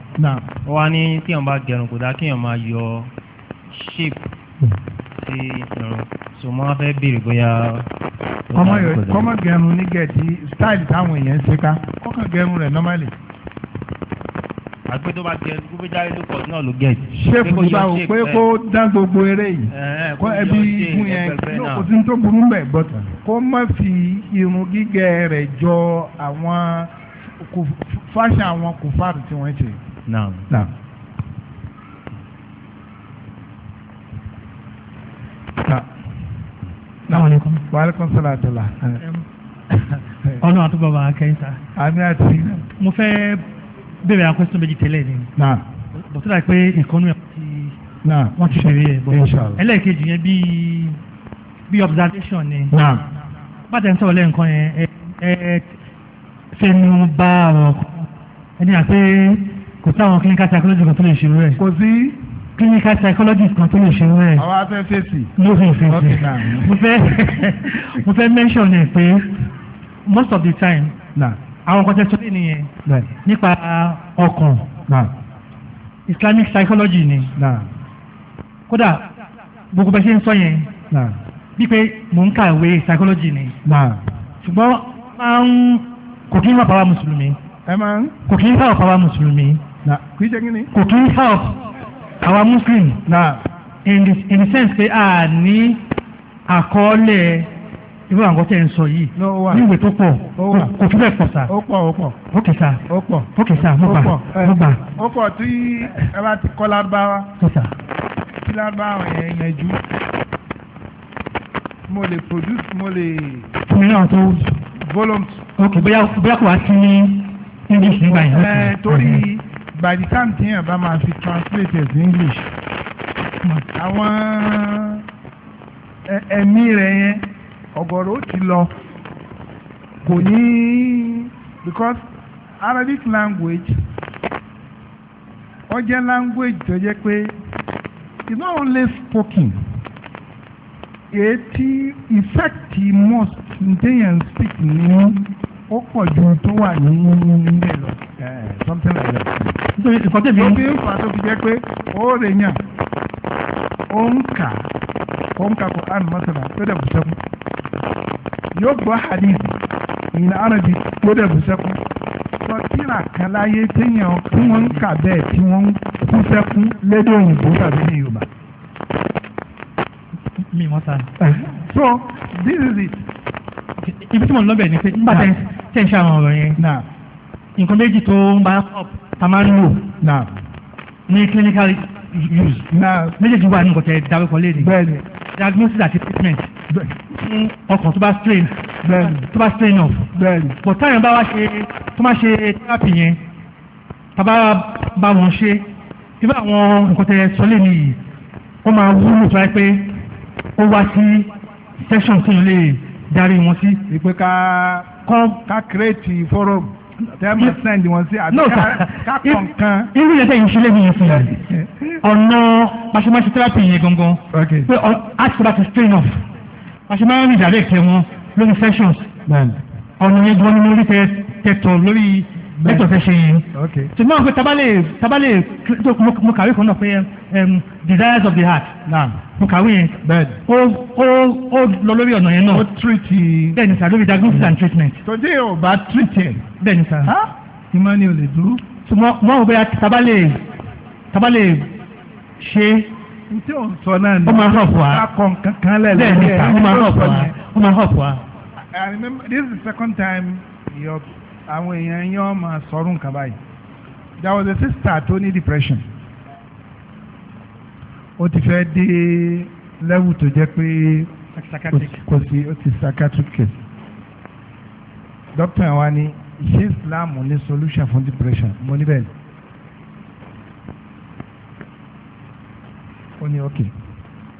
ó wá ní kíyàn bá gẹrun kò dá kíyàn máa yọ shape sí irun so mo wá fẹ́ béèrè bóyá. ọmọ yòó kọ́mọ gẹrun ní gẹ̀ẹ́dì style táwọn èèyàn ń ṣe ká kọ́kàn gẹrun rẹ̀ normally. àgbẹ̀ tó bá gẹ gbogbo jáde ló pọ̀ náà ló gẹ̀ẹ́dì. ṣéèpù gba ò pé kó dá gbogbo eré yìí kó ẹbí igun yẹn kó tí ń tó burú mbẹ̀ but kó má fi irun gígẹ̀ rẹ̀ jọ àwọn fashion àwọn kòfàrù tí wọ́n ṣe. naam naam. Láwọ̀lẹ́kùn. Wàhálẹ́kùn sọ́lá àdọ́là. Ọlọ́run àtúbọ̀ bá kẹ́yìn sá. Àmì àti. Mo fẹ́ bẹ̀rẹ̀ àwọn méjì tẹ́lẹ̀ ni. Bọ̀tọ́ dà pé ìkọ́nú ẹ̀ ti wọ́n ti fèrè ẹ̀ bọ̀. Ẹlẹ́ẹ̀kejì yẹn bí bí observation ni. Bàtà ń sọ̀rọ̀ lẹ́ǹkan yẹn ẹ fẹnu bá ọ̀rọ̀ ẹni àpé kò sáwọn clinical psychology kan tó lè ṣe rẹ̀. Kò sí clinical psychologist kan tó lè ṣe rẹ̀. àwọn afẹ́ fèsì. mo fẹ́ fèsì mo fẹ́ mo fẹ́ mention ẹ̀ pé most of the time àwọn kan tẹ́ sọ lé nìyẹn nípa ọkàn islamic psychology ni kódà gbogbo bẹ́ẹ̀ ṣe ń sọ yẹn bí pé mò ń kàwé psychology ni ṣùgbọ́n máa ń kò kí ń wà pàwá mùsùlùmí kò kí ń help pàwá mùsùlùmí kò kí ń help àwa muslim na in the in the sense pé a ní àkọọ́lẹ̀ irú àwọn tẹ̀ ń sọ yìí ní ìwé tó pọ̀ kò fi bẹ́ẹ̀ pọ̀ sá. ó pọ̀ ó pọ̀. ó kè sá. ó pọ̀ ó kè sá mo gbà ó pọ̀ tí ẹ bá ti kọ́ lábáwá. tí lábáwá yẹn yanjú mo lè produce mo lè. fún yàrá tó. volumes. ok bóyá kò wá sí ní english nígbà yẹn. ẹ eh, torí by the time tí yẹn bá máa fi translate as English àwọn ẹ̀mí rẹ̀ yẹn ọ̀gọ̀rọ̀ ó ti lọ kò ní because Arabic language ó jẹ́ language tó jẹ́ pé it's not only spoken èyí tí effect must contain speak ni wọ́n. ó pọ̀ ju tó wà ní nílẹ̀ lọ something like that. nítorí ìkọ́tẹ́ mi. ó nfa tó fi jẹ́ pé ó rè yàn ó ń kà ó ń kà kó àn mọ́tòlá tó dẹ̀ bù sẹ́kù yóò gbọ́ hadith ìyìn arabi tó dẹ̀ bù sẹ́kù sọ tíra kan láyé téèyàn tí wọ́n ń kà bẹ́ẹ̀ so this is it. ibi tí mo ń lọ bẹ̀ ni pé. tẹ̀sí àwọn ọ̀rọ̀ yẹn. nǹkan méjì tó ń bá ta máa ń lò ní clinical use méjèèjì wà ní nǹkan tẹ̀ dárúkọ léde diagnosis àti treatment fún ọkàn tó bá strain tó bá strain off but táyà bá wá ṣe tó má ṣe therapy yẹn tàbá bá wọn ṣe ibà àwọn nǹkan tẹ̀ sọlé nìyí ó máa wúlò tó yẹ pé ó wá sí section tó yẹ lè darí wọn sí. ìpè ká kọ́ ká kírètì fọ́rọ̀mù tẹ́ẹ̀mù sẹ́ndì wọn sí àbí ká kọ̀ nǹkan. irú yẹn sẹ́yìn ìṣẹ̀lẹ̀ mi yẹn fún mi ọ̀nà pàṣẹmáṣẹ tẹ́lápì yẹn gangan pé àtúbà ti strain off pàṣẹmáṣẹ rìn dàrẹ́ ìtẹ̀ wọn lórí sessions ọ̀nà yẹn gbọ́n lórí tẹ́tọ̀ lórí ẹ̀tọ́ fẹ́ ṣe yẹn tí mọ́ pé tabalẹ̀ tabalẹ̀ mo kàwé kan náà pé desires of the heart mo kàwé yẹn ó ó ó lọ lórí ọ̀nà yẹn náà ó tírìtì bẹ́ẹ̀ ni lórí diagnosis and treatment. tòde ò bá tírìtì ẹ̀. bẹ́ẹ̀ ni sà. ìmọ̀ ni o lè dúró. mo rò tabale tabale. tabalẹ̀ ṣe tí ò ń sọ náà ni. ó máa hàn fún wa. akọ kankan lẹ́lẹ́. bẹ́ẹ̀ ni sà ó máa hàn fún wa. ó máa hàn fún wa. I remember this is the second time your àwọn èèyàn yẹn ọmọ sọ̀rọ̀ nǹkan báyìí there was a sister tó ní depression ó ti fẹ́ dé level tó jẹ́ pé kò sí ó ti psychiatric case doctor wa ni ṣé Islam ní solution for depression mo níbẹ̀ ni. ó ní ok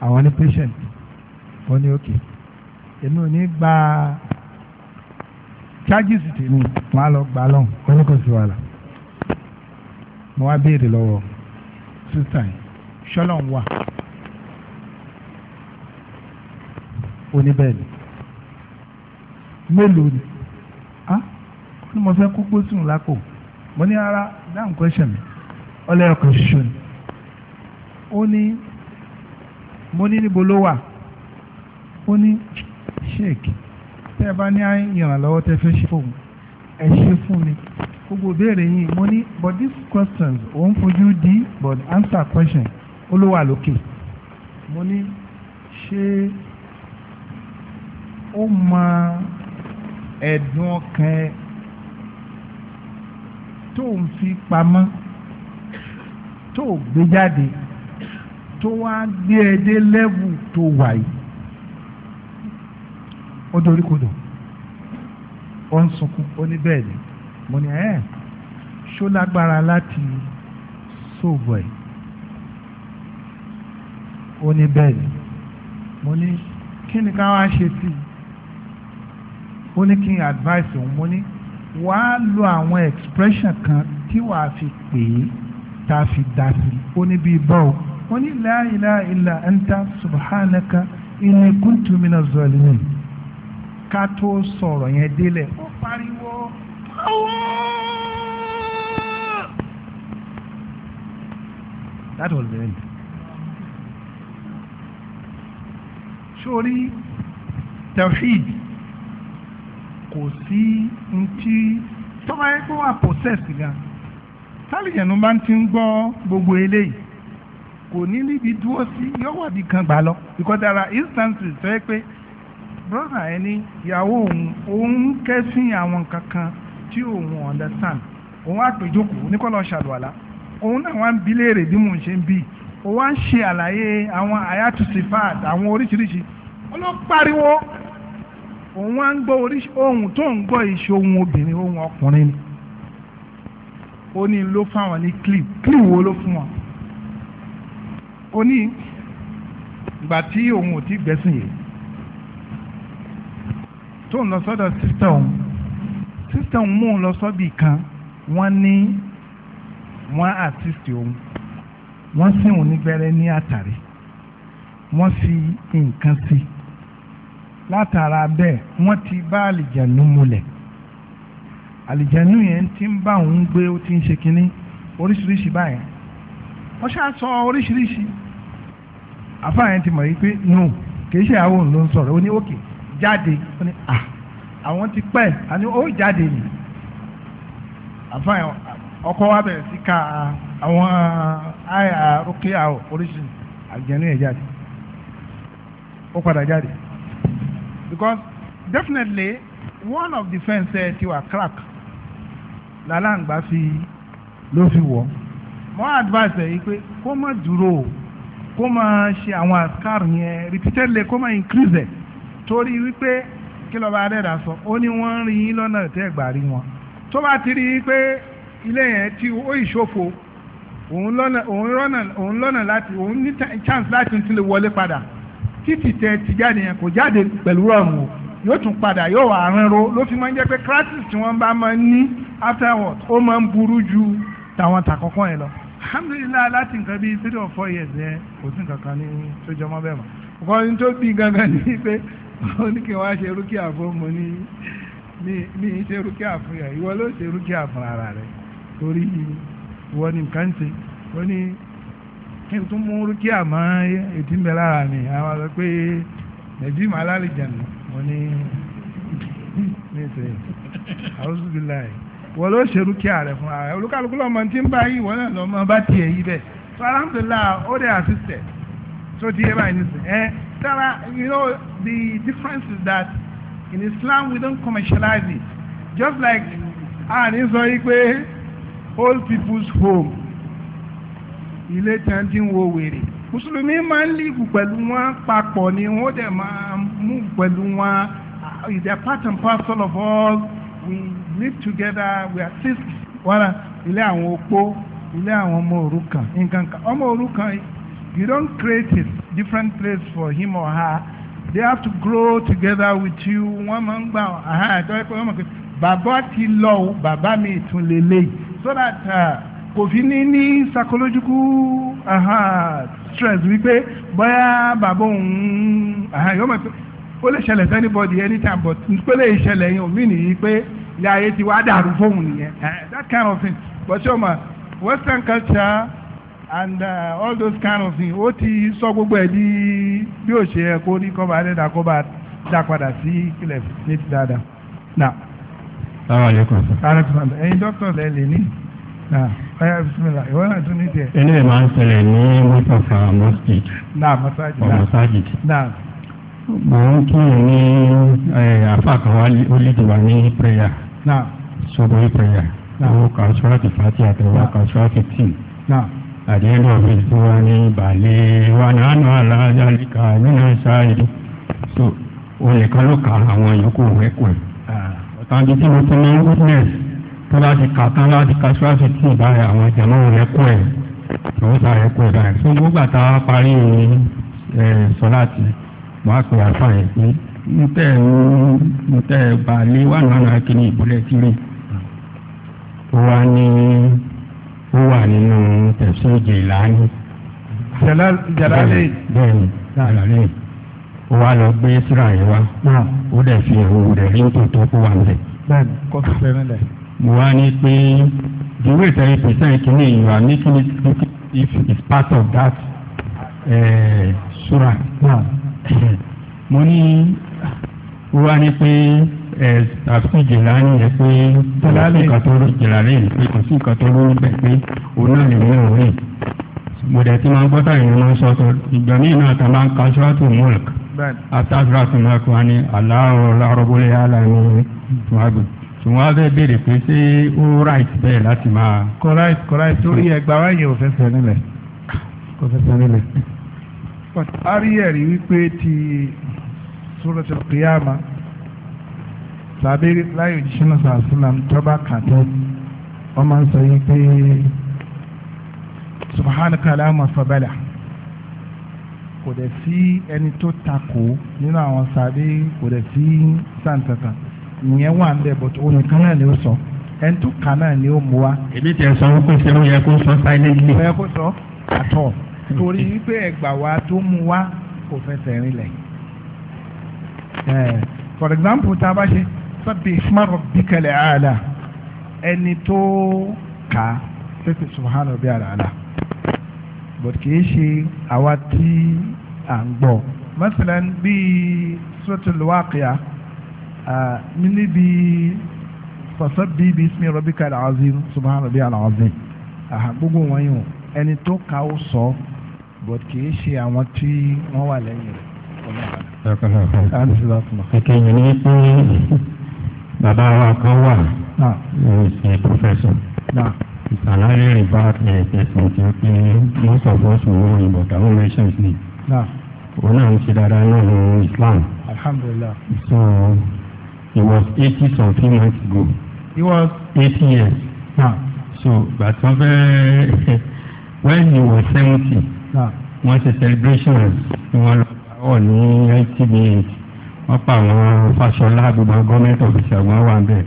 àwọn ní patient ó ní ok èmi ò ní gba charges tèmi wọn á lọ gbà lọ orúkọ sí wàhálà mo wá béèrè lọ́wọ́ sísá yìí ṣọlọ ń wà oníbẹ̀ẹ̀lì mélòó ni ah ó ní mo fẹ́ kó gbósùn lápò mo ní ara dáhùn question mi ọlẹ́yọkọ̀ ṣoṣo ni ó ní mo ní níbo ló wà ó ní sheik tẹ́ ẹ bá ní ìrànlọ́wọ́ tẹ́ fẹ́ ṣe fóun ẹ ṣe fún mi gbogbo béèrè yìí mo ní but these questions ò ń fojú di but answer question ó ló wà lókè mo ní ṣé ó mọ ẹ̀dùn ọkàn ẹ tó ń fi pamọ́ tó gbé jáde tó wá gbé ẹ dé level tó wà yìí ó dorí kodò ó ń sunkún ó ní bẹ́ẹ̀ ni mo ní ẹ́ ṣó lágbára láti sóògùn ẹ̀ ó ní bẹ́ẹ̀ ni mo ní kí ni ká wá ṣe sí i ó ní kí n advice òun mo ní wàá lo àwọn expression kan tí wàá fi pè é tá a fi dá sí i ó ní bíi bọ́ọ̀ ó ní la ilaha subhanaka inni kuntu ká tó sọ̀rọ̀ yẹn délẹ̀ ó pariwo power that was the end sórí tawhid kò sí ntí tọ́ba yẹn kó wà process gan tálíyànnú bá ti ń gbọ́ gbogbo eléyìí kò ní níbi dúró sí yọ́wọ́ bí kan gbà lọ because there are instances tó yẹ pé brother ẹni ìyàwó òun òun kẹ́sìn àwọn kankan tí òun understand òun àpèjókòó ní kọ́lọ́ ṣàlùwàlá òun náà wá ń bi léèrè bí mò ń ṣe ń bì ó wá ń ṣe àlàyé àwọn ayatusifat àwọn oríṣiríṣi ọlọ́pàriwo òun wá ń gbọ́ ohun tó ń gbọ́ iṣẹ́ ohun obìnrin ohun ọkùnrin ni ó ní ló fáwọn ní clip clip wo ló fún wọn ó ní ìgbà tí òun ò ti gbẹ́sìn yìí tó ń lọ sọ́dọ̀ sísítà òun sísítà òun mú un lọ sọ́bì kan wọ́n ní wọ́n àtìsí òun wọ́n sìn òun nígbẹ́rẹ́ ní àtàrí wọ́n fi nǹkan sí i látara bẹ́ẹ̀ wọ́n ti bá àlìjẹ̀nu múlẹ̀ àlìjẹ̀nu yẹn ti ń bá òun gbé ó ti ń ṣe kínní oríṣiríṣi báyẹn wọ́n ṣáà oríṣiríṣi àfáà yẹn ti mọ̀ yí pé no kì í ṣe àwọn òun ló ń sọ̀rọ̀ ó ní òkè. Okay jáde ó ní à ah, àwọn ti pẹ́ àní ó jáde ni àfàyàn ọkọ wa bẹ̀rẹ̀ sí ka àwọn àyà rókè àwọ̀ oríṣi àjẹnú ẹ̀ jáde ó padà jáde because definitely one of the fence ẹ ti wà crack làlàǹgbà fi ló fi wọ̀ mo advice ẹ yìí pé kó má dúró kó má ṣe àwọn àṣkàr yẹn repeatedly kó má increase ẹ torí wípé kí ló bá dẹ́dà sọ ó ní wọ́n ń rí yín lọ́nà tẹ́ gbà rí wọn tó bá ti rí i pé ilé yẹn tí ó ìṣòfò òun lọ́nà láti òun ní chance láti tún lè wọlé padà títì tẹ ti jáde yẹn kò jáde pẹ̀lú rọrùn o yóò tún padà yóò wà aránró ló fi máa ń jẹ́ pé crisis tí wọ́n bá máa ń ní afterward ó máa ń burú ju tàwọn tàkọ́kọ́ yẹn lọ alhamdulilayi láti nǹkan bíi three or four years yẹn kò sí nǹkan kan ní tó jọmọ́ bẹ́ẹ̀ mọ́ ọkọ tó bí gangan ní pé ó ní kí wọ́n á ṣe rúkìá fún mo ní ní ṣe rúkìá fún yà ìwọ ló ṣe rúkìá fún ara rẹ torí ìwọ ni nǹkan ṣe ó ní kí n tún mú rúkìá mọ́ ètí ń bẹ lára mi àwọn sọ pé nàìjíríà máa lálejàn mo ní ní ṣe àwùjọ bí láì ló ṣe rúkìá rẹ fún ara rẹ olúkàlùkù lọ́mọ tí ń bá yí ìwọ náà lọ́mọ bá tiẹ̀ yí bẹ́ẹ̀ there are, you know, the difference is that in Islam we don't commercialize it. Just like an Israeli old people's home. Ilé tí wọ́n ti ń wo wèrè. Mùsùlùmí máa ń lígù pẹ̀lú wọn papọ̀ ni wọ́n dẹ̀ máa mú pẹ̀lú wọn. Uh, They are part and parcel of all. We live together, we assist. Wọ́n ra ilé àwọn opó, ilé àwọn ọmọ òrukàn, nǹkan kan. Ọmọ òrukàn yìí. You don't create a different place for him or her. They have to grow together with you. Wọ́n máa ń gbà áhà ẹ̀tọ́ ẹ̀kọ́ wọ́n máa bàbá ti lọ o bàbá mi tún lè lè so that uh, kò fi ní ní psychological stress wípé bóyá bàbá òun yóò máa pè ó lè ṣẹlẹ̀ sí anybody anytime but pé lè ṣẹlẹ̀ yẹn òmí nìyí pé ilé ayé ti wá dàrú fóun nìyẹn that kind of thing but ṣé o ma western culture and uh, all those kind of things ó ti sọ gbogbo ẹ̀ di bí ó ṣe yẹ kó ní kọ́ba adẹ́dà kọ́ba dá padà sí ìpìlẹ̀ ní ti dáadáa. now. sáwọn àlékún. àlékún ẹ̀yin dókítà lẹ lè ní. ọ̀yà bisimilá ìwọ náà tún ní tiẹ̀. inú ẹ̀ máa ń ṣẹlẹ̀ ní mọ́tàfà mọ́síjì. náà mọ́sájì náà mọ́sájì. náà. mo ń kí ni àfa kan wá ó lè dùn wá ní prayer. náà. sọ́dọ̀ prayer. náà. àwọn kan sọ́ra ti fàtí àtẹ̀wá kan sọ́ra ti tì. náà. أدين بالفوان بالي ونحن على ذلك من الشاهدين so onìkan ló ka àwọn yòókù wẹ́kùn ọ̀tàbí tí mo ti ní witness tó bá ti kà tán láti ka ṣáàṣì tí ì báyìí àwọn ìjàmọ́ wẹ́kùn ẹ̀ tó ń sa wẹ́kùn ẹ̀ báyìí so nígbà tá a parí sọ́láàtì mo á pè àfáà yẹn pé mo tẹ́ mo tẹ́ balẹ̀ wà nínú akíní ìbúlẹ̀ tí rí wa ní ó wà nínú tẹ̀sán Jìlání. Jalalayn. bẹ́ẹ̀ni Jalalayn ó wá lọ gbé síra yìí wá ó dẹ̀ fi òwò rẹ̀ rí tòótọ́ kó wà nílẹ̀. bẹ́ẹ̀ni kò fi fẹ́ràn lẹ̀. mo wá ní pé the way thirty percent kìíní you are making it look if it's part of that uh, sura. mo ní ó wá ní pé àfihàn Jìlání yẹn pé tọ́lá nǹkan tó ló Jìlání yìí pé kò sí nǹkan tó ló ń bẹ̀ pé òun náà lè mú òun yìí gbọ̀dẹ̀ tí máa ń gbọ́tà yìí máa ń sọ tó ìgbà míì náà tá máa ń ka ṣọ́ọ̀tù mọ́lk àtàkùrà tó máa kọ́ ni aláwọ̀ lárọ́bólé aláìní tùmágbò ṣùgbọ́n a béèrè pé ṣé ó ráìtì bẹ́ẹ̀ láti máa. correct correct torí ẹgbàá wáyé ò fẹ́ fẹ́ nílẹ̀ kò wípé ti suratul qiyama tàbí láyé òjíṣẹ́ náà sàásùlám tọ́ba kàtọ́ wọ́n máa ń sọ yìí pé subhanaka allahumma fabala kò dẹ̀ sí ẹni tó takò nínú àwọn sàbí kò dẹ̀ sí sàǹtàǹtà ìyẹn wà ń bẹ̀ bọ̀ tó nìkan náà ni ó sọ ẹni tó kà náà ni ó mú wa. èmi tẹ̀ sọ wípé ṣé ó yẹ kó sọ silently. ó yẹ kó sọ àtọ̀ torí wípé ẹgbà wa tó mú wa kò fẹsẹ̀ rinlẹ̀. for example tá a bá ṣe sabbihma rabbikal aala ẹni tó kà á sẹ́sẹ̀ subhana rabbiyal aala bọ̀dù kìí ṣe àwa tí à ń gbọ́ masalan bíi suratul waqi'a níbi fasabbi bismi rabbikal azim subhana rabbiyal azim gbogbo wọn yìí ẹni tó kà ó sọ but kì í ṣe àwọn tí wọ́n wà lẹ́yìn rẹ̀. ẹ̀ka ẹ̀ka ẹ̀ka ẹ̀ka ẹ̀ka ẹ̀ka ẹ̀ka bàbá wa kan wà ní ìsìn pọ́fẹ́sọ̀ ìsàlárẹ̀ rìn bá ẹ̀ẹ́dẹ̀sìn tí ó pé most of us wò ó in but our nations ni òun náà ń ṣe dáadáa náà ní Islam Alhamdulillah so he was eighty some few months ago He was eighty years so gbàtọ́ fẹ́ẹ́ when he was seventy wọ́n ṣe celebrations wọ́n lọ́ọ́ ní ninety minutes wọ́n pa àwọn Fáṣọlá gbogbo gọ́ọ̀mẹ́ntì ọ̀fíìsì àwọn wà ń bẹ̀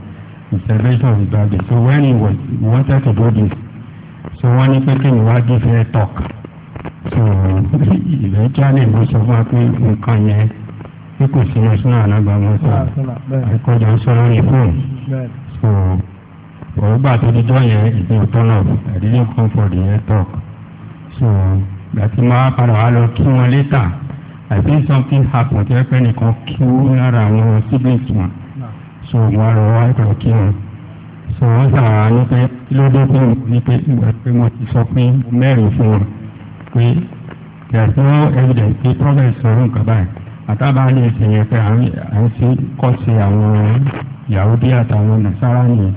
intervention is bad so when he was wanted to do this so wọ́n ní pé kí ni wá give her talk so eventually mo sọ fún wa pé nǹkan yẹn bí kò sí national anagbamọ sọ àìkọjọ ń sọ lórí fóònù so ògbà tó dídọ́ yẹn ìdí òtọ́ náà I didn't come for the talk so gbàtí máa padà wá lọ kí wọn létà. I think something happened tí wọ́n pẹ́ nìkan kú lára àwọn siblings wọn so wọ́n rọ wá ìtàn so wọ́n sàrà ní pé lóde tí wọ́n ní pé ìgbà pé wọ́n ti sọ pé mẹ́rin fún wọn is no evidence pé progress sọ̀rọ̀ nǹkan báyìí àtàbà lè ṣe yẹn pé à ń ṣe kọ́ sí to Yahudi àtàwọn Nasara nìyẹn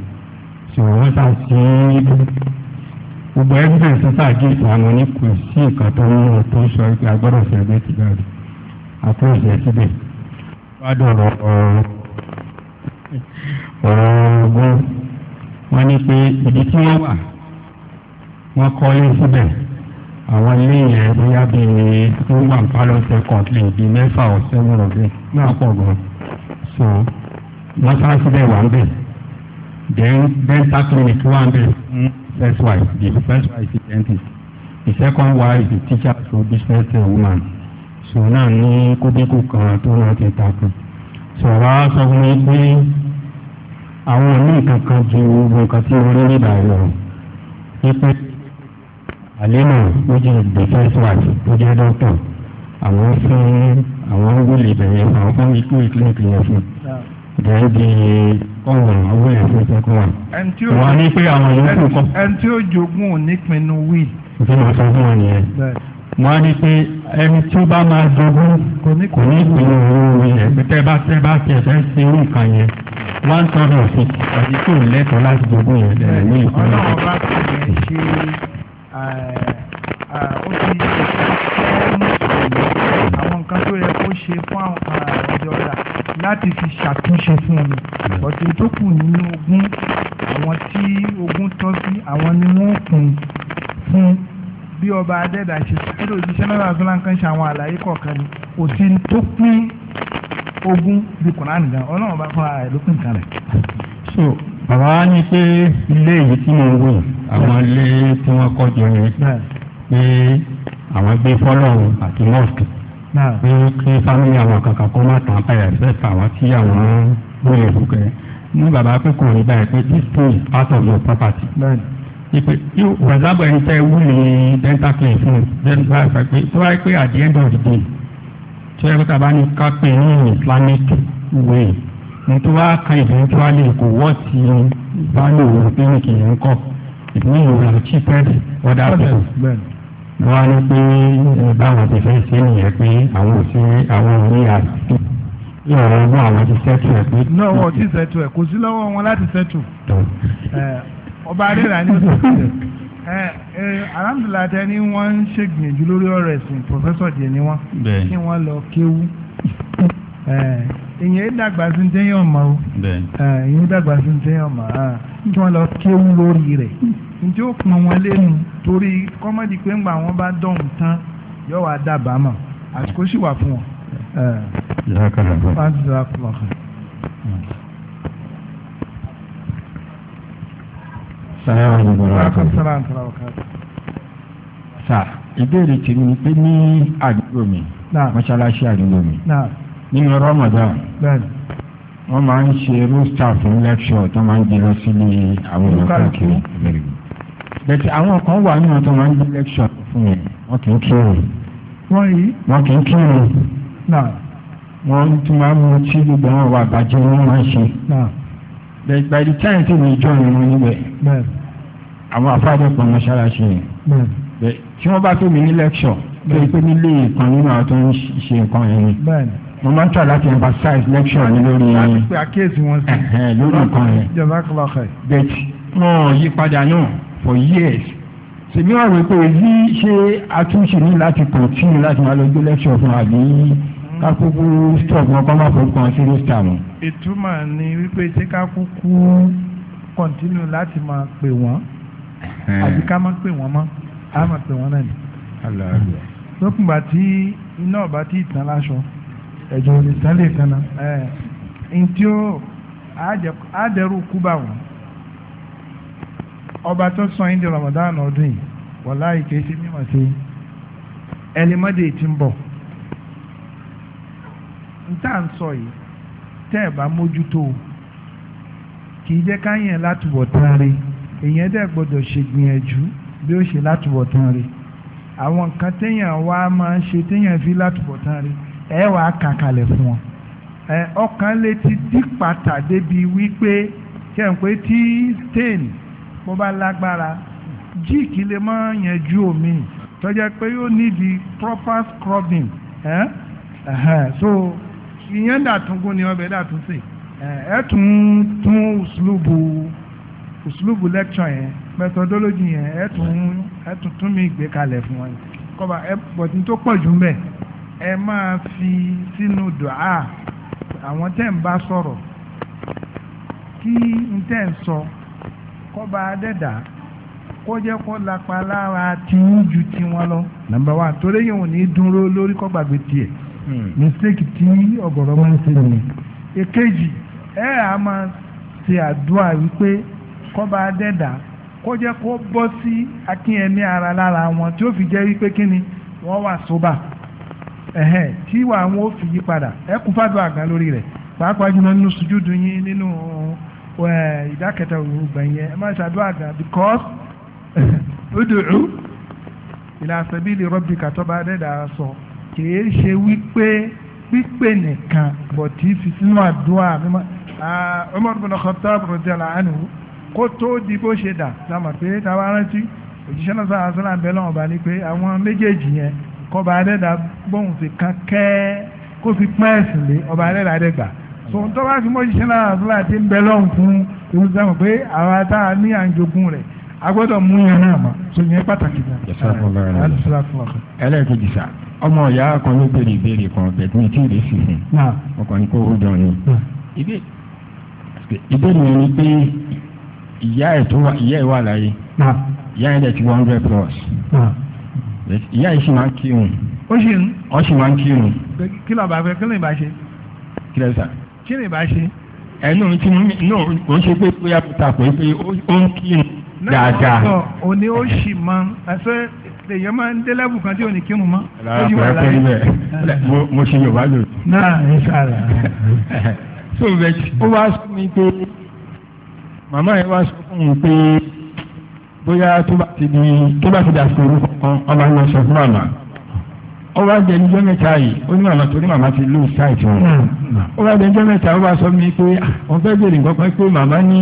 so wọ́n sà sí gbogbo evidence sísá gé ìtàn àwọn oníkùn sí nǹkan tó ń lò tó sọ pé agbọ́dọ̀ fẹ́ gbé tìgbà rẹ̀ àtúnṣe síbẹ̀ gbádùn ọ̀rọ̀ ọ̀rọ̀ ọgbọ́n wọ́n ní pé ibi tí wọ́n wà wọ́n kọ́ ilé síbẹ̀ àwọn ilé yẹn bóyá bíi two one palọ́sẹ̀ kọ̀ọ̀tì bíi mẹ́fà ọ̀sẹ̀ mọ̀rọ̀ bíi náà pọ̀ gan so wọ́n sáré síbẹ̀ wà ń bẹ̀ then dental clinic wà ń bẹ̀ first wife the first wife is dentist the second wife is teacher to business woman sọ̀rọ̀ náà ní kódékù kan tó náà ti takùn sọ̀rọ̀ á sọ fún mi pé àwọn ní nǹkan kan ju gbogbo nǹkan tí orí nígbà lọ wípé àlémọ̀ ó jẹ́ the first wife tó jẹ́ dókítà àwọn fún àwọn wílì ìbẹ̀rẹ̀ fún àwọn fún ikú ìkíníkì yẹn fún gẹ́gẹ́ bí ọ̀rọ̀ àwọn èèyàn fún ìṣẹ́kùn wa. wọ́n á ní pé àwọn yòókù kọ́. ẹni tí ó jogún ò ní pinnu wíì. ìdí sọ fún wọn nìyẹn wọ́n á ní pé ẹni tí ó bá máa jogún kò ní ìpín owó ilẹ̀ pé tẹ́ bá tẹ́ bá tiẹ̀ fẹ́ ṣe irú nǹkan yẹn wọ́n ń tọ́jú òfin àti tí ò lẹ́tọ̀ọ́ láti jogún yẹn lẹ́yìn ní ìpín owó. ọlọ́run bá ti ṣe ó ti àwọn nǹkan tó yẹ kó ṣe fún àwọn ìjọba láti fi ṣàtúnṣe fún mi ọ̀sẹ̀ tó kù nínú ogún àwọn tí ogún tọ́ sí àwọn ni wọ́n kún fún. bí ọba adẹ́dà ṣe sọ́dọ̀ òjíṣẹ́ náírà tó láǹkan ṣe àwọn àlàyé kọ̀ọ̀kan ni kò tó pín ogún bí kùránì ọlọ́run bá fọ́ra rẹ̀ ló pín nǹkan rẹ̀. so bàbá wa ní pé ilé yìí tí mo wò àwọn ilé tí wọ́n kọ́ jọ yẹn pé àwọn gbé fọ́lọ́run àti pé kí fámìlì àwọn kankan má tàn sí àwọn ìpè yóò wàzábà ẹni tẹ́ wú ní dental clinic fún then bá a fẹ́ pé tó wáyé pé at the end of the day tó yẹ kó tàbá ní ká pè ní islamic way nítorí wá kan eventually kò wọ́ ti value òwò clinic yẹn ń kọ́ ìpínlẹ̀ ìwé àwọn cheapest order people wọ́n á ní pé báwọn ti fẹ́ ṣe nìyẹn pé àwọn ò àwọn ò àti ìrọ̀rùn àwọn ti ṣẹ́tù ẹ̀ pé. náà wọ́n ti ṣẹ́tù ẹ̀ kò sí lọ́wọ́ wọn láti ṣẹ́tù ọba adéra ni ó sọ alhamdulilayi tẹ ni wọ́n ń ṣègbìyànjú lórí ọ̀rọ̀ ẹ̀sìn pòfẹ́sọ̀ díẹ̀ ni wọ́n kí wọ́n lọ kéwú ìyẹn dàgbà sí ní tẹ́yìn ọ̀mọ́ o ìyẹn dàgbà sí ní tẹ́yìn ọ̀mọ́ kí wọ́n lọ kéwú lórí rẹ̀ njẹ́ ó pọn wọn lẹ́nu torí kọ́mọ́dì pé ńgbà wọn bá dọ̀hún tán yóò wá dábàá mọ̀ àsìkò sì wà fún wọn. sàlámù alaykum wa rahmatulah. sà ìbéèrè tèmi ni pé ní àdúgbò mi mọ́ṣáláṣí àdúgbò mi nínú Ramadan wọ́n máa ń ṣe rústà fún lẹ́kṣọ̀ tó máa ń di lọ sílé àwọn olùkọ́ kiri bẹ̀tẹ̀ àwọn kan wà nínú tó máa ń di lẹ́kṣọ̀ fún mi wọ́n kì í kírun wọ́n kì í kírun wọ́n tún máa ń mú tí gbogbo wọn wà bàjẹ́ máa ń ṣe by the time tí mi jọ ìrún níbẹ̀ àwọn afáàbọ̀ pọ̀ mọ́ṣáláṣí yẹn tí wọ́n bá tó mi ní lẹ́kṣọ̀ tó yẹ pé nílé ìkan nínú àwọn tó ń ṣe nǹkan yẹn ni mo máa ń tọ́ láti emphasize lecture ní lórí yẹn lórí nǹkan yẹn but wọn yí padà náà for years ṣèmi wà wípé yí ṣe àtúnṣe ní láti continue láti máa lọ gbé lecture fún àbí. kákúkú stroke wọn kan sí ìtumọ̀ ni wípé ṣé kákúkú kọ̀ntínú láti máa pè wọ́n àbí ká má pè wọ́n mọ́ á máa pè wọ́n náà ni. lókùngbà tí iná ọ̀bá tí ìtàn láṣọ ẹ̀jọ̀ lè tán na ntí ó àádẹ́rù kú wọ̀n, ọba tó sọ yín di Ramadan ọdún yìí ṣe nta ń sọ yìí tẹ́ ẹ̀ bá mójútó kì í jẹ́ káyẹn látúbọ̀ tán rí èèyàn dẹ̀ gbọ́dọ̀ ṣe gbìyànjú bí ó ṣe látúbọ̀ tán rí àwọn nǹkan téèyàn wá máa ń ṣe téèyàn fi látúbọ̀ tán rí ẹ wà á kà kalẹ̀ fún wọn. ẹ ọkàn lè ti dí pàtà débi wípé kí ẹ̀ ń pé tí stain bó bá lágbára jíìkì lè máa yanjú omi tọ́jà pé yóò nídìí proper scrubbing. Eh? Uh -huh. So ìyẹn dàtún gún ni ọbẹ̀ dàtún sè ẹ tún tún uslubu uslubu lecture yẹn methodology yẹn ẹ tún ẹ tún tún mi gbé kalẹ̀ fún wọn kọba ẹ bọ̀tún tó pọ̀ jù mbẹ̀ ẹ máa fi sínú dùá àwọn tẹ́ ń bá sọ̀rọ̀ kí n tẹ́ ń sọ kọba adẹ́dà kó jẹ́ kó lára tí ń ju tiwọn lọ nàmbà wa torí yìí ní dúró lórí kó gbàgbé tiẹ̀. Hmm. mistake ti ọ̀gọ̀rọ̀ máa ń ṣe nìyẹn èkejì ẹ à máa ṣe àdúrà wípé kọ́ba adẹ́dà kó jẹ́ kó bọ́ sí akínyẹmí ara lára wọn tí ó fi jẹ́ wípé kí ni wọ́n wà sóbà ẹ̀hẹ́n tí ìwà àwọn ó fi yí padà ẹ kún fàdùn àgàn lórí rẹ̀ pàápàá jùlọ nínú sùjúdù yín nínú ìdákẹ́ta òrùgbà yẹn ẹ má ṣàdúrà àgàn because ó dùn ún ìlà àṣẹbí lè rọ́bì kàtọ́ba adẹ́dà sọ. So kìí ṣe wípé pípè nìkan bọ̀tí fi sínú àdúrà mímọ́ ah, Umar bin Khattab radiyallahu anhu kó tó di bó ṣe dà sáàmà pé táwa rántí òjíṣẹ́ náà sáà sọ́là ń bẹ́ lọ́wọ́ bá ní pé àwọn méjèèjì yẹn kọba adẹ́dà bóun fi kan kẹ́ kó fi pẹ́ ẹ̀sìn lé ọba adẹ́dà adẹ́gbà so tó bá fi mọ́ òjíṣẹ́ náà sọ́là ti ń bẹ́ lọ́wọ́ fún ìwúsàmù pé àwa táwa ní àǹjogún rẹ̀ a gbọ́dọ̀ mú yẹn náà mọ̀ so yẹn pàtàkì náà. ẹlẹ́ẹ̀kejì sá ọmọ ìyá kan ló béèrè ìbéèrè kan bẹ̀tún tí ì lè sì sìn ọkùnrin kó o jọ ni. ìbéèrè yẹn ni pé ìyá ẹ̀ tó ìyá ẹ̀ wà láyé ìyá ẹ̀ dẹ̀ ti one hundred plus ìyá ẹ̀ sì máa ń kírun. ó sì ń. ó sì máa ń kírun. kí ló bá fẹ́ kí ló ń bá ṣe. kí sà. kí ló ṣe. ẹ̀ náà ti mú mi ń ṣe pé bóyá mo ta pé pé ó ń kírun dáadáa. náà ọ̀sán òní ó sì máa ẹ̀sọ́ èèyàn máa ń délẹ́bù kan tí ò ní kírun mọ́. mo ṣe yorùbá lò. náà ìṣàlà. so bẹ́ẹ̀ ó wá sọ mi pé màmá yẹn wá sọ fún mi pé bóyá tó bá ti di tó bá ti dà sí orúkọ kan ọba ń lọ sọ fún màmá ó wá jẹ níjọ́ mẹ́ta yìí ó ní màmá torí màmá ti lose sight wọn ó wá jẹ níjọ́ mẹ́ta ó wá sọ mi pé wọ́n ah, fẹ́ bèrè nǹkan pé màmá ní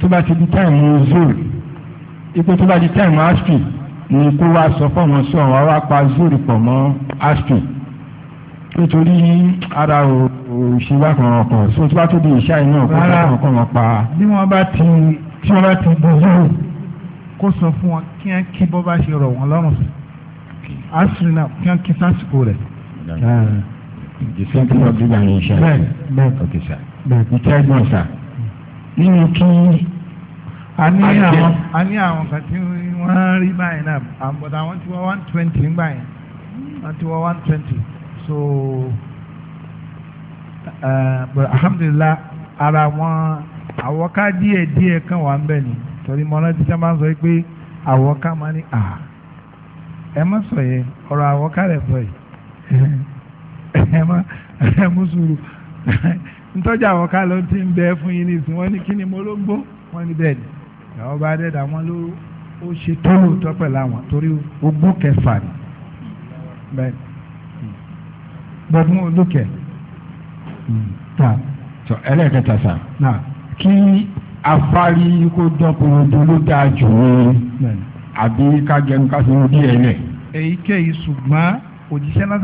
tó bá ti di táìmù zoro ipò tó bá di time aspi ni kó wá sọ fọmọ sí ọ̀hún wá pa zoro pọ̀ mọ́ aspi nítorí ara òṣì bákan ọkọ̀ sí o tó bá tó di ìṣá iná ọkọ̀ bákan ọkọ̀ wọn pa. bí wọ́n bá ti tí wọ́n bá ti bọ̀ zoro kó sọ fún wọn kí wọ́n kí bọ́ bá ṣe rọ̀ wọ́n lọ́rùn sí asiri náà kí wọ́n kí sásìkò rẹ̀. ìsèǹtì náà bí wàá ní ìṣe. bẹ́ẹ̀ bẹ́ẹ̀ ìtẹ́gbọ̀n nínú kí a ní àwọn a ní àwọn kan tí wọ́n rí báyìí náà àbọ̀dà àwọn tí wọ́n one twenty ń báyìí wọ́n ti wọ́n one twenty so eh, but alhamdulilah ara wọn àwọ̀ká díẹ̀ díẹ̀ kan wà ń bẹ̀ ni torí mọ́lá ti sábà ń sọ pé àwọ̀ká máa ní à ẹ má sọ yẹn ọ̀rọ̀ àwọ̀ká rẹ̀ sọ yìí ẹ má ẹ mú sùúrù ntọ́jà àwọ̀ká ló ti ń bẹ fún yín ní ìsìn wọ́n ní kí ni mo ló ń gbó wọ́n ní bẹ́ẹ̀ ni. àwọn bá dẹ́dà wọn ló ó ṣe tọ́lù tọ́pẹ̀ láwọn torí ogún kẹfà ni bẹ́ẹ̀ olókè ta tọ sa kí afárí kó dọ́kùnrin dúró dáa jù ú àbí ká jẹun ká díẹ̀ lẹ̀. èyíkéyìí ṣùgbọ́n òjíṣẹ́ náà ń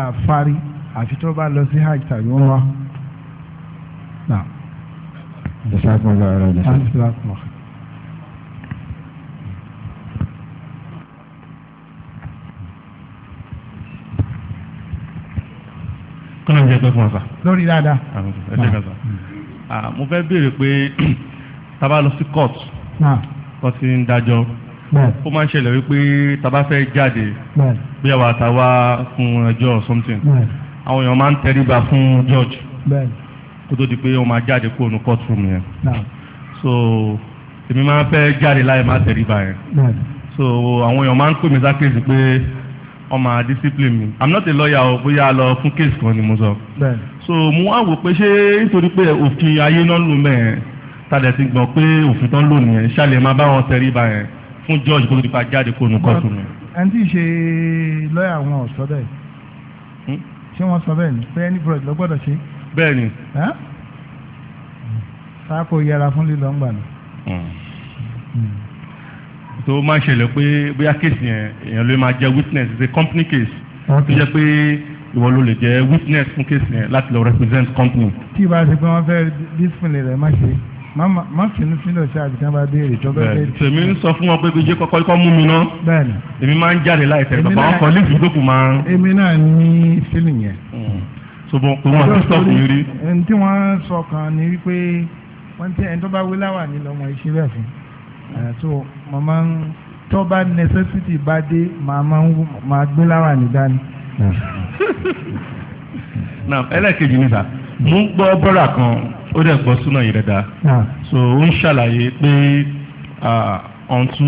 a àfi tó bá lọ sí hajj tàbí wọn wá. جزاكم الله خيرا جزاكم الله خيرا kọ́nà ń jẹ́ pé fún ọ̀sà. lórí dáadáa. ẹ ṣe kẹsà. mo fẹ́ béèrè pé tá bá lọ sí court tó ti ń dájọ́ ó máa ń ṣẹlẹ̀ wípé tá bá fẹ́ jáde bí àwa àtàwá fún ẹjọ́ something àwọn èèyàn máa ń tẹríba fún judge kó tó di pé wọ́n máa jáde kó nu courtroom yẹn so èmi máa ń fẹ́ jáde láì má tẹríba yẹn so àwọn èèyàn máa ń pè mí sákèsì pé wọ́n máa discipline mi i'm not a lawyer o bóyá lọ fún case kan ni mo sọ so mo wá wò pé ṣé nítorí pé òfin ayé náà ń lò mẹ́ẹ̀ tàdé ti gbọ́ pé òfin tán lò nìyẹn ṣàlẹ̀ máa bá wọn tẹríba yẹn fún george kó tó di pa jáde kó nu courtroom yẹn. ẹni tí ì ṣe lọ́ọ̀yà wọn ò sọ bẹ́ẹ̀ hmm? ṣé wọ́n sọ bẹ́ẹ̀ ni pé any project ló gbọ́dọ̀ ṣe é bẹ́ẹ̀ ni. sáàkó yẹra fún lílọ ń gbà ní. Hmm. tó máa ń ṣẹlẹ̀ pé bóyá kéèsì yẹn èèyàn ló máa jẹ́ witness it's a company case. tó jẹ́ pé ìwọ ló lè jẹ́ witness fún kéèsì yẹn láti lọ represent company. tí ìbá ṣe pé wọ́n fẹ́ discipline rẹ̀ má ṣe má finú sílẹ̀ ṣe àbíkán bá béèrè tó bẹ́ẹ̀ bẹ́ẹ̀. tèmi ń sọ fún wọn pé gbèjé kọ́kọ́ kọ́ mú mi ná. bẹ́ẹ̀ni. èmi máa ń jáde láì tẹ̀sán bàbá wọn kọ́ ní ìdúgbò máa. èmi náà ní sílì yẹn. Hmm ṣùgbọ́n kò wọ́n ti sọ́ọ̀kù yìí rí. ẹni tí wọ́n sọ kan ni wípé wọ́n ti ẹni tó bá wí láwà ní lọ́mọ iṣẹ́ bẹ́ẹ̀ fún so màmá ń tó bá necessity bá dé màmá ń máa gbé láwà ní dání. na ẹlẹ́kejì níta mo ń gbọ́ bọ́ra kan ó dẹ̀ gbọ́ súná yìí dẹ́da ah. so ó ń ṣàlàyé pé ọ̀ǹtú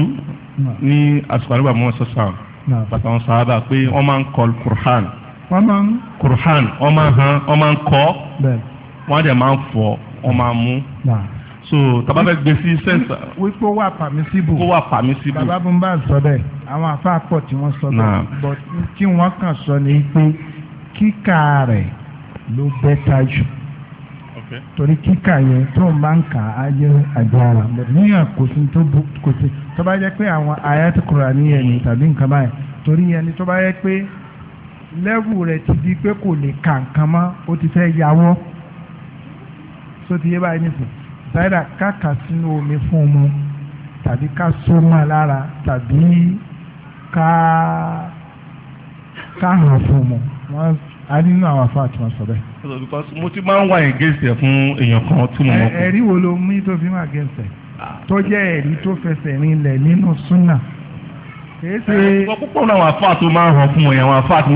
ah. ní àsìkò àdúgbò àmọ́ sọ́sàn ah. bàtà wọn sábà pé wọ́n máa ń kọ́ Qur'an. wọ́n máa ń. Quran wọ́n máa ń han wọ́n máa ń kọ́ wọ́n á dẹ̀ máa ń wọ́n so taba bẹ gbé sí wípé ó wà ó wà bàbá bó ń bá sọ bẹ́ẹ̀ àwọn pọ̀ but tí wọ́n kàn sọ ni pé kíkà rẹ̀ ló torí kíkà yẹn tó ń bá ń kà á níyàn kò sí tó bu kò sí tó bá jẹ́ pé ni tàbí nǹkan báyìí torí ni tó bá pé lẹ́wù rẹ̀ ti di pé kò lè kà nǹkan mọ́ ó ti fẹ́ yàwọ́ só ti yé báyìí nìsín sáyidà káàkà sínú omi fún un mu tàbí ká só mọ́ lára tàbí ká ká hàn fún un mu wọ́n a nínú àwọn afáà tí wọ́n sọ bẹ́ẹ̀. mo ti máa ń wá against ẹ̀ fún èèyàn kan tí mo mọ̀ kù. ẹ̀rí wo ló mú tó fi máa against ẹ̀ tó jẹ́ ẹ̀rí tó fẹsẹ̀ rinlẹ̀ nínú súnà. wọ́n púpọ̀ náà wà fáà tó máa hàn fún ẹ̀yàn wà fáà tó ń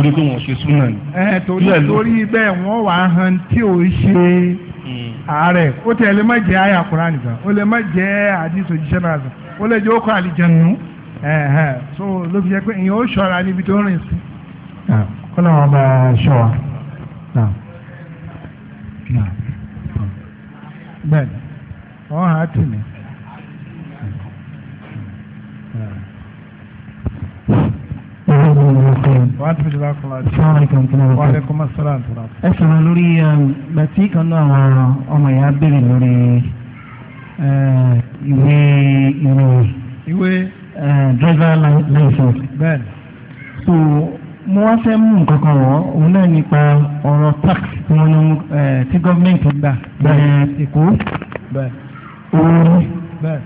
ṣe súnà ni. ẹ torí torí bẹ́ẹ̀ wà á hàn tí ò ṣe hmm. ààrẹ ó tẹ̀ lè má jẹ́ àyà Kùránì nìkan ó lè má jẹ́ àdìsọ jíṣẹ́ náà sàn ó lè so ló fi pé ìyẹn ó níbi tó rìn sí. ṣọ́ wàhálà fi jọba kọlá tí. sọ́wọ́n kan kí wọ́n. wàhálà kọ́má sọ́ra àtúrà. ẹ sọ̀rọ̀ lórí bàtí kan náà àwọn ọmọ ìyá béèrè lórí ìwé ìròyìn. ìwé. driver license. bẹ́ẹ̀ni. so mo wá fẹ́ mú nǹkan kan wọ̀ òun náà nípa ọ̀rọ̀ tax tí wọ́n ní tí gọ́ọ̀mẹ̀ntì gbà. bẹ́ẹ̀ Èkó. bẹ́ẹ̀. Oòrùn. bẹ́ẹ̀.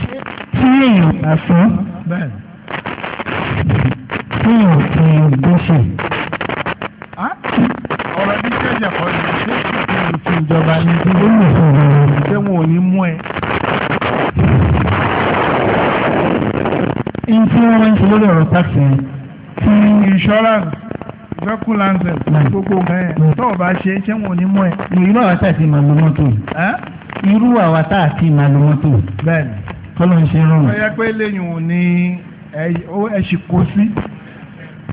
ṣé tí èèyàn bá sọ. bẹ́ẹ̀ tí ò fi gbèsè. ọ̀rọ̀ ní kéjà kan ní ṣé ìṣèlú ti ìjọba ní bí ó lè sọ̀rọ̀ ṣé wọn ò ní mú ẹ. n tí wọ́n máa ń ṣe lórí ọ̀rọ̀ táàkì yẹn. ti insurance vehicle license gbogbo nǹkan yẹn tó o bá ṣe ṣé wọn ò ní mú ẹ. irú àwa tá a ti máa lo mọ́tò. irú àwa tá a ti lo mọ́tò. bẹ́ẹ̀ni. kọ́lọ́ ń ṣe rọrùn. ó yẹ pé lẹ́yìn ẹ ṣì kó sí.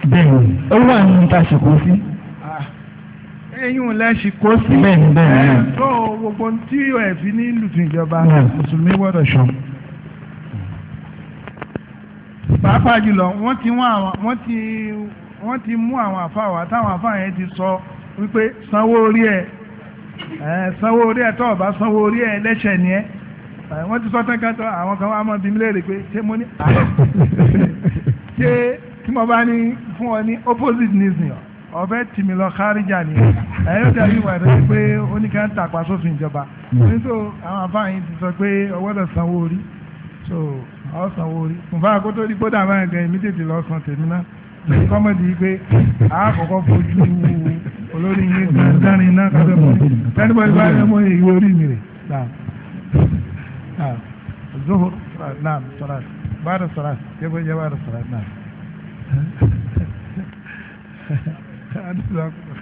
bẹ́ẹ̀ni ó wà ní ta ṣì kó sí. Ah, ẹ̀yin ò lẹ ṣì kó sí. bẹ́ẹ̀ni bẹ́ẹ̀ni. tó eh, gbogbo tí ẹ fi ní lùtùn ìjọba mùsùlùmí gbọ́dọ̀ ṣọ́. pàápàá jùlọ wọ́n ti wọ́n ti wọ́n ti mú àwọn àfa wá táwọn àfa yẹn ti sọ wípé sanwó orí ẹ eh, sanwó orí ẹ tó o bá sanwó orí ẹ lẹ́sẹ̀ ni ẹ wọ́n ti sọ tẹ́kẹ́tọ́ àwọn kan wá mọ́ bí mi léèrè pé ṣé mo ní ṣé tí mo bá ní fún ọ ní opposite news ni ọ̀fẹ́ tìmí lọ kárìjà ni ẹ̀yọ́ tẹ̀lé ìwà rẹ̀ pé ó ní ká ń tàpá sófin ìjọba nítorí àwọn afáàyàn ti sọ pé ọwọ́dọ̀ sanwó orí so ọ sanwó orí nfa kó tó di kódà máa gan èmi tètè lọ san tèmi náà kọ́mọ̀dì pé àkọ́kọ́ fojú olórí yín dárin náà kábẹ́ mọ́ tẹ́nibọ́lì bá yẹ mọ́ ìwé orí mi rè zuhur naam salat bada salat yabo ya bada salat naam